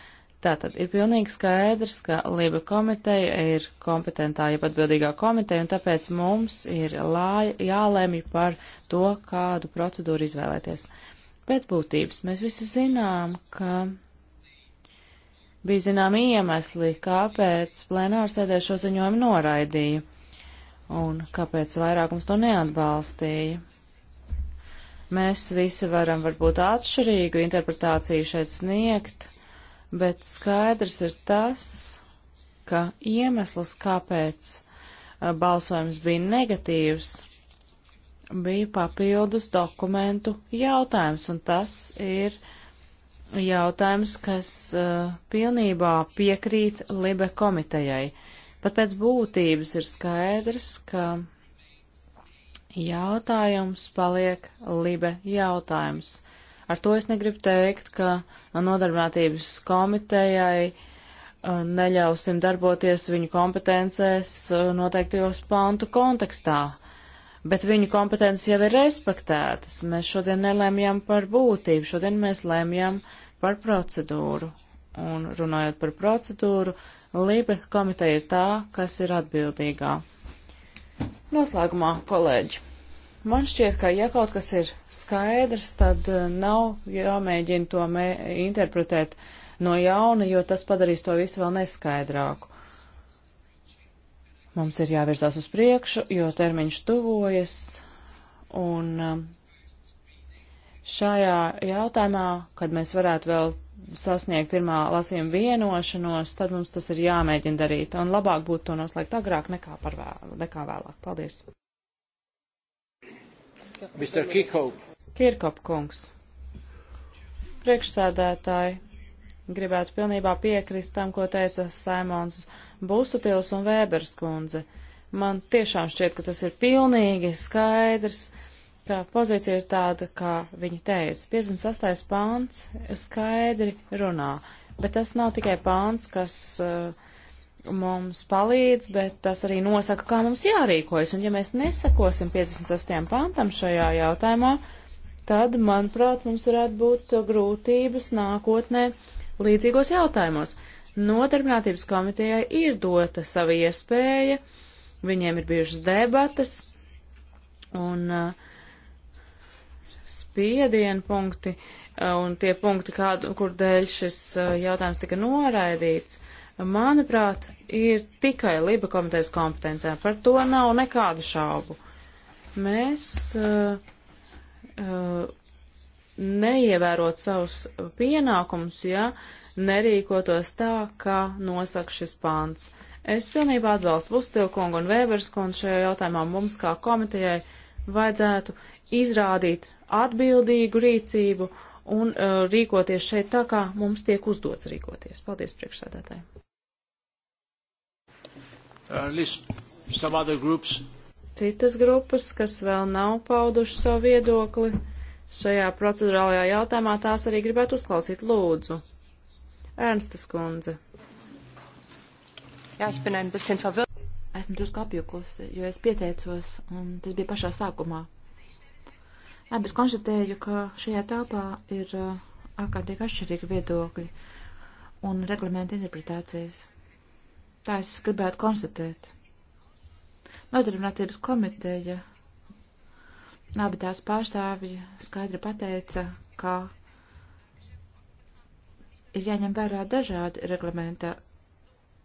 Speaker 2: Tātad ir pilnīgi skaidrs, ka Lība komiteja ir kompetentā, jeb atbildīgā komiteja, un tāpēc mums ir lā, jālēmj par to, kādu procedūru izvēlēties. Pēc būtības mēs visi zinām, ka bija zināmi iemesli, kāpēc plenārsēdē šo ziņojumu noraidīja un kāpēc vairākums to neatbalstīja. Mēs visi varam varbūt atšķirīgu interpretāciju šeit sniegt bet skaidrs ir tas, ka iemesls, kāpēc balsojums bija negatīvs, bija papildus dokumentu jautājums, un tas ir jautājums, kas uh, pilnībā piekrīt Libe komitejai. Pat pēc būtības ir skaidrs, ka jautājums paliek Libe jautājums. Ar to es negribu teikt, ka uh, nodarbinātības komitejai neļausim darboties viņu kompetencēs noteiktajos pantu kontekstā. Bet viņu kompetences jau ir respektētas. Mēs šodien nelēmjam par būtību, šodien mēs lēmjam par procedūru. Un runājot par procedūru, Lībe komiteja ir tā, kas ir atbildīgā. Noslēgumā, kolēģi! Man šķiet, ka ja kaut kas ir skaidrs, tad eh, nav jāmēģina to mē interpretēt no jauna, jo tas padarīs to visu vēl neskaidrāku. Mums ir jāvirzās uz priekšu, jo termiņš tuvojas, un eh, šajā jautājumā, kad mēs varētu vēl sasniegt pirmā lasījuma vienošanos, tad mums tas ir jāmēģina darīt, un labāk būtu to noslēgt agrāk nekā, par vēl, nekā vēlāk. Paldies! Mr. Kirkhope. Kirkhope kungs. Priekšsēdētāji, gribētu pilnībā piekrist tam, ko teica Saimons Busutils un Vēbers kundze. Man tiešām šķiet, ka tas ir pilnīgi skaidrs, ka pozīcija ir tāda, kā viņa teica. 58. pāns skaidri runā, bet tas nav tikai pāns, kas uh, mums palīdz, bet tas arī nosaka, kā mums jārīkojas. Un ja mēs nesakosim 56. pantam šajā jautājumā, tad, manuprāt, mums varētu būt grūtības nākotnē līdzīgos jautājumos. Nodarbinātības komitejai ir dota sava iespēja, viņiem ir bijušas debatas un uh, spiedienu punkti uh, un tie punkti, kādu, kur dēļ šis uh, jautājums tika noraidīts manuprāt, ir tikai Liba komitejas kompetencē. Par to nav nekādu šaubu. Mēs uh, uh, neievērot savus pienākumus, ja nerīkotos tā, kā nosaka šis pants. Es pilnībā atbalstu Bustilkungu un Vēberskundu šajā jautājumā. Mums kā komitejai vajadzētu izrādīt atbildīgu rīcību un uh, rīkoties šeit tā, kā mums tiek uzdots rīkoties. Paldies priekšsēdētāji. Citas grupas, kas vēl nav pauduši savu viedokli šajā procedurālajā jautājumā, tās arī gribētu uzklausīt lūdzu. Ernstas kundze.
Speaker 4: Jā, es biju ein bisschen verwirrt. Esmu drusku apjukusi, jo es pieteicos, un tas bija pašā sākumā. Jā, bet konstatēju, ka šajā telpā ir uh, ārkārtīgi atšķirīgi viedokļi un reglamenta interpretācijas. Tā es gribētu konstatēt. Nodarbinātības komiteja abi tās pārstāvji skaidri pateica, ka ir jāņem vērā dažādi reglamenta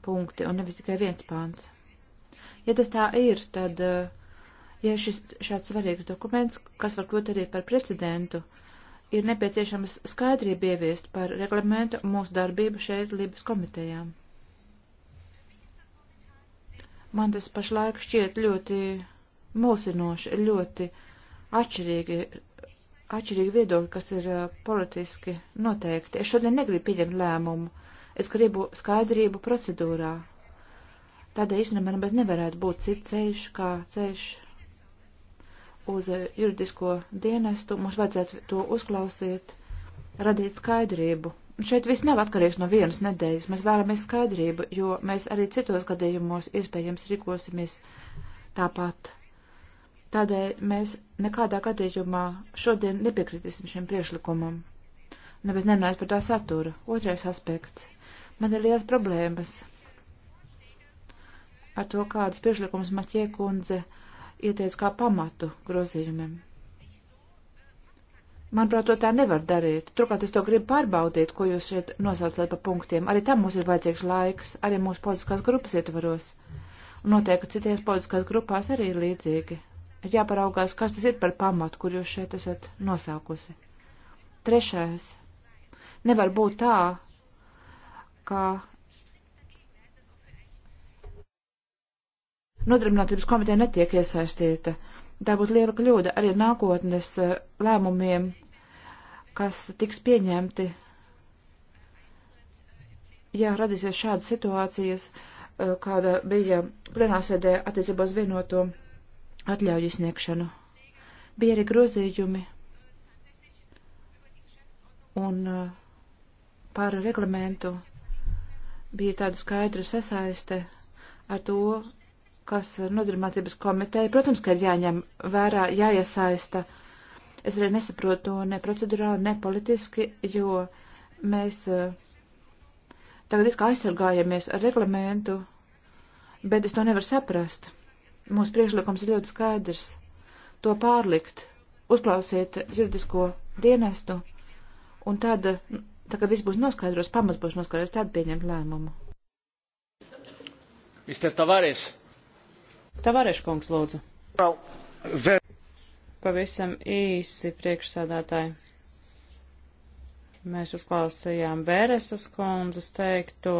Speaker 4: punkti un nevis tikai viens pāns. Ja tas tā ir, tad, eh, ja šis šāds svarīgs dokuments, kas var kļūt arī par precedentu, ir nepieciešams skaidrība ieviest par reglamentu mūsu darbību šeit Lības komitejām. Man tas pašlaik šķiet ļoti mulsinoši, ļoti atšķirīgi, atšķirīgi viedokļi, kas ir uh, politiski noteikti. Es šodien negribu pieņemt lēmumu. Es gribu skaidrību procedūrā. Tādēļ īstenībā nemaz nevarētu būt cits ceļš, kā ceļš uz uh, juridisko dienestu. Mums vajadzētu to uzklausīt, radīt skaidrību šeit viss nav atkarīgs no vienas nedēļas. Mēs vēlamies skaidrību, jo mēs arī citos gadījumos iespējams rīkosimies tāpat. Tādēļ mēs nekādā gadījumā šodien nepiekritīsim šim priekšlikumam. Nevis nerunājot par tā saturu. Otrais aspekts. Man ir liels problēmas ar to, kādas priekšlikumas Maķie kundze ieteica kā pamatu grozījumiem. Manuprāt, to tā nevar darīt. Turklāt es to gribu pārbaudīt, ko jūs šeit nosaucat par punktiem. Arī tam mums ir vajadzīgs laiks, arī mūsu politiskās grupas ietvaros. Un noteikti cities politiskās grupās arī ir līdzīgi. Ir jāparaugās, kas tas ir par pamatu, kur jūs šeit esat nosaukusi. Trešais. Nevar būt tā, ka nodarbinātības komiteja netiek iesaistīta tā būtu liela kļūda arī nākotnes eh, lēmumiem, kas tiks pieņemti. Jā, radīsies šādas situācijas, eh, kāda bija plenāsēdē attiecībā uz vienoto atļauju sniegšanu. Bija arī grozījumi un eh, par reglamentu bija tāda skaidra sasaiste ar to, kas ir nodarbinātības komiteja. Protams, ka ir jāņem vērā, jāiesaista. Es arī nesaprotu to ne procedurāli, ne politiski, jo mēs eh, tagad it kā aizsargājamies ar reglamentu, bet es to nevaru saprast. Mūsu priekšlikums ir ļoti skaidrs. To pārlikt, uzklausiet juridisko dienestu, un tad, tā kā viss būs noskaidros, pamats būs noskaidros, tad pieņemt lēmumu.
Speaker 1: Mr. Tavares.
Speaker 4: Tavareškungs, lūdzu.
Speaker 2: Pavisam īsi priekšsādātāji. Mēs uzklausījām Bēresas kundzes teikto.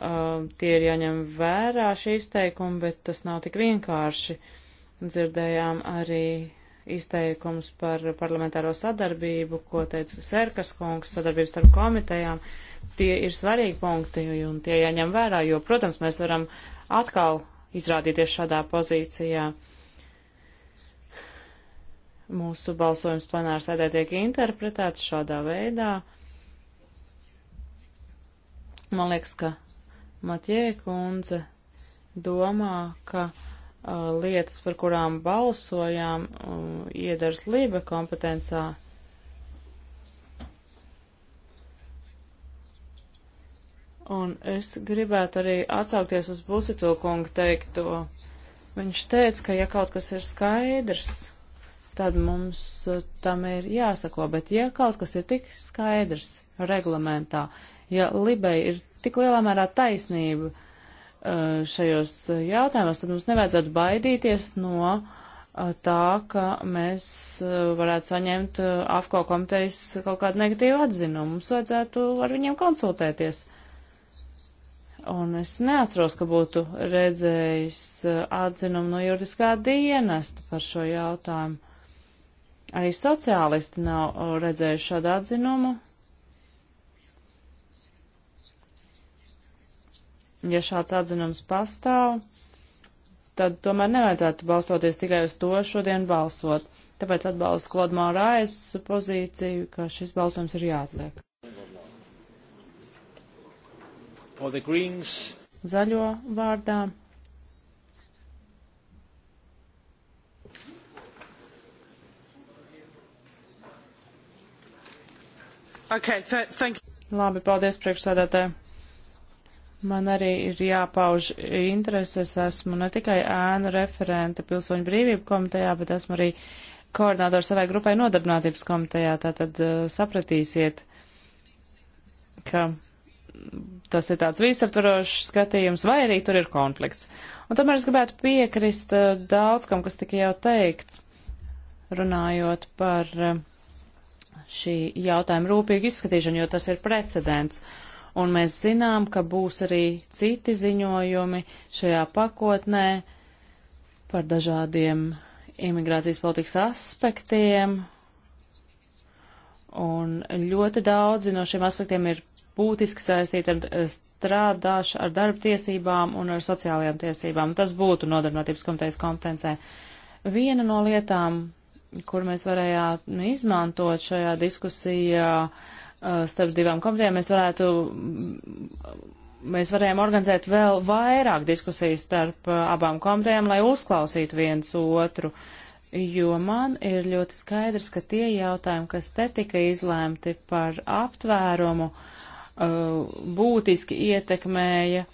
Speaker 2: Uh, tie ir jāņem vērā šī izteikuma, bet tas nav tik vienkārši. Dzirdējām arī izteikums par parlamentāro sadarbību, ko teica Serkas kungs, sadarbības starp komitejām. Tie ir svarīgi punkti un tie jāņem vērā, jo, protams, mēs varam atkal izrādīties šādā pozīcijā. Mūsu balsojums plenāra sēdē tiek interpretēts šādā veidā. Man liekas, ka Matjē kundze domā, ka uh, lietas, par kurām balsojām, uh, iedars Lība kompetencā. Uh, Un es gribētu arī atsaukties uz Busitulkungu teikto. Viņš teica, ka ja kaut kas ir skaidrs, tad mums uh, tam ir jāsako, bet ja kaut kas ir tik skaidrs reglamentā, ja Libeja ir tik lielā mērā taisnība uh, šajos uh, jautājumos, tad mums nevajadzētu baidīties no tā, ka mēs varētu saņemt AFCO komitejas kaut kādu negatīvu atzinumu. Mums vajadzētu ar viņiem konsultēties. Uh, Un es neatros, ka būtu redzējis uh, atzinumu no juridiskā dienesta par šo jautājumu. Arī sociālisti nav uh, redzējuši šādu atzinumu. Ja šāds atzinums pastāv, tad tomēr nevajadzētu balstoties tikai uz to šodien balsot. Tāpēc atbalstu Klodmāra Aizs pozīciju, ka šis balsojums ir jāatliek. Zaļo vārdā. Okay, th Labi, paldies priekšsēdētāji. Man arī ir jāpauž intereses. Esmu ne tikai ēnu referente pilsoņu brīvību komitejā, bet esmu arī koordinātori savai grupai nodarbinātības komitejā. Tātad uh, sapratīsiet, ka tas ir tāds visaptvarošs skatījums, vai arī tur ir konflikts. Un tomēr es gribētu piekrist eh, daudz kam, kas tika jau teikts, runājot par eh, šī jautājuma rūpīgu izskatīšanu, jo tas ir precedents. Un mēs zinām, ka būs arī citi ziņojumi šajā pakotnē par dažādiem imigrācijas politikas aspektiem, Un ļoti daudzi no šiem aspektiem ir būtiski saistīti ar eh, strādāšu, ar darba tiesībām un ar sociālajām tiesībām. Tas būtu nodarbinātības komitejas kompetencē. Viena no lietām, kur mēs varējām nu, izmantot šajā diskusijā eh, starp divām komitejām, mēs varētu mm, mēs varējām organizēt vēl vairāk diskusiju starp uh, abām komitejām, lai uzklausītu viens otru, jo man ir ļoti skaidrs, ka tie jautājumi, kas te tika izlēmti par aptvērumu, Uh, būtiski ietekmēja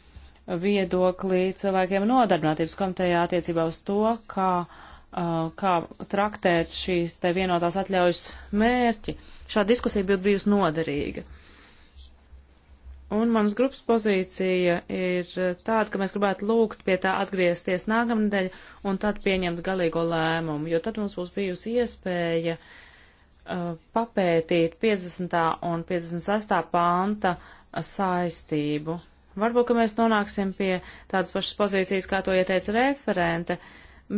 Speaker 2: viedokli cilvēkiem nodarbinātības komitejā attiecībā uz to, kā, uh, kā traktēt šīs te vienotās atļaujas mērķi. Šāda diskusija būtu bijusi noderīga. Un manas grupas pozīcija ir tāda, ka mēs gribētu lūgt pie tā atgriezties nākamnedēļ un tad pieņemt galīgo lēmumu, jo tad mums būs bijusi iespēja uh, Uh, papētīt 50. un 58. panta saistību. Varbūt, ka mēs nonāksim pie tādas pašas pozīcijas, kā to ieteica referente,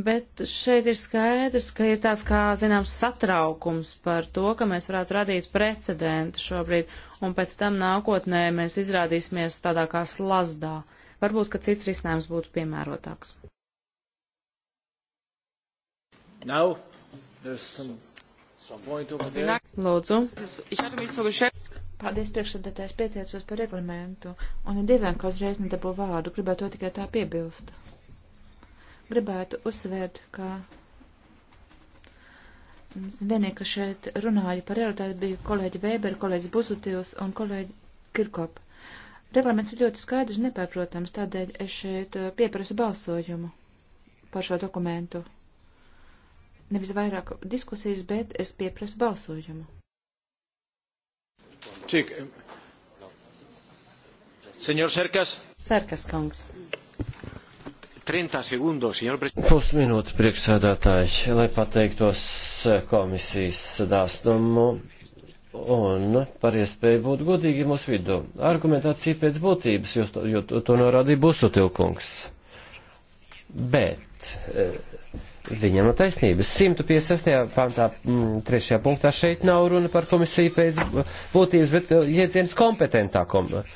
Speaker 2: bet šeit ir skaidrs, ka ir tāds kā, zināms, satraukums par to, ka mēs varētu radīt precedentu šobrīd, un pēc tam nākotnē mēs izrādīsimies tādā kā slazdā. Varbūt, ka cits risinājums būtu piemērotāks.
Speaker 1: Now, there's some
Speaker 2: Lūdzu.
Speaker 4: Paldies priekšsēdētājs pieteicos par reglamentu, un ja diviem, ka uzreiz nedabū vārdu, gribētu to tikai tā piebilst. Gribētu uzsvērt, ka vienīgi, ka šeit runāja par realitāti, bija kolēģi Weber, kolēģis Buzutils un kolēģi Kirkop. Reglaments ir ļoti skaidrs un nepārprotams, tādēļ es šeit uh, pieprasu balsojumu par šo dokumentu nevis vairāk diskusijas, bet es pieprasu balsojumu.
Speaker 1: Čik. Senjor Serkas.
Speaker 2: Serkas kungs.
Speaker 1: 30 sekundos, senjor prezidents. Pusminūte priekšsēdētājs, lai pateiktos komisijas dāstumu un par iespēju būt godīgi mūsu vidū. Argumentācija pēc būtības, jo to, jo to norādīja Busutilkungs. Bet. E, Viņam ir taisnības. 156. pantā, 3. Mm, punktā šeit nav runa par komisiju pēc būtības, bet uh, jēdziens kompetentā kom, uh,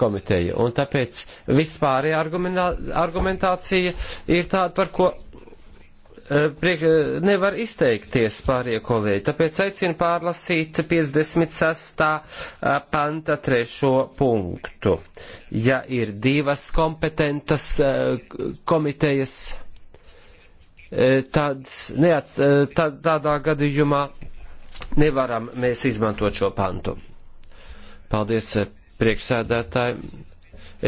Speaker 1: komiteja. Un tāpēc vispārējā argumentācija ir tāda, par ko uh, priek, nevar izteikties pārējie kolēģi. Tāpēc aicinu pārlasīt 56. panta trešo punktu. Ja ir divas kompetentas komitejas E, tad, neats, e, tad tādā gadījumā nevaram mēs izmantot šo pantu. Paldies e, priekšsēdētāji.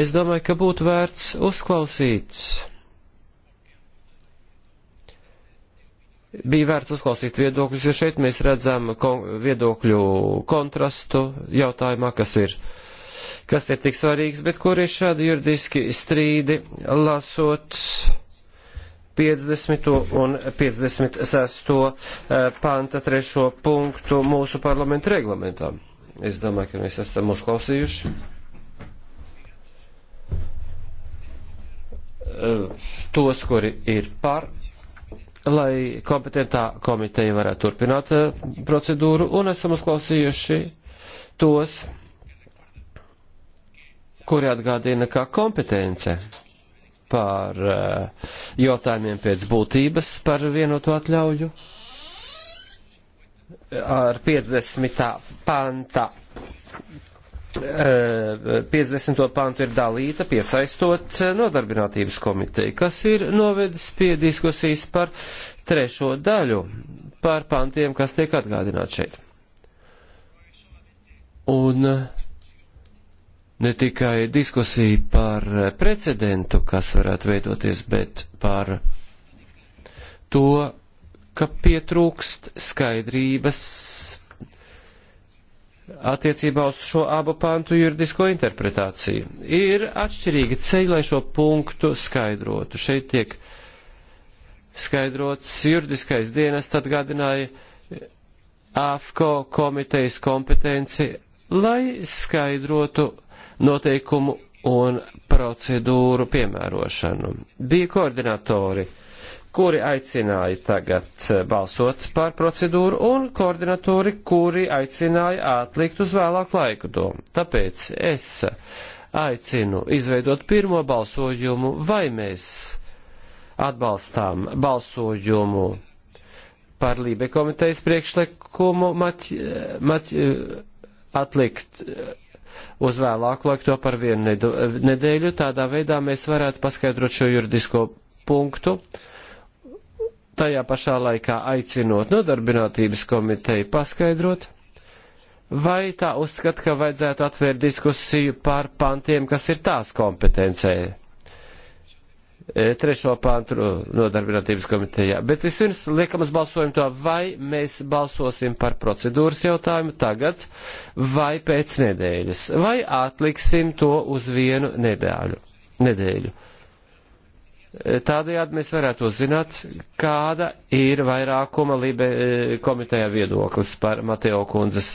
Speaker 1: Es domāju, ka būtu vērts uzklausīt. Bija vērts uzklausīt viedokļus, jo šeit mēs redzam kon viedokļu kontrastu jautājumā, kas ir, kas ir tik svarīgs, bet kur ir šādi juridiski strīdi lasot 50. un 56. Eh, panta trešo punktu mūsu parlamenta reglamentā. Es domāju, ka mēs esam uzklausījuši. Eh, tos, kuri ir par, lai kompetentā komiteja varētu turpināt eh, procedūru, un esam uzklausījuši tos, kuri atgādina, kā kompetence par eh, jautājumiem pēc būtības par vienoto atļauju ar 50. panta. 50. Eh, pantu ir dalīta, piesaistot eh, nodarbinātības komiteju, kas ir novedis pie diskusijas par trešo daļu, par pantiem, kas tiek atgādināti šeit. Un uh, ne tikai diskusiju par precedentu, kas varētu veidoties, bet par to, ka pietrūkst skaidrības attiecībā uz šo abu pantu juridisko interpretāciju. Ir atšķirīgi ceļi, lai šo punktu skaidrotu. Šeit tiek skaidrots juridiskais dienas atgādināja AFCO komitejas kompetenci, lai skaidrotu noteikumu un procedūru piemērošanu. Bija koordinatori, kuri aicināja tagad balsot par procedūru, un koordinatori, kuri aicināja atlikt uz vēlāku laiku to. Tāpēc es aicinu izveidot pirmo balsojumu, vai mēs atbalstām balsojumu par Lībe komitejas priekšlikumu maķ, maķ, atlikt uz vēlāku laiku to par vienu nedēļu. Tādā veidā mēs varētu paskaidrot šo juridisko punktu. Tajā pašā laikā aicinot nodarbinātības komiteju paskaidrot, vai tā uzskata, ka vajadzētu atvērt diskusiju par pantiem, kas ir tās kompetencē. E, trešo pāntu nodarbinātības komitejā. Bet vispirms liekam uz balsojumu to, vai mēs balsosim par procedūras jautājumu tagad vai pēc nedēļas, vai atliksim to uz vienu nedēļu. nedēļu. E, tādējādi mēs varētu uzzināt, kāda ir vairākuma Libe e, komitejā viedoklis par Mateo kundzes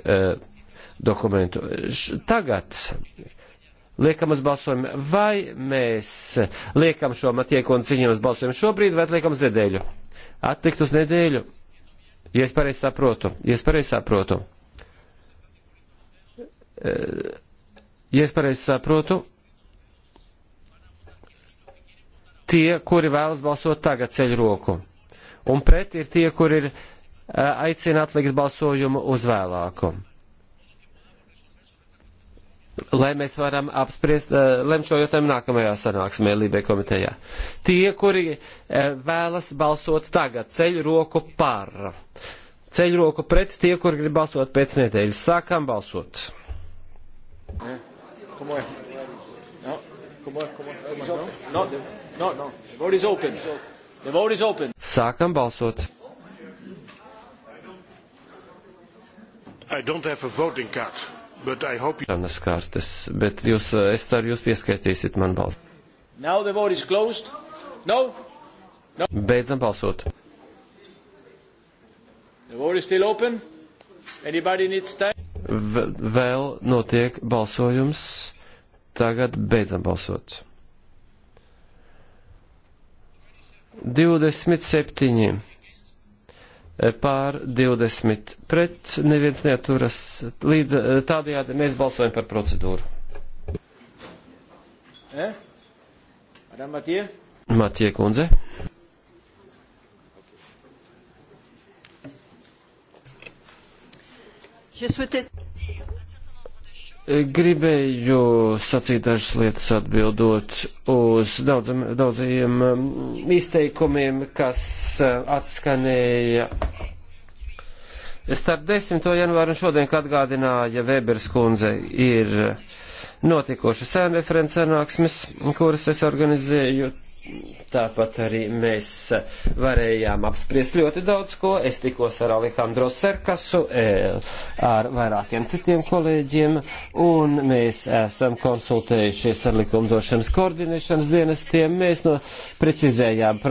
Speaker 1: eh, dokumentu. Tagad liekam uz balsojumu, vai mēs liekam šo matieko un ciņiem uz balsojumu šobrīd, vai liekam uz nedēļu? Atlikt uz nedēļu. Ja es pareizi saprotu, ja es pareizi saprotu. E, ja es pareizi saprotu, tie, kuri vēlas balsot tagad ceļ roku, un pret ir tie, kuri ir e, aicina atlikt balsojumu uz vēlāku lai mēs varam apspriest, eh, lemt šo jautājumu nākamajā sanāksmē Lībē komitejā. Tie, kuri eh, vēlas balsot tagad, ceļ roku par. Ceļ roku pret tie, kuri grib balsot pēc nedēļas. Sākam balsot. Sākam balsot.
Speaker 3: I don't have a voting card. Ranas
Speaker 1: kārtas, bet jūs, eh, es ceru, jūs pieskaitīsiet man balsu.
Speaker 3: No?
Speaker 1: No. Beidzam balsot. Vēl notiek balsojums. Tagad beidzam balsot. 27. Eh, pār 20 pret, neviens neaturas. Līdz eh, tādējādi mēs balsojam par procedūru. Eh? Matie? Matie kundze. Je souhaitais Gribēju sacīt dažas lietas atbildot uz daudzam, daudzajiem um, izteikumiem, kas uh, atskanēja starp 10. janvāru un šodien, kad atgādināja Vēbers kundze, ir notikušas sēnreferents sanāksmes, kuras es organizēju Tāpat arī mēs varējām apspriest ļoti daudz ko. Es tikos ar Alejandro Serkasu, e, ar vairākiem citiem kolēģiem, un mēs esam konsultējušies ar likumdošanas koordinēšanas dienestiem. Mēs no precizējām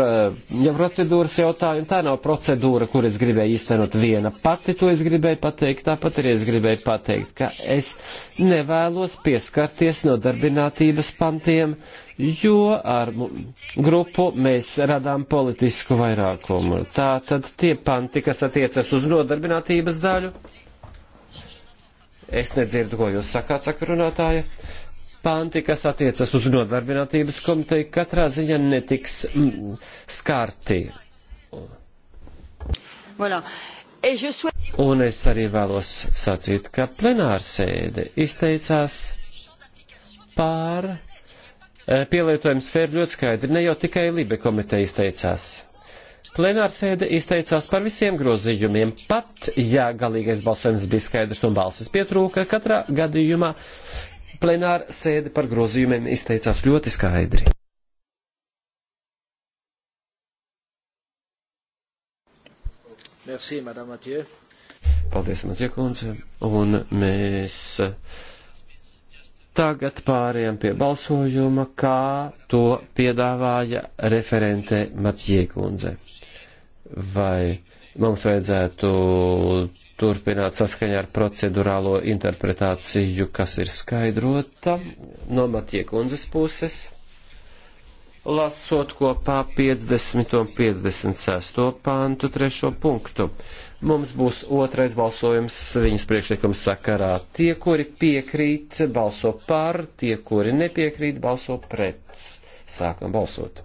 Speaker 1: ja procedūras jautājumu. Tā nav procedūra, kur es gribēju īstenot viena pati, to es gribēju pateikt. Tāpat arī es gribēju pateikt, ka es nevēlos pieskarties no darbinātības pantiem. Uh, jo ar grupu mēs radām politisku vairākumu. Tā tad tie panti, kas attiecas uz nodarbinātības daļu, es nedzirdu, ko jūs sakāt, saka runātāja, panti, kas attiecas uz nodarbinātības komiteju, katrā ziņā netiks mm, skarti. Voilà. Un es arī vēlos sacīt, ka plenārsēde izteicās pār Eh, pielietojuma sfēra ļoti skaidri, ne jau tikai Libe komiteja izteicās. Plenārsēde izteicās par visiem grozījumiem, pat ja galīgais balsojums bija skaidrs un balsis pietrūka, katrā gadījumā plenārsēde par grozījumiem izteicās ļoti skaidri. Merci, Madame Mathieu. Paldies, Matija kundze. Un mēs Tagad pāriem pie balsojuma, kā to piedāvāja referente Matjēkundze. Vai mums vajadzētu turpināt saskaņā ar procedurālo interpretāciju, kas ir skaidrota no Matjēkundzes puses? Lasot kopā 50 un 56 pāntu trešo punktu. Mums būs otrais balsojums viņas priekšlikums sakarā. Tie, kuri piekrīt, balso par, tie, kuri nepiekrīt, balso pret. Sākam balsot.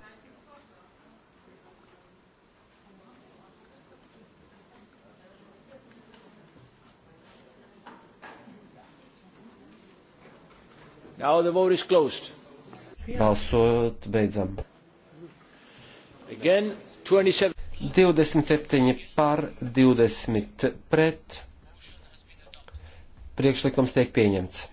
Speaker 3: Now the vote is closed.
Speaker 1: Balsot beidzam.
Speaker 3: Again, 27.
Speaker 1: 27 par 20 pret. Priekšlikums tiek pieņemts.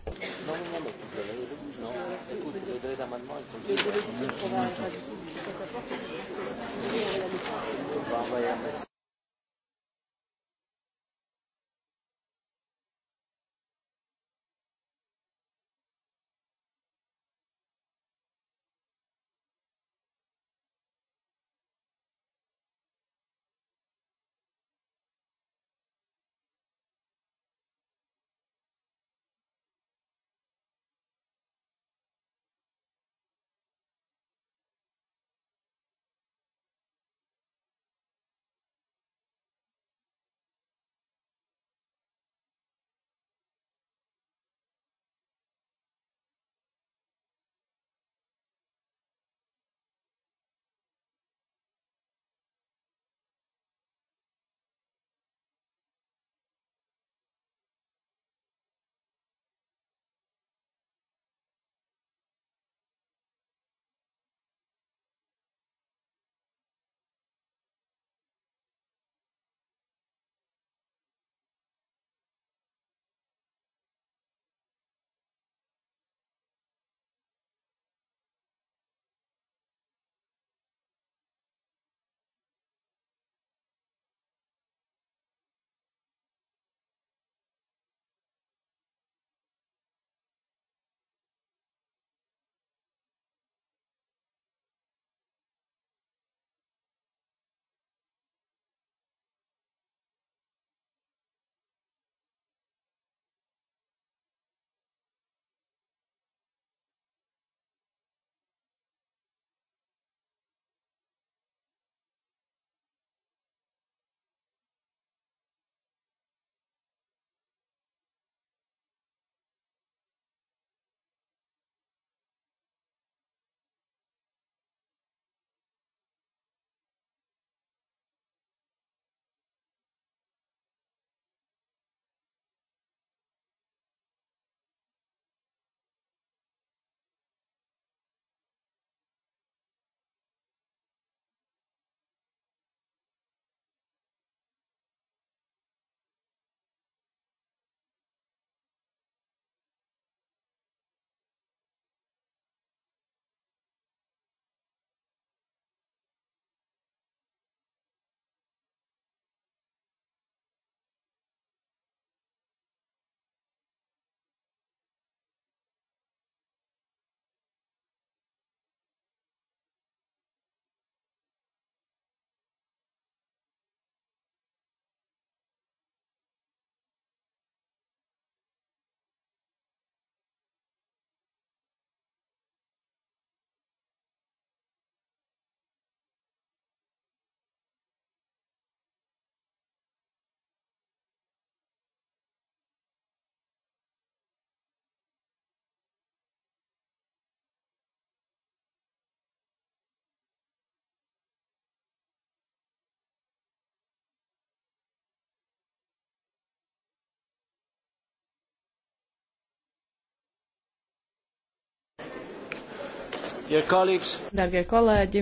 Speaker 2: Darbie kolēģi,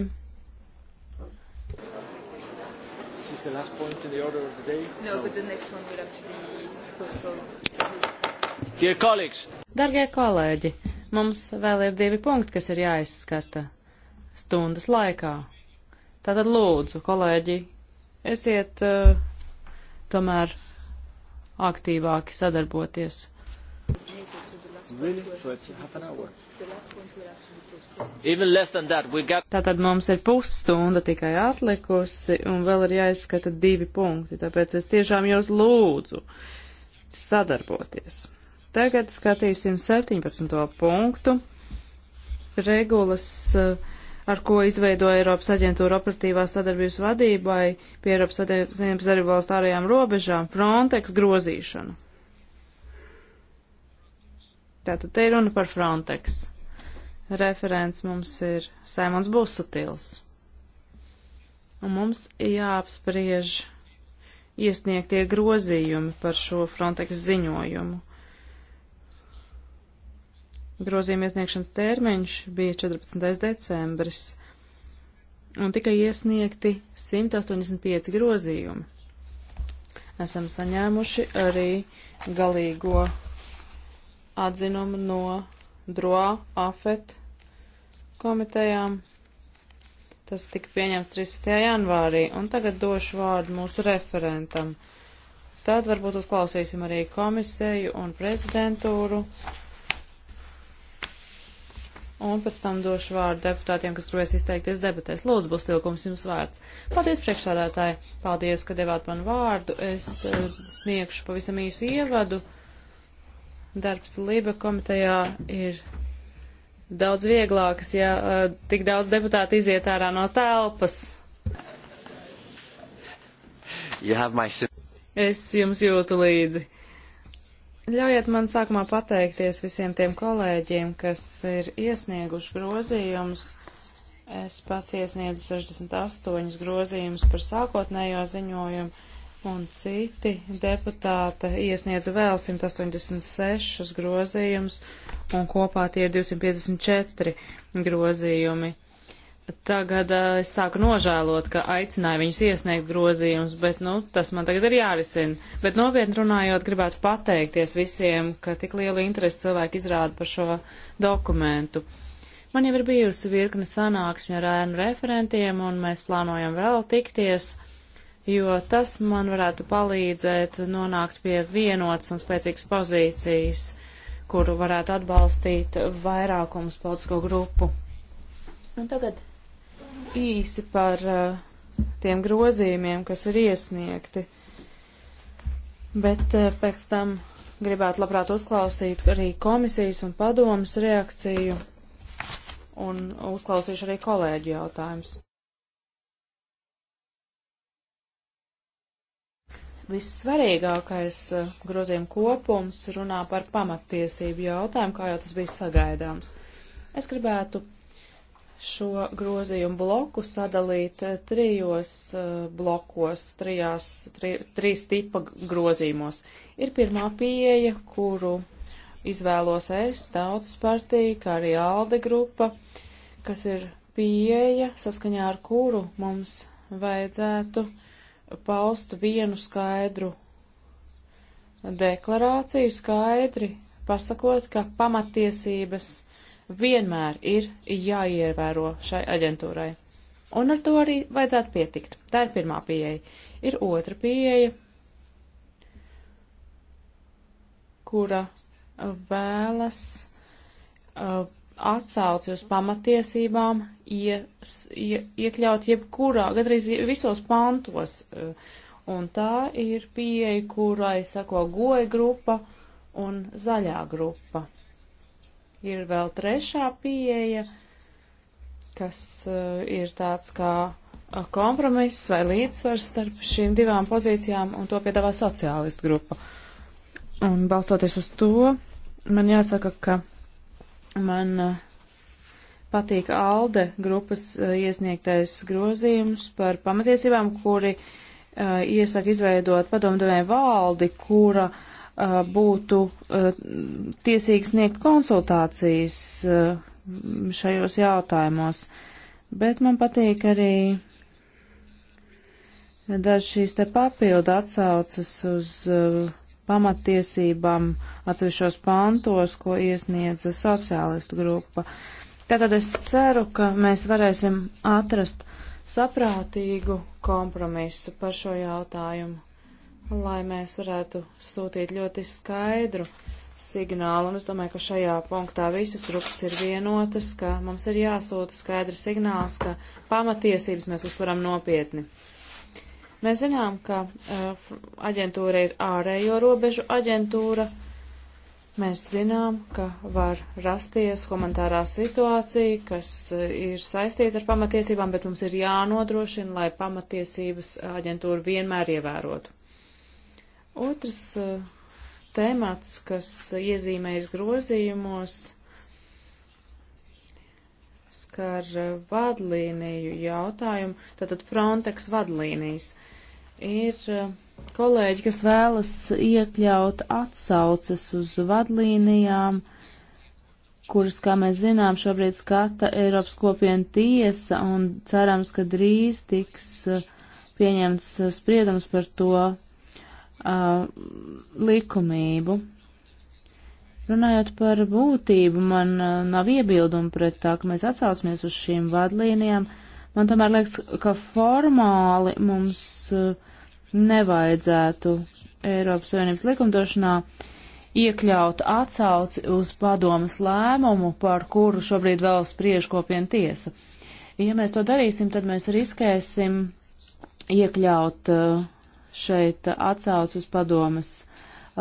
Speaker 3: the last point in the order of the day?
Speaker 1: No, no. but the
Speaker 4: next one will have to be
Speaker 3: postponed. Dear colleagues.
Speaker 2: Dargie kolēģi, mums vēl ir divi punkti, kas ir jāizskata stundas laikā. Tātad lūdzu, kolēģi, esiet uh, tomēr aktīvāki sadarboties. Yeah. Really? Got... Tātad mums ir pusstunda tikai atlikusi, un vēl ir jāizskata divi punkti, tāpēc es tiešām jūs lūdzu sadarboties. Tagad skatīsim 17. punktu regulas, eh, ar ko izveidoja Eiropas aģentūra operatīvās sadarbības vadībai pie Eiropas Savienības darba valstu ārējām robežām, Frontex grozīšanu. Tātad te ir runa par Frontex. Referents mums ir Saimons Busutils. Un mums jāapspriež iesniegtie grozījumi par šo Frontex ziņojumu. Grozījuma iesniegšanas termiņš bija 14. decembris, un tikai iesniegti 185 grozījumi. Esam saņēmuši arī galīgo atzinumu no DRO AFET komitejām. Tas tika pieņemts 13. janvārī, un tagad došu vārdu mūsu referentam. Tad varbūt uzklausīsim arī komisiju un prezidentūru. Un pēc tam došu vārdu deputātiem, kas gribēs izteikties debatēs. Lūdzu, būs tilkums jums vārds. Paldies, priekšsādātāji! Paldies, ka devāt man vārdu. Es eh, sniegšu pavisam īsu ievadu. Uh, Darbs Liba komitejā ir daudz vieglāks, ja eh, tik daudz deputāti iziet ārā no telpas. My... Es jums jūtu līdzi. Ļaujiet man sākumā pateikties visiem tiem kolēģiem, kas ir iesnieguši grozījumus. Es pats iesniedzu 68 grozījumus par sākotnējo ziņojumu un citi deputāti iesniedza vēl 186 grozījumus, un kopā tie ir 254 grozījumi. Tagad uh, es sāku nožēlot, ka aicināju viņus iesniegt grozījumus, bet, nu, tas man tagad ir jārisina. Bet nopietni runājot, gribētu pateikties visiem, ka tik lielu interesi cilvēki izrāda par šo dokumentu. Man jau ir bijusi virkne sanāksmi ar ēnu referentiem, un mēs plānojam vēl tikties. Uh, jo tas man varētu palīdzēt nonākt pie vienotas un spēcīgas pozīcijas, kuru varētu atbalstīt vairākums politisko grupu. Un tagad īsi par uh, tiem grozījumiem, kas ir iesniegti, bet uh, pēc tam gribētu labprāt uzklausīt arī komisijas un padomas reakciju un uzklausīšu arī kolēģi jautājumus. vissvarīgākais eh, grozījuma kopums runā par pamattiesību jautājumu, kā jau tas bija sagaidāms. Es gribētu šo grozījumu bloku sadalīt eh, trijos eh, blokos, trijās, tri, trīs tipa grozījumos. Ir pirmā pieeja, kuru izvēlos es, Tautas partija, kā arī Alde grupa, kas ir pieeja, saskaņā ar kuru mums vajadzētu uh, paust vienu skaidru deklarāciju, skaidri pasakot, ka pamatiesības vienmēr ir jāievēro šai aģentūrai. Un ar to arī vajadzētu pietikt. Tā ir pirmā pieeja. Ir otra pieeja, kura vēlas uh, atsauci uz pamatiesībām ie, ie, iekļaut jebkurā, gadrīz visos pantos. Eh, un tā ir pieeja, kurai sako goja grupa un zaļā grupa. Ir vēl trešā pieeja, kas eh, ir tāds kā eh, kompromiss vai līdzsvars starp šīm divām pozīcijām, un to piedāvā sociālistu grupa. Un balstoties uz to, man jāsaka, ka Man uh, patīk ALDE grupas uh, iesniegtais grozījums par pamatiesībām, kuri uh, iesaka izveidot padomdevēju valdi, kura būtu tiesīgi sniegt konsultācijas šajos jautājumos. Bet man patīk arī daži šīs te papildu atsaucas uz uh, pamatiesībām atsevišķos pantos, ko iesniedza sociālistu grupa. Tātad es ceru, ka mēs varēsim atrast saprātīgu kompromisu par šo jautājumu, lai mēs varētu sūtīt ļoti skaidru signālu, un es domāju, ka šajā punktā visas grupas ir vienotas, ka mums ir jāsūta skaidrs signāls, ka pamatiesības mēs uztveram nopietni. Mēs zinām, ka uh, aģentūra ir ārējo robežu aģentūra. Mēs zinām, ka var rasties humanitārā situācija, kas eh, ir saistīta ar pamatiesībām, bet mums ir jānodrošina, lai pamatiesības aģentūra vienmēr ievērotu. Otrs uh, temats, kas iezīmējas grozījumos, skar vadlīniju jautājumu, tātad Frontex vadlīnijas. Ir eh, kolēģi, kas vēlas iekļaut atsauces uz vadlīnijām, kuras, kā mēs zinām, šobrīd skata Eiropas kopiena tiesa un cerams, ka drīz tiks eh, pieņemts eh, spriedums par to uh, likumību. Runājot par būtību, man uh, nav iebildumi pret tā, ka mēs atsaucamies uz šīm vadlīnijām. Man tomēr liekas, ka formāli mums uh, nevajadzētu Eiropas Savienības likumdošanā iekļaut atsauci uz padomas lēmumu, par kuru šobrīd vēl spriež kopiena tiesa. Ja mēs to darīsim, tad mēs riskēsim iekļaut uh, šeit atsauci uz padomas lēmumu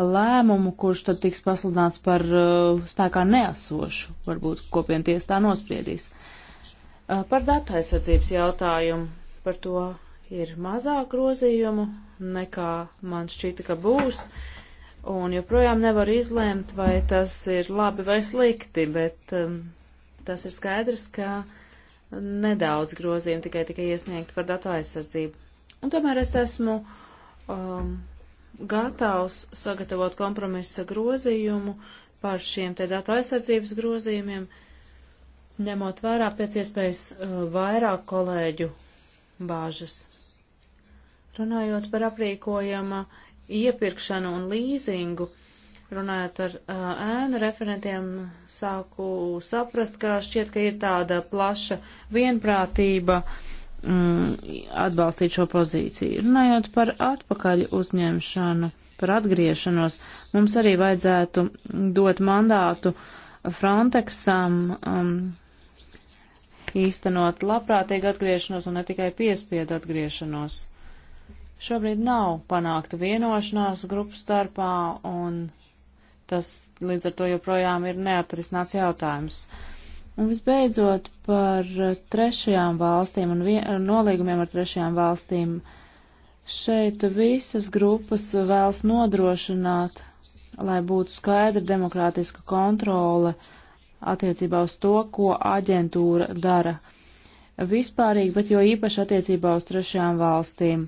Speaker 2: lēmumu, kurš tad tiks pasludināts par uh, spēkā neesošu, varbūt kopien tiesa tā nospriedīs. Uh, par datu aizsardzības jautājumu par to ir mazāk grozījumu nekā man šķita, ka būs. Un joprojām nevar izlēmt, vai tas ir labi vai slikti, bet um, tas ir skaidrs, ka nedaudz grozījumu tikai tika iesniegt par datu aizsardzību. Un tomēr es esmu um, gatavs sagatavot kompromisa grozījumu par šiem te datu aizsardzības grozījumiem, ņemot vērā pēc iespējas uh, vairāk kolēģu bāžas. Runājot par aprīkojama iepirkšanu un līzingu, runājot ar uh, ēnu referentiem, sāku saprast, ka šķiet, ka ir tāda plaša vienprātība uh, mm, atbalstīt šo pozīciju. Runājot par atpakaļ uzņemšanu, par atgriešanos, mums arī vajadzētu dot mandātu Frontexam um, īstenot labprātīgu atgriešanos un ne tikai piespiedu atgriešanos. Šobrīd nav panākta vienošanās grupu starpā, un tas līdz ar to joprojām ir neatrisināts jautājums. Uh, Un visbeidzot par eh, trešajām valstīm un nolīgumiem ar trešajām valstīm. Šeit visas grupas vēlas nodrošināt, lai būtu skaidra demokrātiska kontrole attiecībā uz to, ko aģentūra dara. Vispārīgi, bet jo īpaši attiecībā uz trešajām valstīm.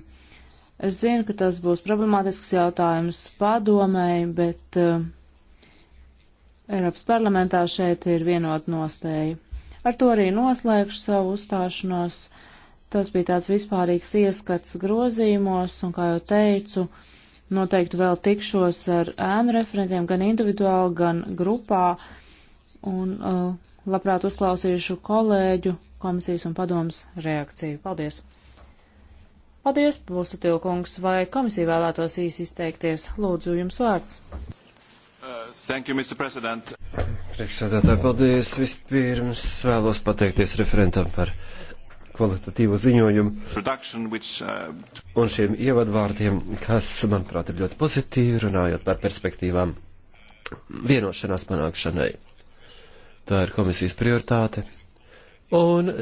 Speaker 2: Es zinu, ka tas būs problemātisks jautājums padomēji, bet uh, Eiropas parlamentā šeit ir vienot nostēja. Ar to arī noslēgšu savu uzstāšanos. Tas bija tāds vispārīgs ieskats grozījumos, un, kā jau teicu, noteikti vēl tikšos ar ēnu referentiem gan individuāli, gan grupā, un uh, labprāt uzklausīšu kolēģu, komisijas un padomas reakciju. Paldies! Paldies, Būsutilkungs, vai komisija vēlētos īsi izteikties? Lūdzu, jums vārds.
Speaker 3: Thank you, Mr. President.
Speaker 1: Priekšsēdētāji, paldies. Vispirms vēlos pateikties referentam par kvalitatīvo ziņojumu
Speaker 3: uh,
Speaker 1: un šiem ievadvārdiem, kas, manuprāt, ir ļoti pozitīvi runājot par perspektīvām vienošanās panākšanai. Tā ir komisijas prioritāte. Un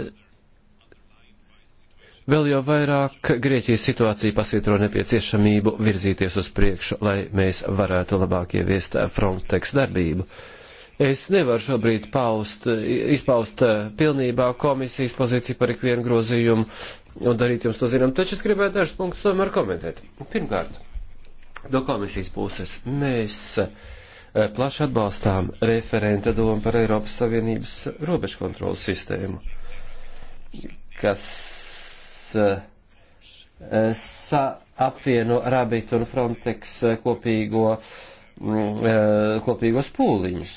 Speaker 1: Vēl jau vairāk Grieķijas situācija pasvītro nepieciešamību virzīties uz priekšu, lai mēs varētu labāk ieviest Frontex darbību. Es nevaru šobrīd paust, izpaust pilnībā komisijas pozīciju par ikvienu grozījumu un darīt jums to zinām, taču es gribētu dažus punktus tomēr komentēt. Pirmkārt, no komisijas puses mēs eh, plaši atbalstām referenta domu par Eiropas Savienības robežu kontrolas sistēmu, kas Eh, sa apvieno Rabit un Frontex eh, kopīgo, mm, eh, kopīgos pūliņus.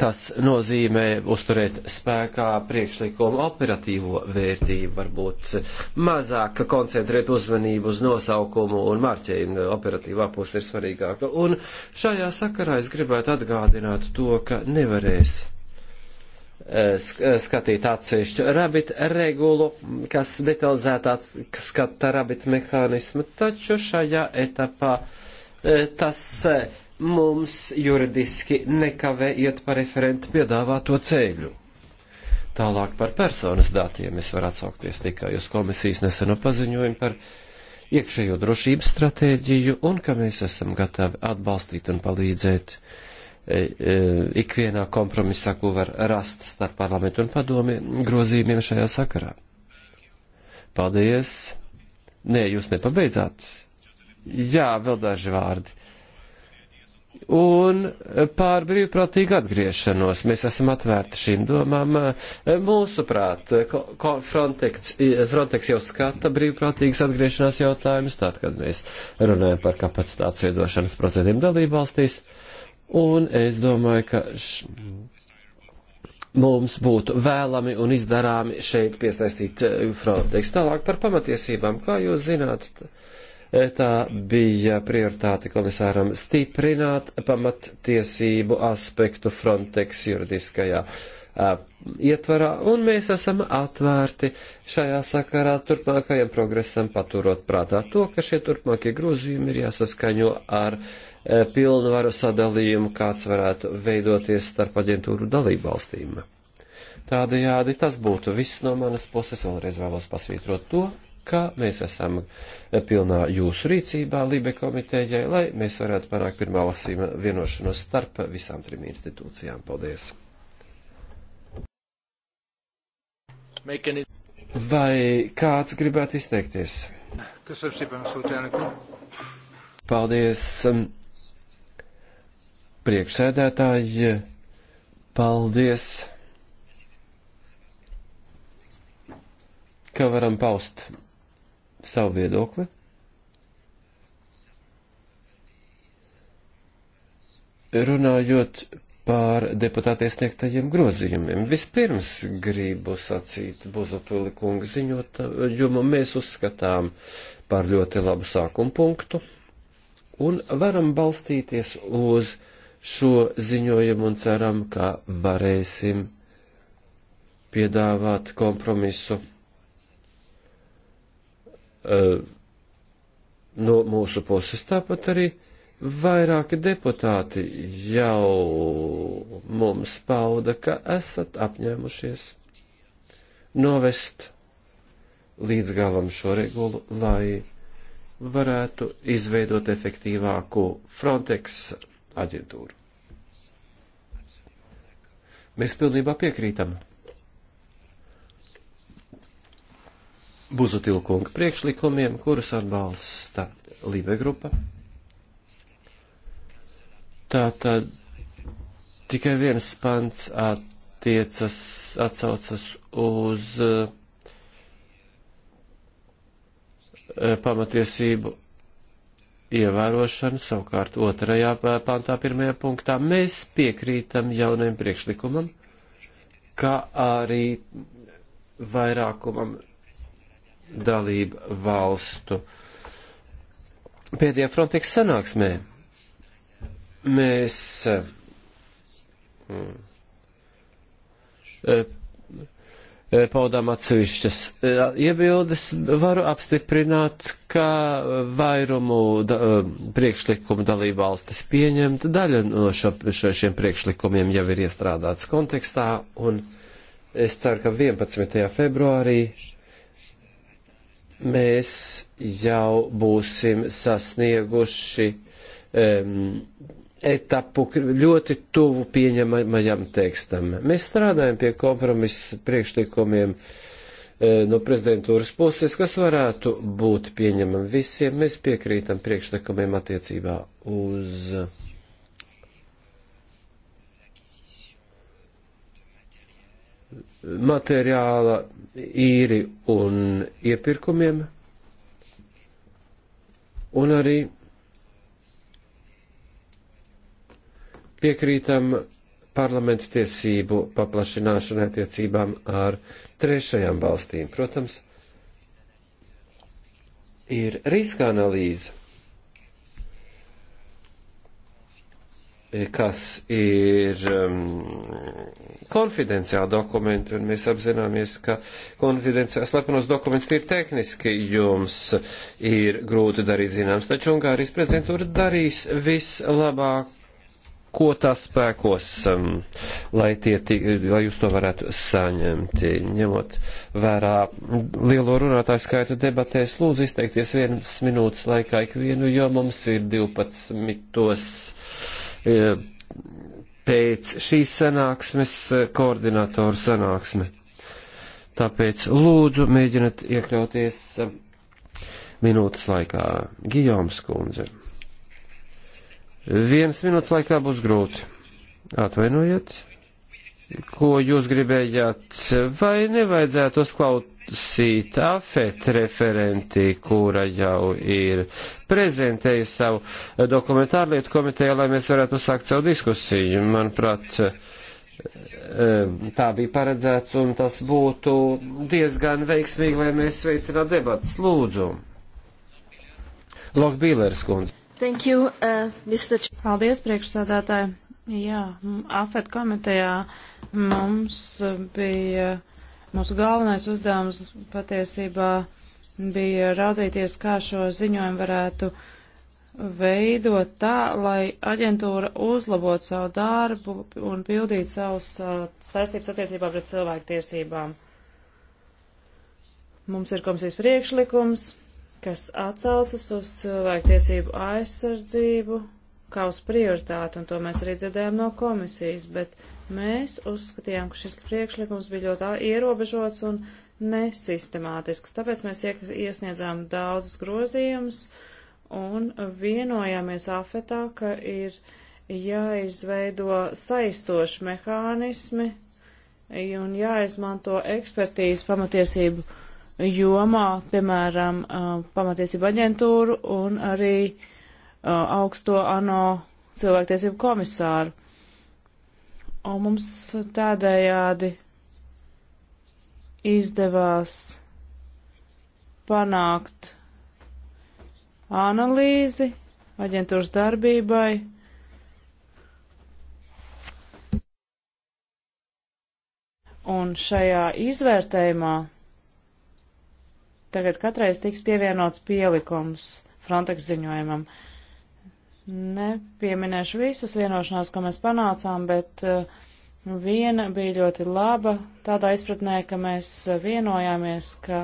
Speaker 1: Tas nozīmē uzturēt spēkā priekšlikumu operatīvo vērtību, varbūt mazāk koncentrēt uzmanību uz nosaukumu un marķējumu operatīvā puse ir svarīgāka. Un šajā sakarā es gribētu atgādināt to, ka nevarēs Eh, eh, skatīt atsevišķu rabit regulu, kas detalizētā skata rabit mehānismu, taču šajā etapā eh, tas mums juridiski nekavē iet pa referentu piedāvāto ceļu. Tālāk par personas datiem es varu atsaukties tikai uz komisijas neseno paziņojumu par iekšējo drošības stratēģiju un ka mēs esam gatavi atbalstīt un palīdzēt E, e, ikvienā kompromisā, ko var rast starp parlamentu un padomi grozījumiem šajā sakarā. Paldies! Nē, jūs nepabeidzāt. Jā, vēl daži vārdi. Un pār brīvprātīgu atgriešanos mēs esam atvērti šīm domām. Mūsuprāt, Frontex, Frontex jau skata brīvprātīgas atgriešanās jautājumus, tad, kad mēs runājam par kapacitātes veidošanas procentiem dalībvalstīs. valstīs Un es domāju, ka š... mums būtu vēlami un izdarāmi šeit piesaistīt eh, Frontex. Tālāk par pamatiesībām, kā jūs zināt, eh, tā bija prioritāte komisāram stiprināt pamattiesību aspektu Frontex juridiskajā uh, ietvarā, un mēs esam atvērti šajā sakarā turpmākajam progresam, paturot prātā to, ka šie turpmākie grozījumi ir jāsaskaņo ar pilnvaru sadalījumu, kāds varētu veidoties starp aģentūru dalībvalstīm. Tādējādi tas būtu viss no manas puses. Vēlreiz vēlos pasvītrot to, ka mēs esam pilnā jūsu rīcībā Lībe komitejai, lai mēs varētu panākt pirmā lasīma vienošanos starp visām trim institūcijām. Paldies! Vai kāds gribētu izteikties?
Speaker 3: Kas ir šīpēm sūtēniku?
Speaker 1: Paldies, um, priekšsēdētāji. Paldies, ka varam paust savu viedokli. Runājot par deputātie sniegtajiem grozījumiem. Vispirms gribu sacīt Buzapili kungu ziņot, jo mēs uzskatām par ļoti labu sākumu punktu un varam balstīties uz šo ziņojumu un ceram, ka varēsim piedāvāt kompromisu uh, no mūsu puses tāpat arī uh, Vairāki deputāti jau mums pauda, ka esat apņēmušies novest līdz galam šo regulu, lai varētu izveidot efektīvāku Frontex aģentūru. Mēs pilnībā piekrītam. Buzutilkunga priekšlikumiem, kurus atbalsta Lībe grupa. Tā tad tikai viens pants attiecas, atsaucas uz uh, pamatiesību ievērošanu, savukārt otrajā eh, pantā, pirmajā punktā, mēs piekrītam jaunajam priekšlikumam, kā arī vairākumam dalību valstu. Pēdējā Frontex sanāksmē mēs eh, eh, eh, paudām atsevišķas iebildes, varu apstiprināt, ka vairumu da, priekšlikumu dalību valstis pieņemt, daļa no šo, šo, šiem priekšlikumiem jau ir iestrādāts kontekstā, un es ceru, ka 11. februārī mēs jau būsim sasnieguši um, etapu ļoti tuvu pieņemamajam tekstam. Mēs strādājam pie kompromisa priekšlikumiem e, no prezidentūras puses, kas varētu būt pieņemami visiem. Mēs piekrītam priekšlikumiem attiecībā uz. materiāla īri un iepirkumiem, un arī piekrītam parlamenta tiesību paplašināšanai attiecībām ar trešajām valstīm. Protams, ir riska analīze, kas ir um, konfidenciāli dokumenti, un mēs apzināmies, ka konfidenciāli slepenos dokuments ir tehniski, jums ir grūti darīt zināms, taču Ungārijas prezidentūra darīs vislabāk ko tas spēkos, um, lai, tie, lai jūs to varētu saņemt. Ņemot vērā lielo runātāju skaitu debatēs, lūdzu izteikties vienas minūtes laikā ikvienu, jo mums ir 12. E, pēc šīs sanāksmes e, koordinatoru sanāksme. Tāpēc lūdzu mēģiniet iekļauties e, minūtes laikā. Gijoms kundze. Vienas minūtes laikā būs grūti. Atvainojiet, ko jūs gribējāt, vai nevajadzētu uzklausīt afet referentī, kura jau ir prezentējusi savu dokumentāru lietu komiteju, lai mēs varētu uzsākt savu diskusiju. Manuprāt, tā bija paredzēts, un tas būtu diezgan veiksmīgi, lai mēs veicinātu debatas lūdzu. Lokbīlers kundze.
Speaker 4: Thank you, uh, Mr. Č
Speaker 2: Paldies, priekšsādātāji. Jā, AFET komitejā mums bija, mūsu galvenais uzdevums patiesībā bija raudzīties, kā šo ziņojumu varētu veidot tā, lai aģentūra uzlabot savu darbu un pildīt savus uh, saistības attiecībā pret cilvēku tiesībām. Mums ir komisijas priekšlikums, kas atsaucas uz cilvēktiesību aizsardzību kā uz prioritāti, un to mēs arī dzirdējām no komisijas, bet mēs uzskatījām, ka šis priekšlikums bija ļoti ierobežots un nesistemātisks, tāpēc mēs iesniedzām daudzus grozījumus un vienojāmies afetā, ka ir jāizveido saistoši mehānismi un jāizmanto ekspertīzes pamatiesību jomā, piemēram, pamatiesību aģentūru un arī augsto ANO cilvēktiesību komisāru. Un mums tādējādi izdevās panākt analīzi aģentūras darbībai. Un šajā izvērtējumā Tagad katreiz tiks pievienots pielikums Frontex ziņojumam. Nepieminēšu visas vienošanās, ko mēs panācām, bet uh, viena bija ļoti laba tādā izpratnē, ka mēs vienojāmies, ka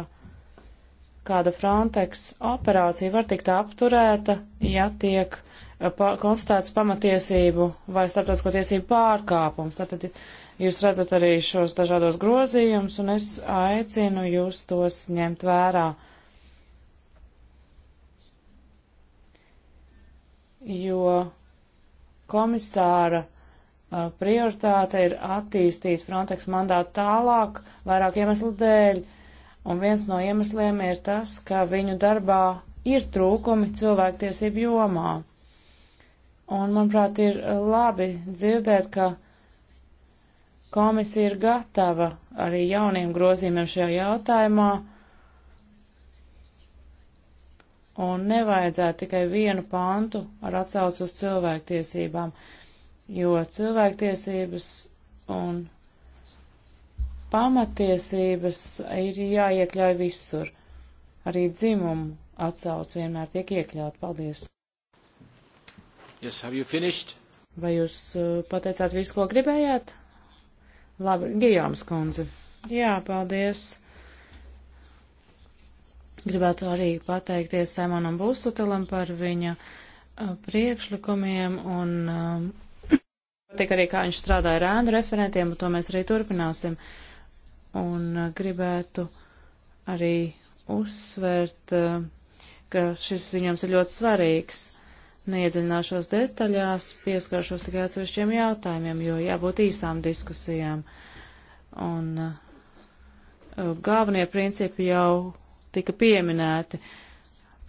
Speaker 2: kāda Frontex operācija var tikt apturēta, ja tiek uh, pa konstatēts pamatiesību vai starptautisko tiesību pārkāpums. Tātad Jūs redzat arī šos dažādos grozījumus, un es aicinu jūs tos ņemt vērā. Jo komisāra prioritāte ir attīstīt Frontex mandātu tālāk, vairāk iemeslu dēļ, un viens no iemesliem ir tas, ka viņu darbā ir trūkumi cilvēktiesību jomā. Un, manuprāt, ir labi dzirdēt, ka Komisija ir gatava arī jauniem grozījumiem šajā jautājumā, un nevajadzētu tikai vienu pantu ar atsaucu uz cilvēktiesībām, jo cilvēktiesības un pamatiesības ir jāiekļauj visur. Arī dzimumu atsauc vienmēr tiek iekļaut. Paldies!
Speaker 1: Yes,
Speaker 2: Vai jūs uh, pateicāt visu, ko gribējāt? Labi, Gijoms kundze. Jā, paldies. Gribētu arī pateikties Simonam Būsutelam par viņa priekšlikumiem un um, patīk arī, kā viņš strādāja ar ēnu referentiem, un to mēs arī turpināsim. Un uh, gribētu arī uzsvērt, uh, ka šis ziņojums ir ļoti svarīgs. Neiedziļināšos detaļās, pieskaršos tikai atsevišķiem jautājumiem, jo jābūt īsām diskusijām. Un uh, galvenie principi jau tika pieminēti.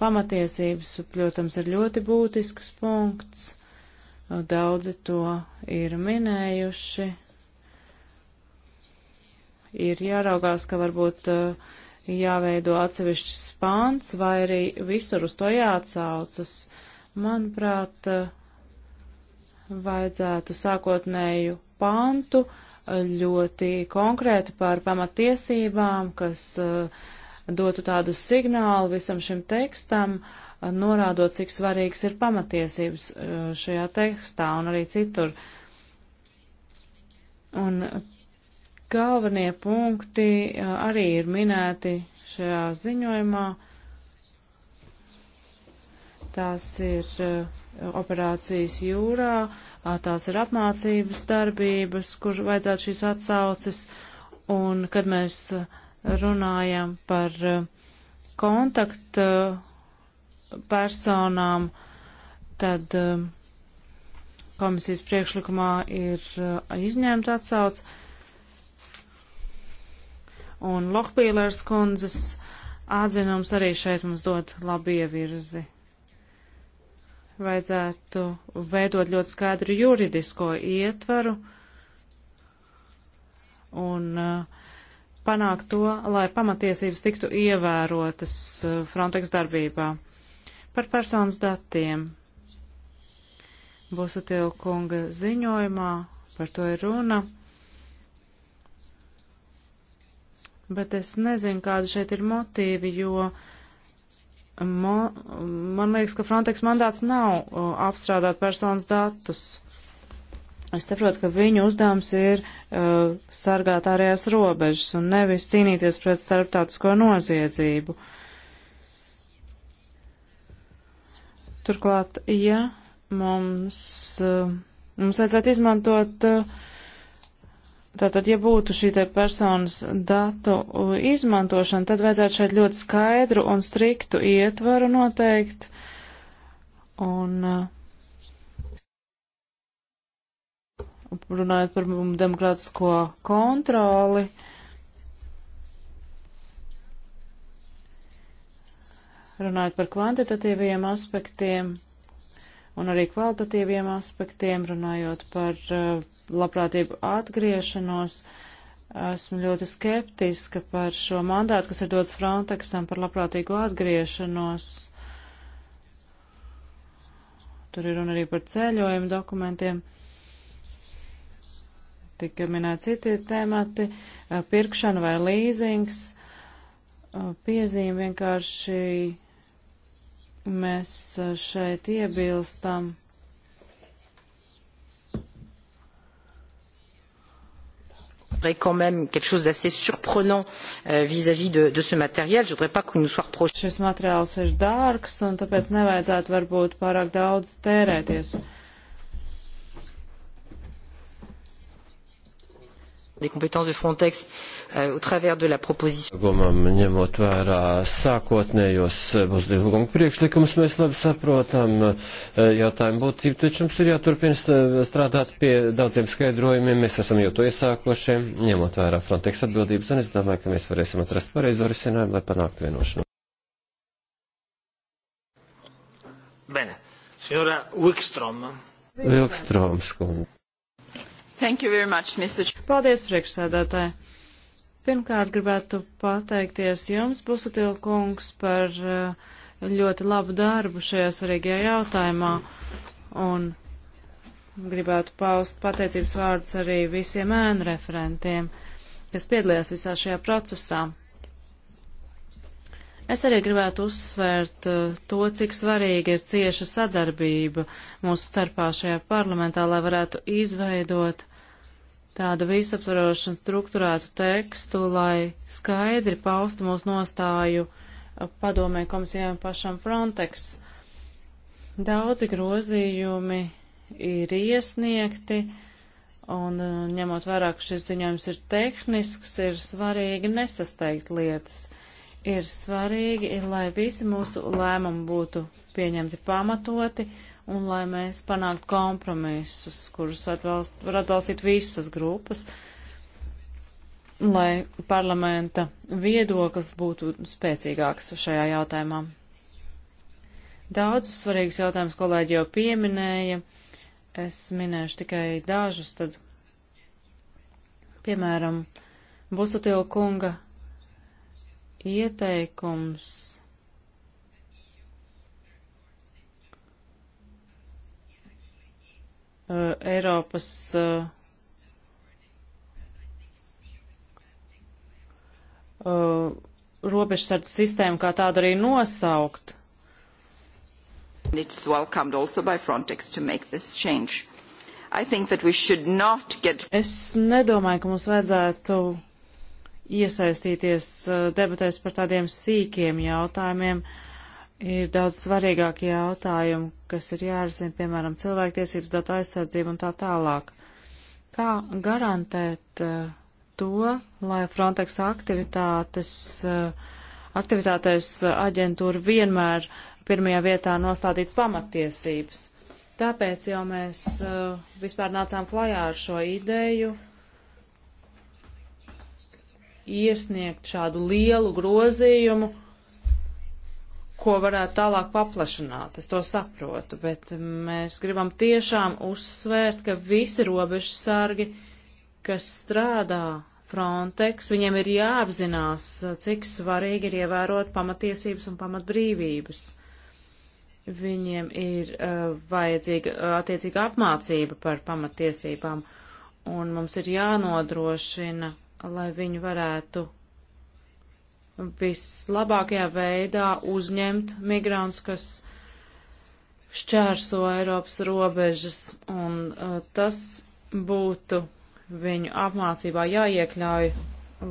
Speaker 2: Pamatiesības, protams, ir ļoti būtisks punkts. Daudzi to ir minējuši. Ir jāraugās, ka varbūt uh, jāveido atsevišķs pāns vai arī visur uz to jāatsaucas. Uh, Manuprāt, vajadzētu sākotnēju pantu ļoti konkrēti par pamatiesībām, kas eh, dotu tādu signālu visam šim tekstam, eh, norādot, cik svarīgs ir pamatiesības eh, šajā tekstā un arī citur. Un galvenie punkti arī ir minēti šajā ziņojumā. Uh, Tās ir eh, operācijas jūrā, tās ir apmācības darbības, kur vajadzētu šīs atsauces. Un kad mēs runājam par eh, kontaktu eh, personām, tad komisijas priekšlikumā ir izņemta atsauce. Un Lohpīlers kundzes atzinums arī šeit mums dod labu ievirzi vajadzētu veidot ļoti skaidru juridisko ietvaru un uh, panākt to, lai pamatiesības tiktu ievērotas uh, Frontex darbībā. Par personas datiem. Busutilkunga ziņojumā par to ir runa. Bet es nezinu, kāda šeit ir motīvi, jo uh, Ma, man liekas, ka Frontex mandāts nav uh, apstrādāt personas datus. Es saprotu, ka viņu uzdevums ir uh, sargāt ārējās robežas un nevis cīnīties pret starptautisko noziedzību. Turklāt, ja mums, uh, mums vajadzētu izmantot uh, Tātad, ja būtu šī te personas datu izmantošana, tad vajadzētu šeit ļoti skaidru un striktu ietvaru noteikt. Un, uh, runājot par demokrātisko kontroli, runājot par kvantitatīviem aspektiem un arī kvalitatīviem aspektiem, runājot par uh, labprātību atgriešanos. Esmu ļoti skeptiska par šo mandātu, kas ir dots Frontexam par labprātīgu atgriešanos. Tur ir runa arī par ceļojumu dokumentiem. Tika minēti citi temati uh, - pirkšana vai līzings. Uh, piezīme vienkārši Mēs e, šeit iebilstam.
Speaker 4: serait quand même quelque chose d'assez surprenant euh, vis-à-vis euh, -vis de, de ce matériel. Je ne voudrais pas qu'on nous soit reproché. Šis materiāls
Speaker 2: ir dārgs, un tāpēc nevajadzētu varbūt pārāk daudz tērēties. des compétences de Frontex euh, au travers de la proposition.
Speaker 1: Gumam, ņemot vērā sākotnējos būtībā eh, priekšlikumus, mēs labi saprotam eh, jautājumu būtību, taču mums ir jāturpina strādāt pie daudziem skaidrojumiem. Mēs esam jau to iesākošie, ņemot vērā Frontex atbildības, un es domāju, ka mēs varēsim atrast pareizo risinājumu, lai panāktu vienošanos. Bene. Signora Wikstrom. Wilkstroms, kundze.
Speaker 2: Much, Paldies, priekšsēdētāji! Pirmkārt, gribētu pateikties jums, Busutil kungs, par eh, ļoti labu darbu šajā svarīgajā jautājumā. Un gribētu paust pateicības vārdus arī visiem ēnu referentiem, kas piedalījās visā šajā procesā. Es arī gribētu uzsvērt eh, to, cik svarīga ir cieša sadarbība mūsu starpā šajā parlamentā, lai varētu izveidot tādu visaptvarošanu struktūrētu tekstu, lai skaidri paustu mūsu nostāju uh, padomē komisijām pašam Frontex. Daudzi grozījumi ir iesniegti, un uh, ņemot vērā, ka šis ziņojums ir tehnisks, ir svarīgi nesasteigt lietas. Ir svarīgi, lai visi mūsu lēmumi būtu pieņemti pamatoti, uh, un lai mēs panāktu kompromisus, kurus atbalst, var atbalstīt visas grupas, lai parlamenta viedoklis būtu spēcīgāks šajā jautājumā. Daudzus svarīgus jautājumus kolēģi jau pieminēja, es minēšu tikai dažus, tad piemēram, Busutila kunga ieteikums uh, Eiropas uh, uh, robežsardz sistēmu kā tādu arī nosaukt.
Speaker 4: And it's welcomed also by Frontex to make this change. I think that we should not get.
Speaker 2: Es nedomāju, ka mums vajadzētu iesaistīties debatēs par tādiem sīkiem jautājumiem. Uh, Ir daudz svarīgākie jautājumi, kas ir jārisina, piemēram, cilvēktiesības, datu aizsardzība un tā tālāk. Kā garantēt uh, to, lai Frontex aktivitātes, uh, aktivitātēs uh, aģentūra vienmēr pirmajā vietā nostādītu pamatiesības? Tāpēc jau mēs uh, vispār nācām klajā ar šo ideju iesniegt šādu lielu grozījumu ko varētu tālāk paplašināt. Es to saprotu, bet mēs gribam tiešām uzsvērt, ka visi robežsargi, kas strādā Frontex, viņiem ir jāapzinās, cik svarīgi ir ievērot pamatiesības un pamatbrīvības. Viņiem ir uh, vajadzīga uh, attiecīga apmācība par pamatiesībām, un mums ir jānodrošina, lai viņi varētu vislabākajā veidā uzņemt migrantus, kas šķērso Eiropas robežas, un uh, tas būtu viņu apmācībā jāiekļauj,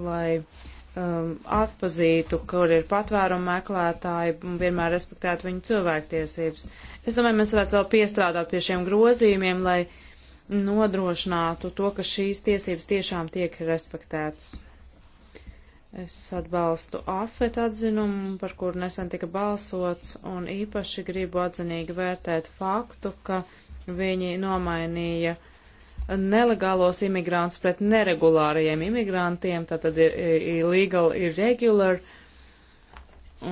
Speaker 2: lai um, atpazītu, kur ir patvērumu meklētāji un vienmēr respektētu viņu cilvēktiesības. Es domāju, mēs varētu vēl piestrādāt pie šiem grozījumiem, lai nodrošinātu to, ka šīs tiesības tiešām tiek respektētas. Es atbalstu AFET atzinumu, par kuru nesen tika balsots, un īpaši gribu atzinīgi vērtēt faktu, ka viņi nomainīja nelegālos imigrantus pret neregulārajiem imigrantiem, tātad ir illegal, irregular,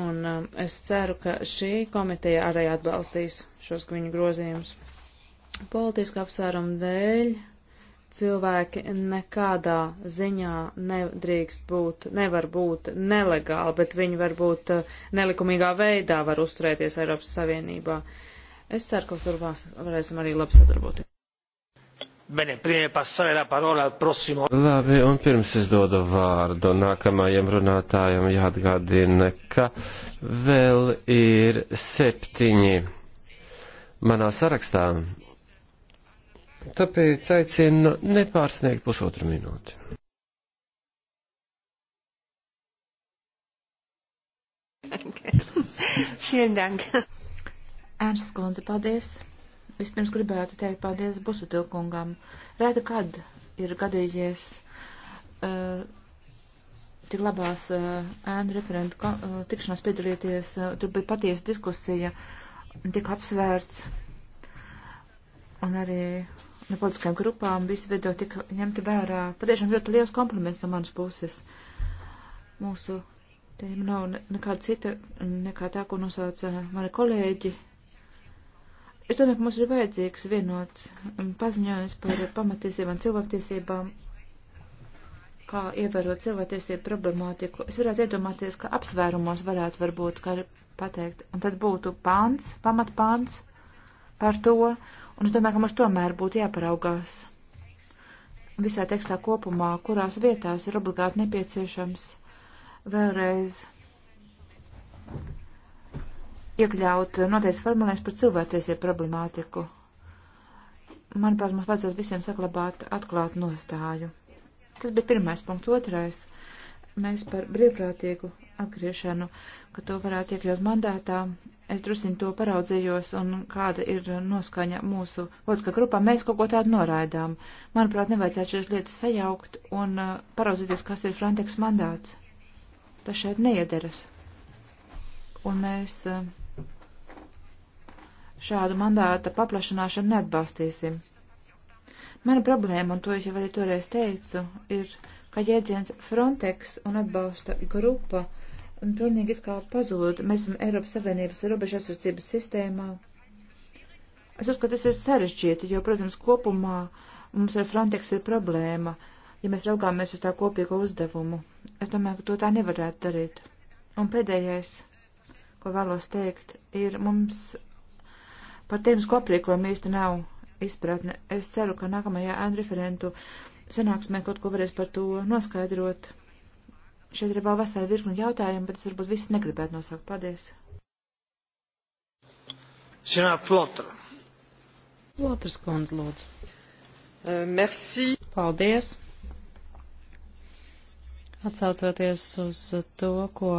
Speaker 2: un um, es ceru, ka šī komiteja arī atbalstīs šos viņu grozījumus. Politiska apsvērumu dēļ cilvēki nekādā ziņā nedrīkst būt, nevar būt nelegāli, bet viņi var būt eh, nelikumīgā veidā var uzturēties Eiropas Savienībā. Es ceru, ka tur varēsim arī labi sadarboties.
Speaker 3: Bene, prima passare la parola al prossimo.
Speaker 1: Labi, un pirms es dodu vārdu nākamajam runātājam jāatgādina, ka vēl ir septiņi manā sarakstā Tāpēc aicinu nepārsniegt pusotru minūti.
Speaker 4: Vielen Dank. Ernsts Kundze, paldies. Vispirms gribētu teikt paldies Busutilkungam. Rēta, kad ir gadījies uh, tik labās uh, ēnu referentu uh, tikšanās piedalīties, uh, tur bija patiesa diskusija, tika apsvērts un arī no politiskajām grupām visi video tika ņemti vērā. Patiešām ļoti liels kompliments no manas puses. Mūsu tēma nav nekāda cita, nekā tā, ko nosauca eh, mani kolēģi. Es domāju, ka mums ir vajadzīgs vienots mm, paziņojums par pamatiesībām, cilvēktiesībām, kā ievērot cilvēktiesību problemātiku. Es varētu iedomāties, ka apsvērumos varētu varbūt, kā pateikt, un tad būtu pāns, pamatpāns par to, Un es domāju, ka mums tomēr būtu jāparaugās visā tekstā kopumā, kurās vietās ir obligāti nepieciešams vēlreiz iekļaut noteikti formulējums par cilvēktiesību problemātiku. Manuprāt, mums vajadzētu visiem saglabāt atklātu nostāju. Tas bija pirmais punkts. Otrais mēs par brīvprātīgu atgriešanu, ka to varētu iekļaut mandātā, es drusim to paraudzījos un kāda ir noskaņa mūsu vodskā grupā, mēs kaut ko tādu noraidām. Manuprāt, nevajadzētu šīs lietas sajaukt un uh, paraudzīties, kas ir Frontex mandāts. Tas šeit neiederas. Un mēs uh, šādu mandāta paplašanāšanu neatbalstīsim. Mana problēma, un to es jau arī toreiz teicu, ir, ka jēdziens Frontex un atbalsta grupa uh, un pilnīgi it kā pazūd. Mēs esam Eiropas Savienības robežasardzības sistēmā. Es uzskatu, tas ir sarežģīti, jo, protams, kopumā mums ar Frontex ir problēma, ja mēs raugāmies uz tā kopīgo uzdevumu. Es domāju, ka to tā nevarētu darīt. Un pēdējais, ko vēlos teikt, ir mums par tehnisko aprīkojumu īsti nav izpratne. Es ceru, ka nākamajā ēnu referentu sanāksmē kaut ko varēs par to noskaidrot Šeit ir vēl vesela virkni jautājumu, bet es varbūt visus negribētu nosaukt. Paldies.
Speaker 2: Senā flotra.
Speaker 4: Lotras kundze,
Speaker 2: lūdzu. Eh, merci. Paldies. Atsaucoties uz to, ko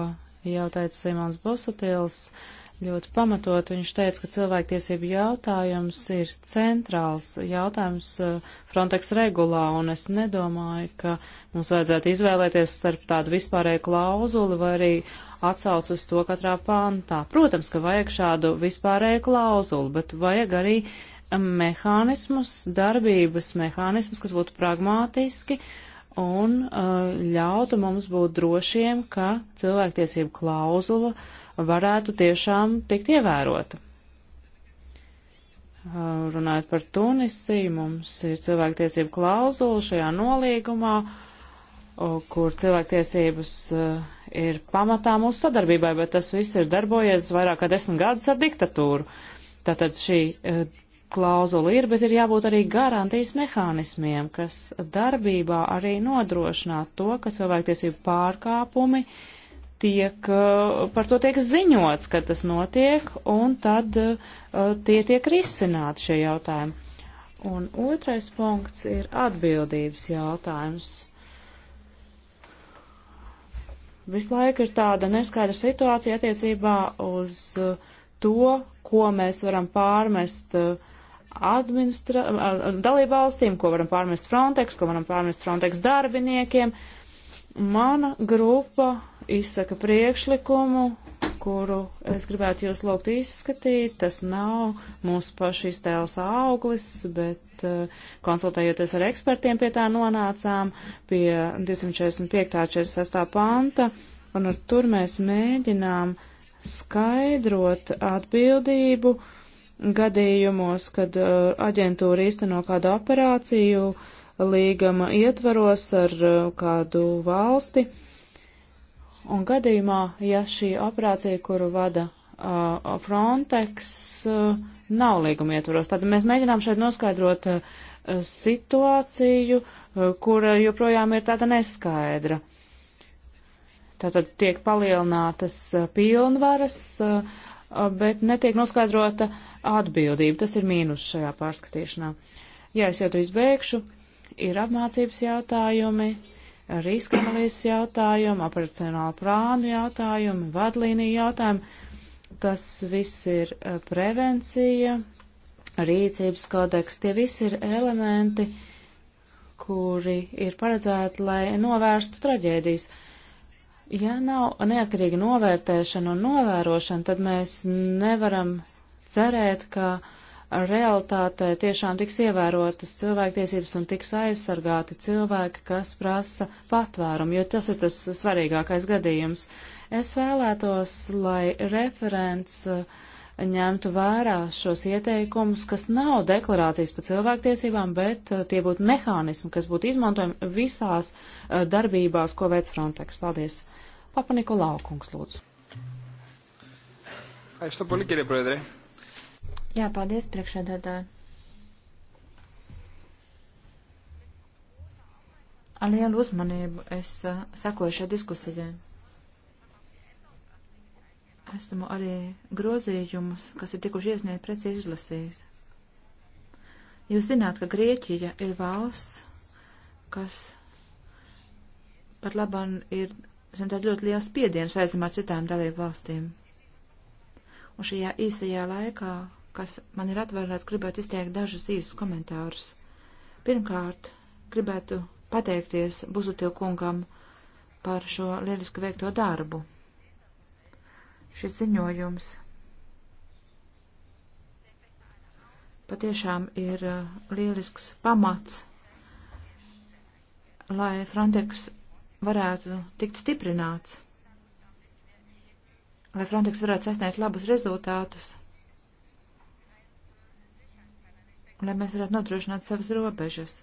Speaker 2: jau teica Simons Busutils, uh, ļoti pamatot. Viņš teica, ka cilvēktiesību jautājums ir centrāls jautājums uh, Frontex regulā, un es nedomāju, ka mums vajadzētu izvēlēties starp tādu vispārēju klauzuli vai arī atsauc uz to katrā pāntā. Protams, ka vajag šādu vispārēju klauzuli, bet vajag arī um, mehānismus, darbības mehānismus, kas būtu pragmātiski un uh, ļautu mums būt drošiem, ka cilvēktiesību klauzula uh, varētu tiešām tikt ievērota. Runājot par Tunisiju, mums ir cilvēktiesību klauzula šajā nolīgumā, kur cilvēktiesības ir pamatā mūsu sadarbībai, bet tas viss ir darbojies vairāk kā desmit gadus ar diktatūru. Tātad šī klauzula ir, bet ir jābūt arī garantijas mehānismiem, kas darbībā arī nodrošinātu to, ka cilvēktiesību pārkāpumi uh, tiek, eh, par to tiek ziņots, ka tas notiek, un tad eh, tie tiek risināti šie jautājumi. Un otrais punkts ir atbildības jautājums. Visu laiku ir tāda neskaidra situācija attiecībā uz eh, to, ko mēs varam pārmest dalībvalstīm, ko varam pārmest Frontex, ko varam pārmest Frontex darbiniekiem. Uh, Mana grupa izsaka priekšlikumu, kuru es gribētu jūs lūgt izskatīt. Tas nav mūsu pašu iztēles auglis, bet eh, konsultējoties ar ekspertiem pie tā nonācām pie 245.46. panta, un ar tur mēs mēģinām skaidrot atbildību gadījumos, kad eh, aģentūra īsteno kādu operāciju, uh, līgama ietvaros ar uh, kādu valsti. Un gadījumā, ja šī operācija, kuru vada uh, Frontex, uh, nav līguma ietvaros, tad mēs mēģinām šeit noskaidrot uh, situāciju, uh, kura joprojām ir tāda neskaidra. Tātad tiek palielinātas uh, pilnvaras. Uh, bet netiek noskaidrota atbildība. Tas ir mīnus šajā pārskatīšanā. Jā, es jau to izbeigšu ir apmācības jautājumi, riska analīzes jautājumi, operacionāla plānu jautājumi, vadlīnija jautājumi. Tas viss ir eh, prevencija, rīcības kodeks, tie visi ir elementi, kuri ir paredzēti, lai novērstu traģēdijas. Ja nav neatkarīga novērtēšana un novērošana, tad mēs nevaram cerēt, ka uh, realitātē tiešām tiks ievērotas cilvēktiesības un tiks aizsargāti cilvēki, kas prasa patvērumu, jo tas ir tas svarīgākais gadījums. Es vēlētos, lai referents eh, ņemtu vērā šos ieteikumus, kas nav deklarācijas par cilvēktiesībām, bet eh, tie būtu mehānismi, kas būtu izmantojami visās eh, darbībās, ko veic Frontex. Paldies. Papa Nikolau kungs, lūdzu.
Speaker 1: Aizstu, Paldies, Paldies.
Speaker 4: Jā, paldies priekšēdētāji. Ar lielu uzmanību es uh, sekoju šai diskusijai. Esmu arī grozījumus, kas ir tikuši iesniegti precīzi izlasījis. Jūs zināt, ka Grieķija ir valsts, kas pat labam ir zem, ļoti liels spiediens aizmā citām dalību valstīm. Un šajā īsajā laikā kas man ir atvērts, gribētu izteikt dažus īsus komentārus. Pirmkārt, gribētu pateikties Buzutil kungam par šo lieliski veikto darbu. Šis ziņojums patiešām ir uh, lielisks pamats, lai Frontex varētu tikt stiprināts, lai Frontex varētu sasniegt labus rezultātus lai mēs varētu nodrošināt savas robežas.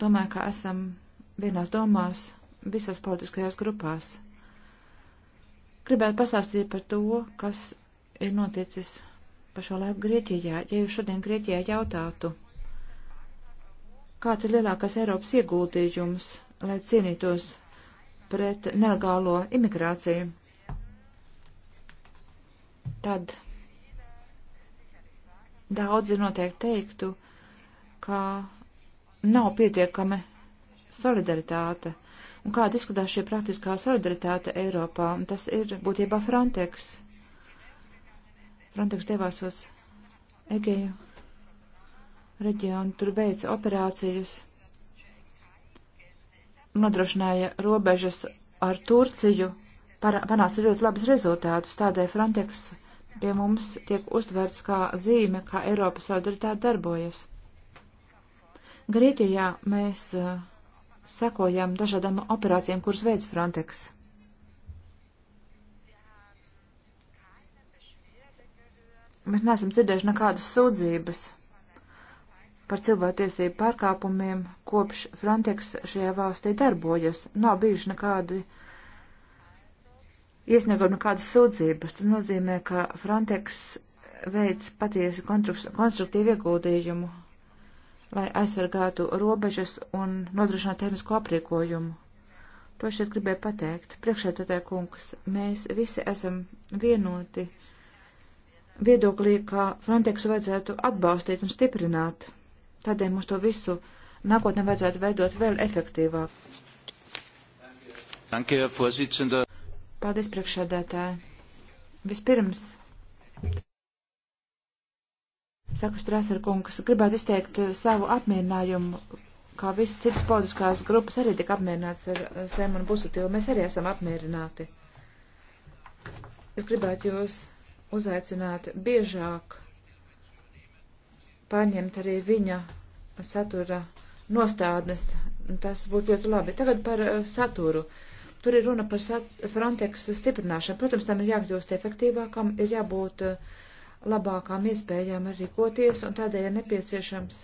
Speaker 4: Domāju, ka esam vienās domās visās politiskajās grupās. Gribētu pasāstīt par to, kas ir noticis pa šo laiku Grieķijā. Ja jūs šodien Grieķijā jautātu, kāds ir lielākais Eiropas ieguldījums, lai cīnītos pret nelegālo imigrāciju, tad Daudzi noteikti teiktu, ka nav pietiekami solidaritāte. Un kāda izskatās šī praktiskā solidaritāte Eiropā? Un tas ir būtībā Frontex. Frontex devās uz Egeju reģionu, tur veica operācijas, nodrošināja robežas ar Turciju, panāca ļoti labus rezultātus, tādēļ Frontex pie mums tiek uztverts kā zīme, kā Eiropas solidaritāte darbojas. Grītijā mēs uh, sekojam dažādām operācijām, kuras veids Frontex. Mēs neesam dzirdējuši nekādas sūdzības par cilvēktiesību pārkāpumiem, kopš Frontex šajā valstī darbojas. Nav bijuši nekādi uh, iesniegam nekādas sūdzības, tas nozīmē, ka Frontex veids patiesi konstruktīvu ieguldījumu, lai aizsargātu robežas un nodrošinātu tehnisko aprīkojumu. To šeit gribēju pateikt. Priekšētātē kungs, mēs visi esam vienoti viedoklī, ka Frontexu vajadzētu atbalstīt un stiprināt. Tādēļ mums to visu nākotnē vajadzētu veidot vēl efektīvāk.
Speaker 3: Danke, Herr Vorsitzender.
Speaker 4: Paldies, priekšsēdētāji. Vispirms. Saka Strasser kungs, gribētu izteikt eh, savu apmierinājumu, kā visas citas politiskās grupas arī tika apmierināts ar eh, Sēmu un Busutilu. Mēs arī esam apmierināti. Es gribētu jūs uzaicināt biežāk pārņemt arī viņa satura nostādnes. Tas būtu ļoti labi. Tagad par eh, saturu. Uh, Tur ir runa par Frontex stiprināšanu. Protams, tam ir jākļūst efektīvākam, ir jābūt eh, labākām iespējām rīkoties, un tādēļ ir nepieciešams,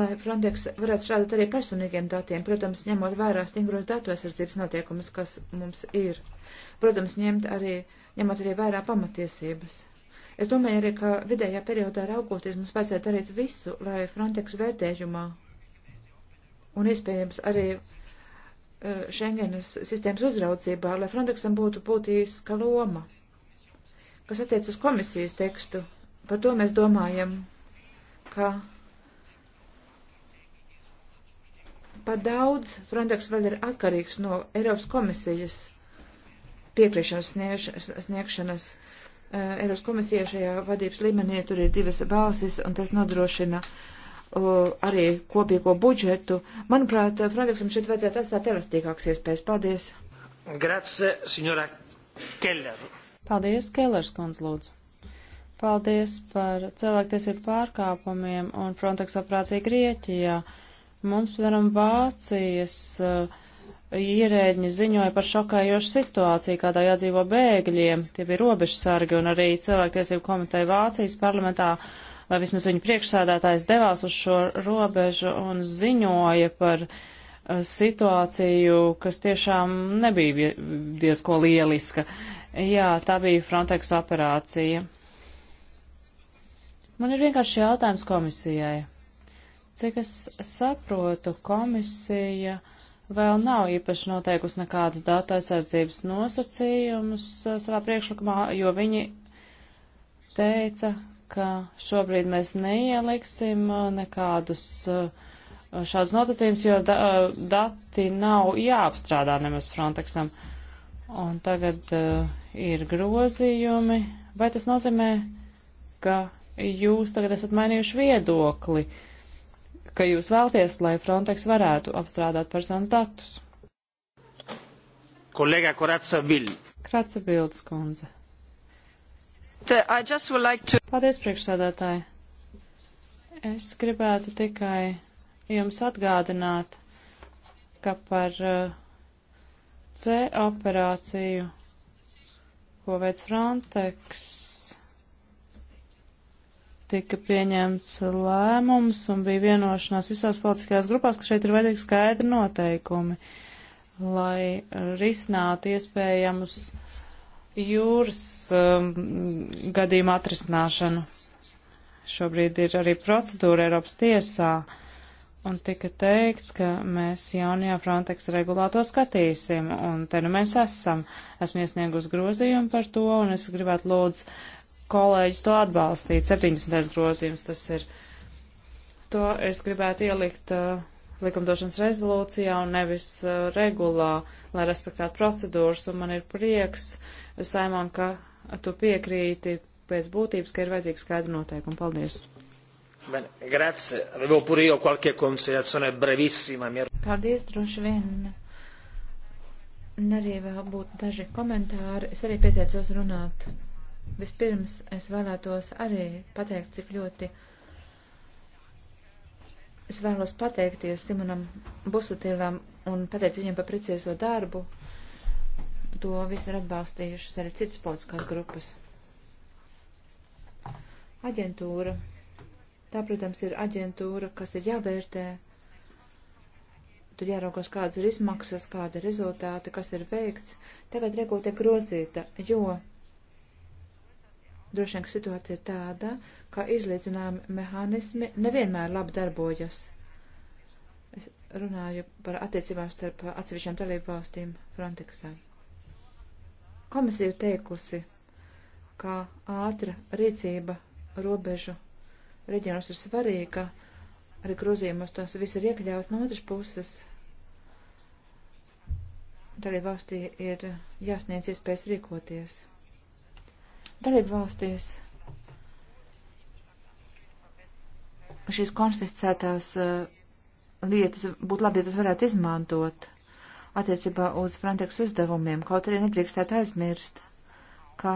Speaker 4: lai Frontex varētu strādāt arī personīgiem datiem, protams, ņemot vērā stingros datu aizsardzības notiekumus, kas mums ir. Protams, ņemt arī, ņemot arī vērā pamatiesības. Es domāju arī, ka vidējā periodā raugoties mums vajadzētu darīt visu, lai Frontex vērtējumā un iespējams arī Eh, Schengenas sistēmas uzraudzībā, lai Frontexam būtu būtiska loma. Kas attiec uz komisijas tekstu, par to mēs domājam, ka par daudz Frontex vēl ir atkarīgs no Eiropas komisijas piekrišanas sniegš, sniegšanas. Eh, Eiropas komisija šajā vadības līmenī tur ir divas bāzes, un tas nodrošina uh, uh, arī kopīgo budžetu. Manuprāt, Frontexam šeit vajadzētu atstāt elastīgākas iespējas. Paldies!
Speaker 3: Grazie, signora Keller!
Speaker 2: Paldies, Kellers, kundz, lūdzu! Paldies par cilvēktiesību pārkāpumiem un Frontex operāciju Grieķijā. Mums, piemēram, Vācijas uh, ierēģi ziņoja par šokējošu situāciju, kādā jādzīvo bēgļiem. Tie bija robežsargi un arī cilvēktiesību komiteja Vācijas parlamentā vai vismaz viņa priekšsādātājs devās uz šo robežu un ziņoja par eh, situāciju, kas tiešām nebija diezko lieliska. Jā, tā bija Frontex operācija. Man ir vienkārši jautājums komisijai. Cik es saprotu, komisija vēl nav īpaši noteikusi nekādus datu aizsardzības nosacījumus eh, savā priekšlikumā, jo viņi teica, ka šobrīd mēs neieliksim uh, nekādus uh, šādus notacījumus, jo da, uh, dati nav jāapstrādā nemaz Frontexam. Un tagad uh, ir grozījumi. Vai tas nozīmē, ka jūs tagad esat mainījuši viedokli, ka jūs vēlties, lai Frontex varētu apstrādāt personas datus?
Speaker 3: Kolēģa Koratsa Bild.
Speaker 2: Kratsa Bildes kundze. Uh, like to... Paldies, priekšsādātāji. Es gribētu tikai jums atgādināt, ka par uh, C operāciju, ko veids Frontex, tika pieņemts lēmums un bija vienošanās visās politiskajās grupās, ka šeit ir vajadzīgi skaidri noteikumi, lai risinātu iespējamus uh, jūras um, gadījumu atrisināšanu. Šobrīd ir arī procedūra Eiropas tiesā, un tika teikts, ka mēs jaunajā Frontex regulā to skatīsim, un te nu mēs esam. Esmu iesniegus grozījumu par to, un es gribētu lūdzu kolēģis to atbalstīt. 70. grozījums tas ir. To es gribētu ielikt uh, likumdošanas rezolūcijā un nevis uh, regulā, lai respektētu procedūras, un man ir prieks, uh, Saimon, ka tu piekrīti pēc būtības, ka ir vajadzīgi skaidri noteikumi. Paldies!
Speaker 3: Bene, grazie. Avevo pure io qualche considerazione brevissima. Mi...
Speaker 4: Paldies, droši vien. Un arī vēl būtu daži komentāri. Es arī pieteicos runāt. Vispirms es vēlētos arī pateikt, cik ļoti es vēlos pateikties Simonam Busutilam un pateicu viņam par precīzo darbu, To visu ir atbalstījušas arī citas politiskās grupas. Aģentūra. Tā, protams, ir aģentūra, kas ir jāvērtē. Tur jāraugās, kādas ir izmaksas, kāda ir rezultāti, kas ir veikts. Tagad regula tiek grozīta, jo droši vien, ka situācija ir tāda, ka izlīdzināmi mehānismi nevienmēr labi darbojas. Es runāju par attiecībām starp atsevišķām dalību valstīm Frontexā. Komisija ir teikusi, ka ātra rīcība robežu reģionos ir svarīga, arī grozījumos tas viss ir iekļauts no otras puses. Dalību valstī ir jāsniedz iespējas rīkoties. Dalību valstīs šīs konfiscētās uh, lietas būtu labi, ja tas varētu izmantot attiecībā uz Frontex uzdevumiem, kaut arī nedrīkstētu aizmirst, ka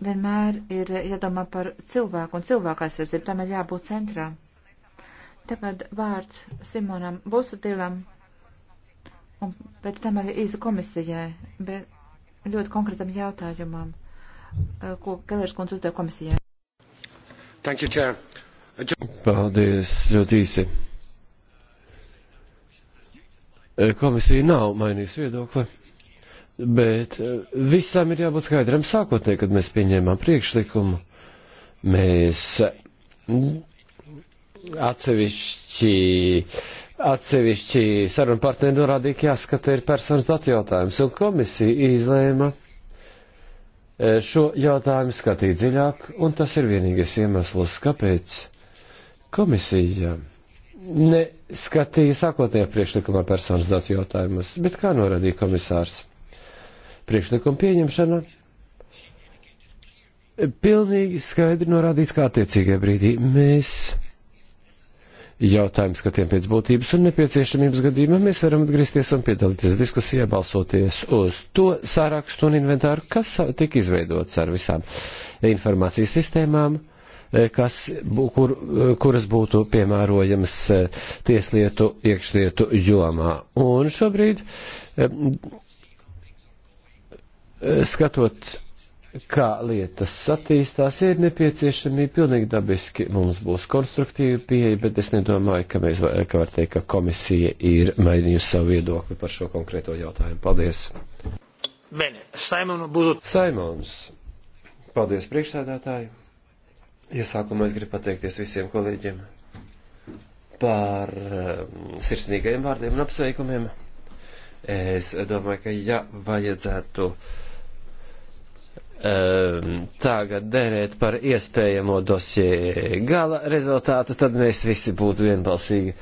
Speaker 4: vienmēr ir jādomā par cilvēku un cilvēku aizsardzību, tam ir jābūt centrā. Tagad vārds Simonam Busutilam un pēc tam arī īsa komisijai, bet ļoti konkrētam jautājumam, eh, ko Kalērs kundze uzdev komisijai.
Speaker 1: Thank you, Chair. Paldies, ļoti īsi. Eh, komisija nav mainījusi viedokli, bet eh, visam ir jābūt skaidram sākotnēji, kad mēs pieņēmām priekšlikumu. Mēs mm, atsevišķi, atsevišķi sarunu partneri norādīja, ka jāskata ir personas datu jautājums, un komisija izlēma eh, šo jautājumu skatīt dziļāk, un tas ir vienīgais iemesls, kāpēc komisija neskatīja sākotnējā priekšlikumā personas datu jautājumus, bet kā norādīja komisārs, priekšlikuma pieņemšana pilnīgi skaidri norādīts, kā attiecīgajā brīdī mēs jautājumu skatiem pēc būtības un nepieciešamības gadījumā mēs varam atgriezties un piedalīties diskusijā, balsoties uz to sārakstu un inventāru, kas tika izveidots ar visām informācijas sistēmām, uh, Eh, kas, kur, eh, kuras būtu piemērojamas eh, tieslietu iekšlietu jomā. Un šobrīd, skatot, kā lietas attīstās, ir nepieciešami pilnīgi dabiski. Mums būs konstruktīva pieeja, bet es nedomāju, ka mēs var, ka var teikt, ka komisija ir mainījusi savu viedokli par šo konkrēto jautājumu. Paldies!
Speaker 3: Bene, Simon
Speaker 1: Buzut. Simons. Paldies priekšsēdētāji. Iesākumā es gribu pateikties visiem kolēģiem par eh, sirsnīgajiem vārdiem un apsveikumiem. Es domāju, ka ja vajadzētu um, tagad derēt par iespējamo dosie gala rezultātu, tad mēs visi būtu vienbalsīgi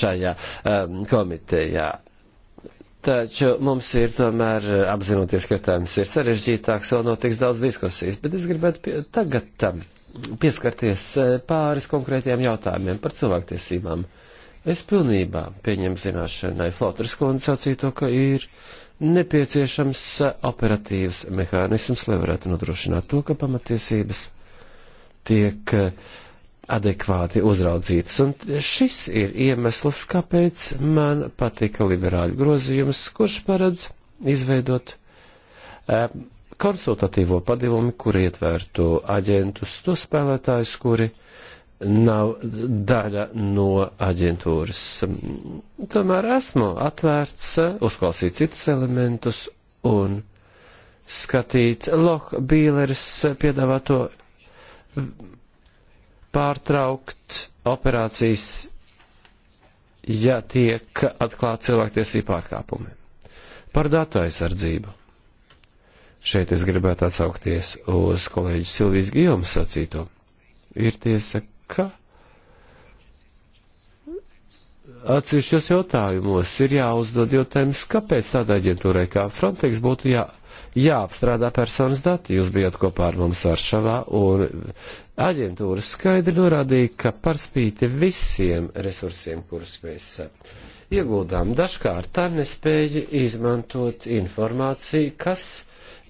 Speaker 1: šajā um, komitejā. Taču mums ir tomēr eh, apzinoties, ka jautājums ir sarežģītāks, vēl notiks daudz diskusijas, bet es gribētu pie, tagad tam pieskarties eh, pāris konkrētiem jautājumiem par cilvēktiesībām. Es pilnībā pieņemu zināšanai Flotras kundze sacīto, ka ir nepieciešams eh, operatīvs mehānisms, lai varētu nodrošināt to, ka pamatiesības tiek uh, adekvāti uzraudzītas. Un šis ir iemesls, kāpēc man patika liberāļu grozījums, kurš paredz izveidot eh, konsultatīvo padomu, kur ietvērtu aģentus, to spēlētājus, kuri nav daļa no aģentūras. Tomēr esmu atvērts uzklausīt citus elementus un skatīt Loh Bīleris piedāvāto pārtraukt operācijas, ja tiek atklāti cilvēktiesību pārkāpumi. Par datu aizsardzību. Šeit es gribētu atsaukties uz kolēģi Silvijas Gijomas sacīto. Ir tiesa, ka atsevišķos jautājumos ir jāuzdod jautājums, kāpēc tādai aģentūrai kā Frontex būtu jā. Ja jāapstrādā personas dati. Jūs bijat kopā ar mums Varšavā, un aģentūra skaidri norādīja, ka par spīti visiem resursiem, kurus mēs eh, ieguldām, dažkārt tā nespēja izmantot informāciju, kas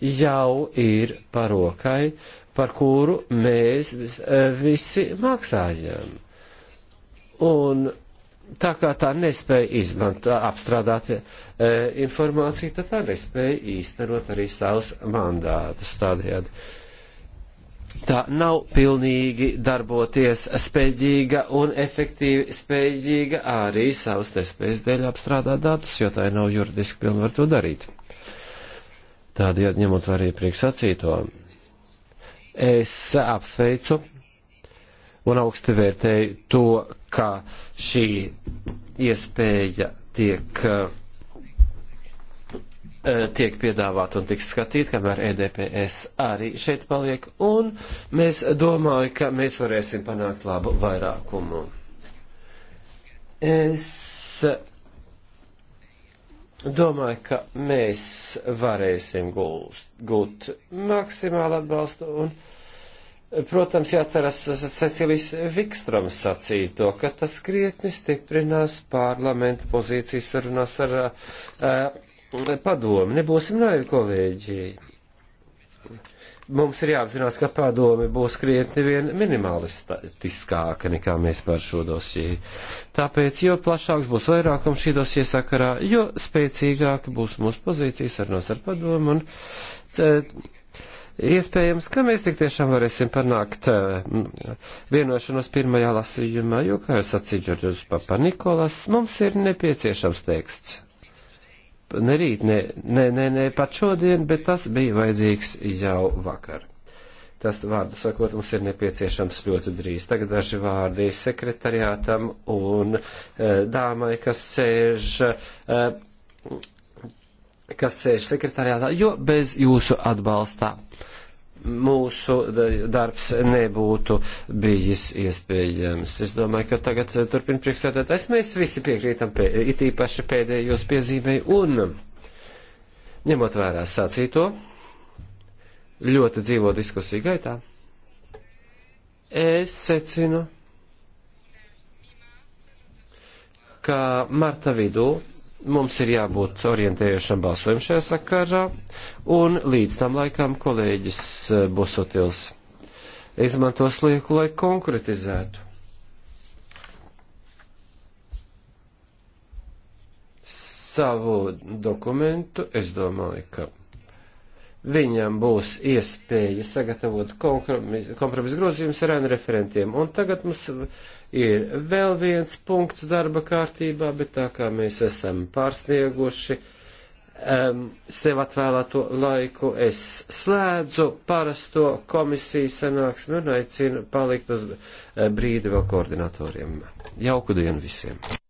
Speaker 1: jau ir parokai, par kuru mēs eh, visi maksājam. Un tā kā tā nespēja izmantot, apstrādāt e, informāciju, tad tā nespēja īstenot arī savus mandātus tādējādi. Tā nav pilnīgi darboties spēļīga un efektīvi spēļīga arī savas nespējas dēļ apstrādāt datus, jo tā nav juridiski pilnvar to darīt. Tādējādi ņemot vērā iepriekš sacīto, es apsveicu un augsti vērtēju to, ka šī iespēja tiek, eh, eh, tiek piedāvāta un tiks skatīta, kamēr EDPS arī šeit paliek, un mēs domāju, ka mēs varēsim panākt labu vairākumu. Es domāju, ka mēs varēsim gult, gūt maksimālu atbalstu un uh, Protams, jāatceras Cecilijas Vikstroms sacīja to, ka tas krietni stiprinās parlamenta pozīcijas sarunās ar uh, padomi. Nebūsim naivi, kolēģi. Mums ir jāapzinās, ka padomi būs krietni vien minimalistiskāka nekā mēs par šo dosiju. Tāpēc, jo plašāks būs vairākums šī dosija sakarā, jo spēcīgāka būs mūsu pozīcijas sarunās ar padomu un. Uh, iespējams, ka mēs tik tiešām varēsim panākt eh, nu, vienošanos pirmajā lasījumā, jo, kā jūs sacījāt, Džordžus Papa Nikolas, mums ir nepieciešams teksts. Ne rīt, ne, ne, ne, ne pat šodien, bet tas bija vajadzīgs jau vakar. Tas vārdu sakot, mums ir nepieciešams ļoti drīz. Tagad daži vārdi sekretariātam un e, dāmai, kas sēž, e, kas sēž sekretariātā, jo bez jūsu atbalstā mūsu darbs nebūtu bijis iespējams. Es domāju, ka tagad eh, turpin priekšstādātājs. Mēs visi piekrītam, pē, it īpaši pēdējos piezīmei un ņemot vērā sacīto, ļoti dzīvo diskusiju gaitā. Es secinu, ka marta vidū mums ir jābūt orientējušam balsojumam šajā sakarā, un līdz tam laikam kolēģis eh, Busotils izmantos lieku, lai konkretizētu. Savu dokumentu es domāju, ka viņam būs iespēja sagatavot kompromisu grozījumus ar ANU referentiem. Un tagad mums ir vēl viens punkts darba kārtībā, bet tā kā mēs esam pārsnieguši um, sev atvēlēto laiku, es slēdzu parasto komisijas sanāksmi un aicinu palikt uz eh, brīdi vēl koordinatoriem. Jauku dienu visiem!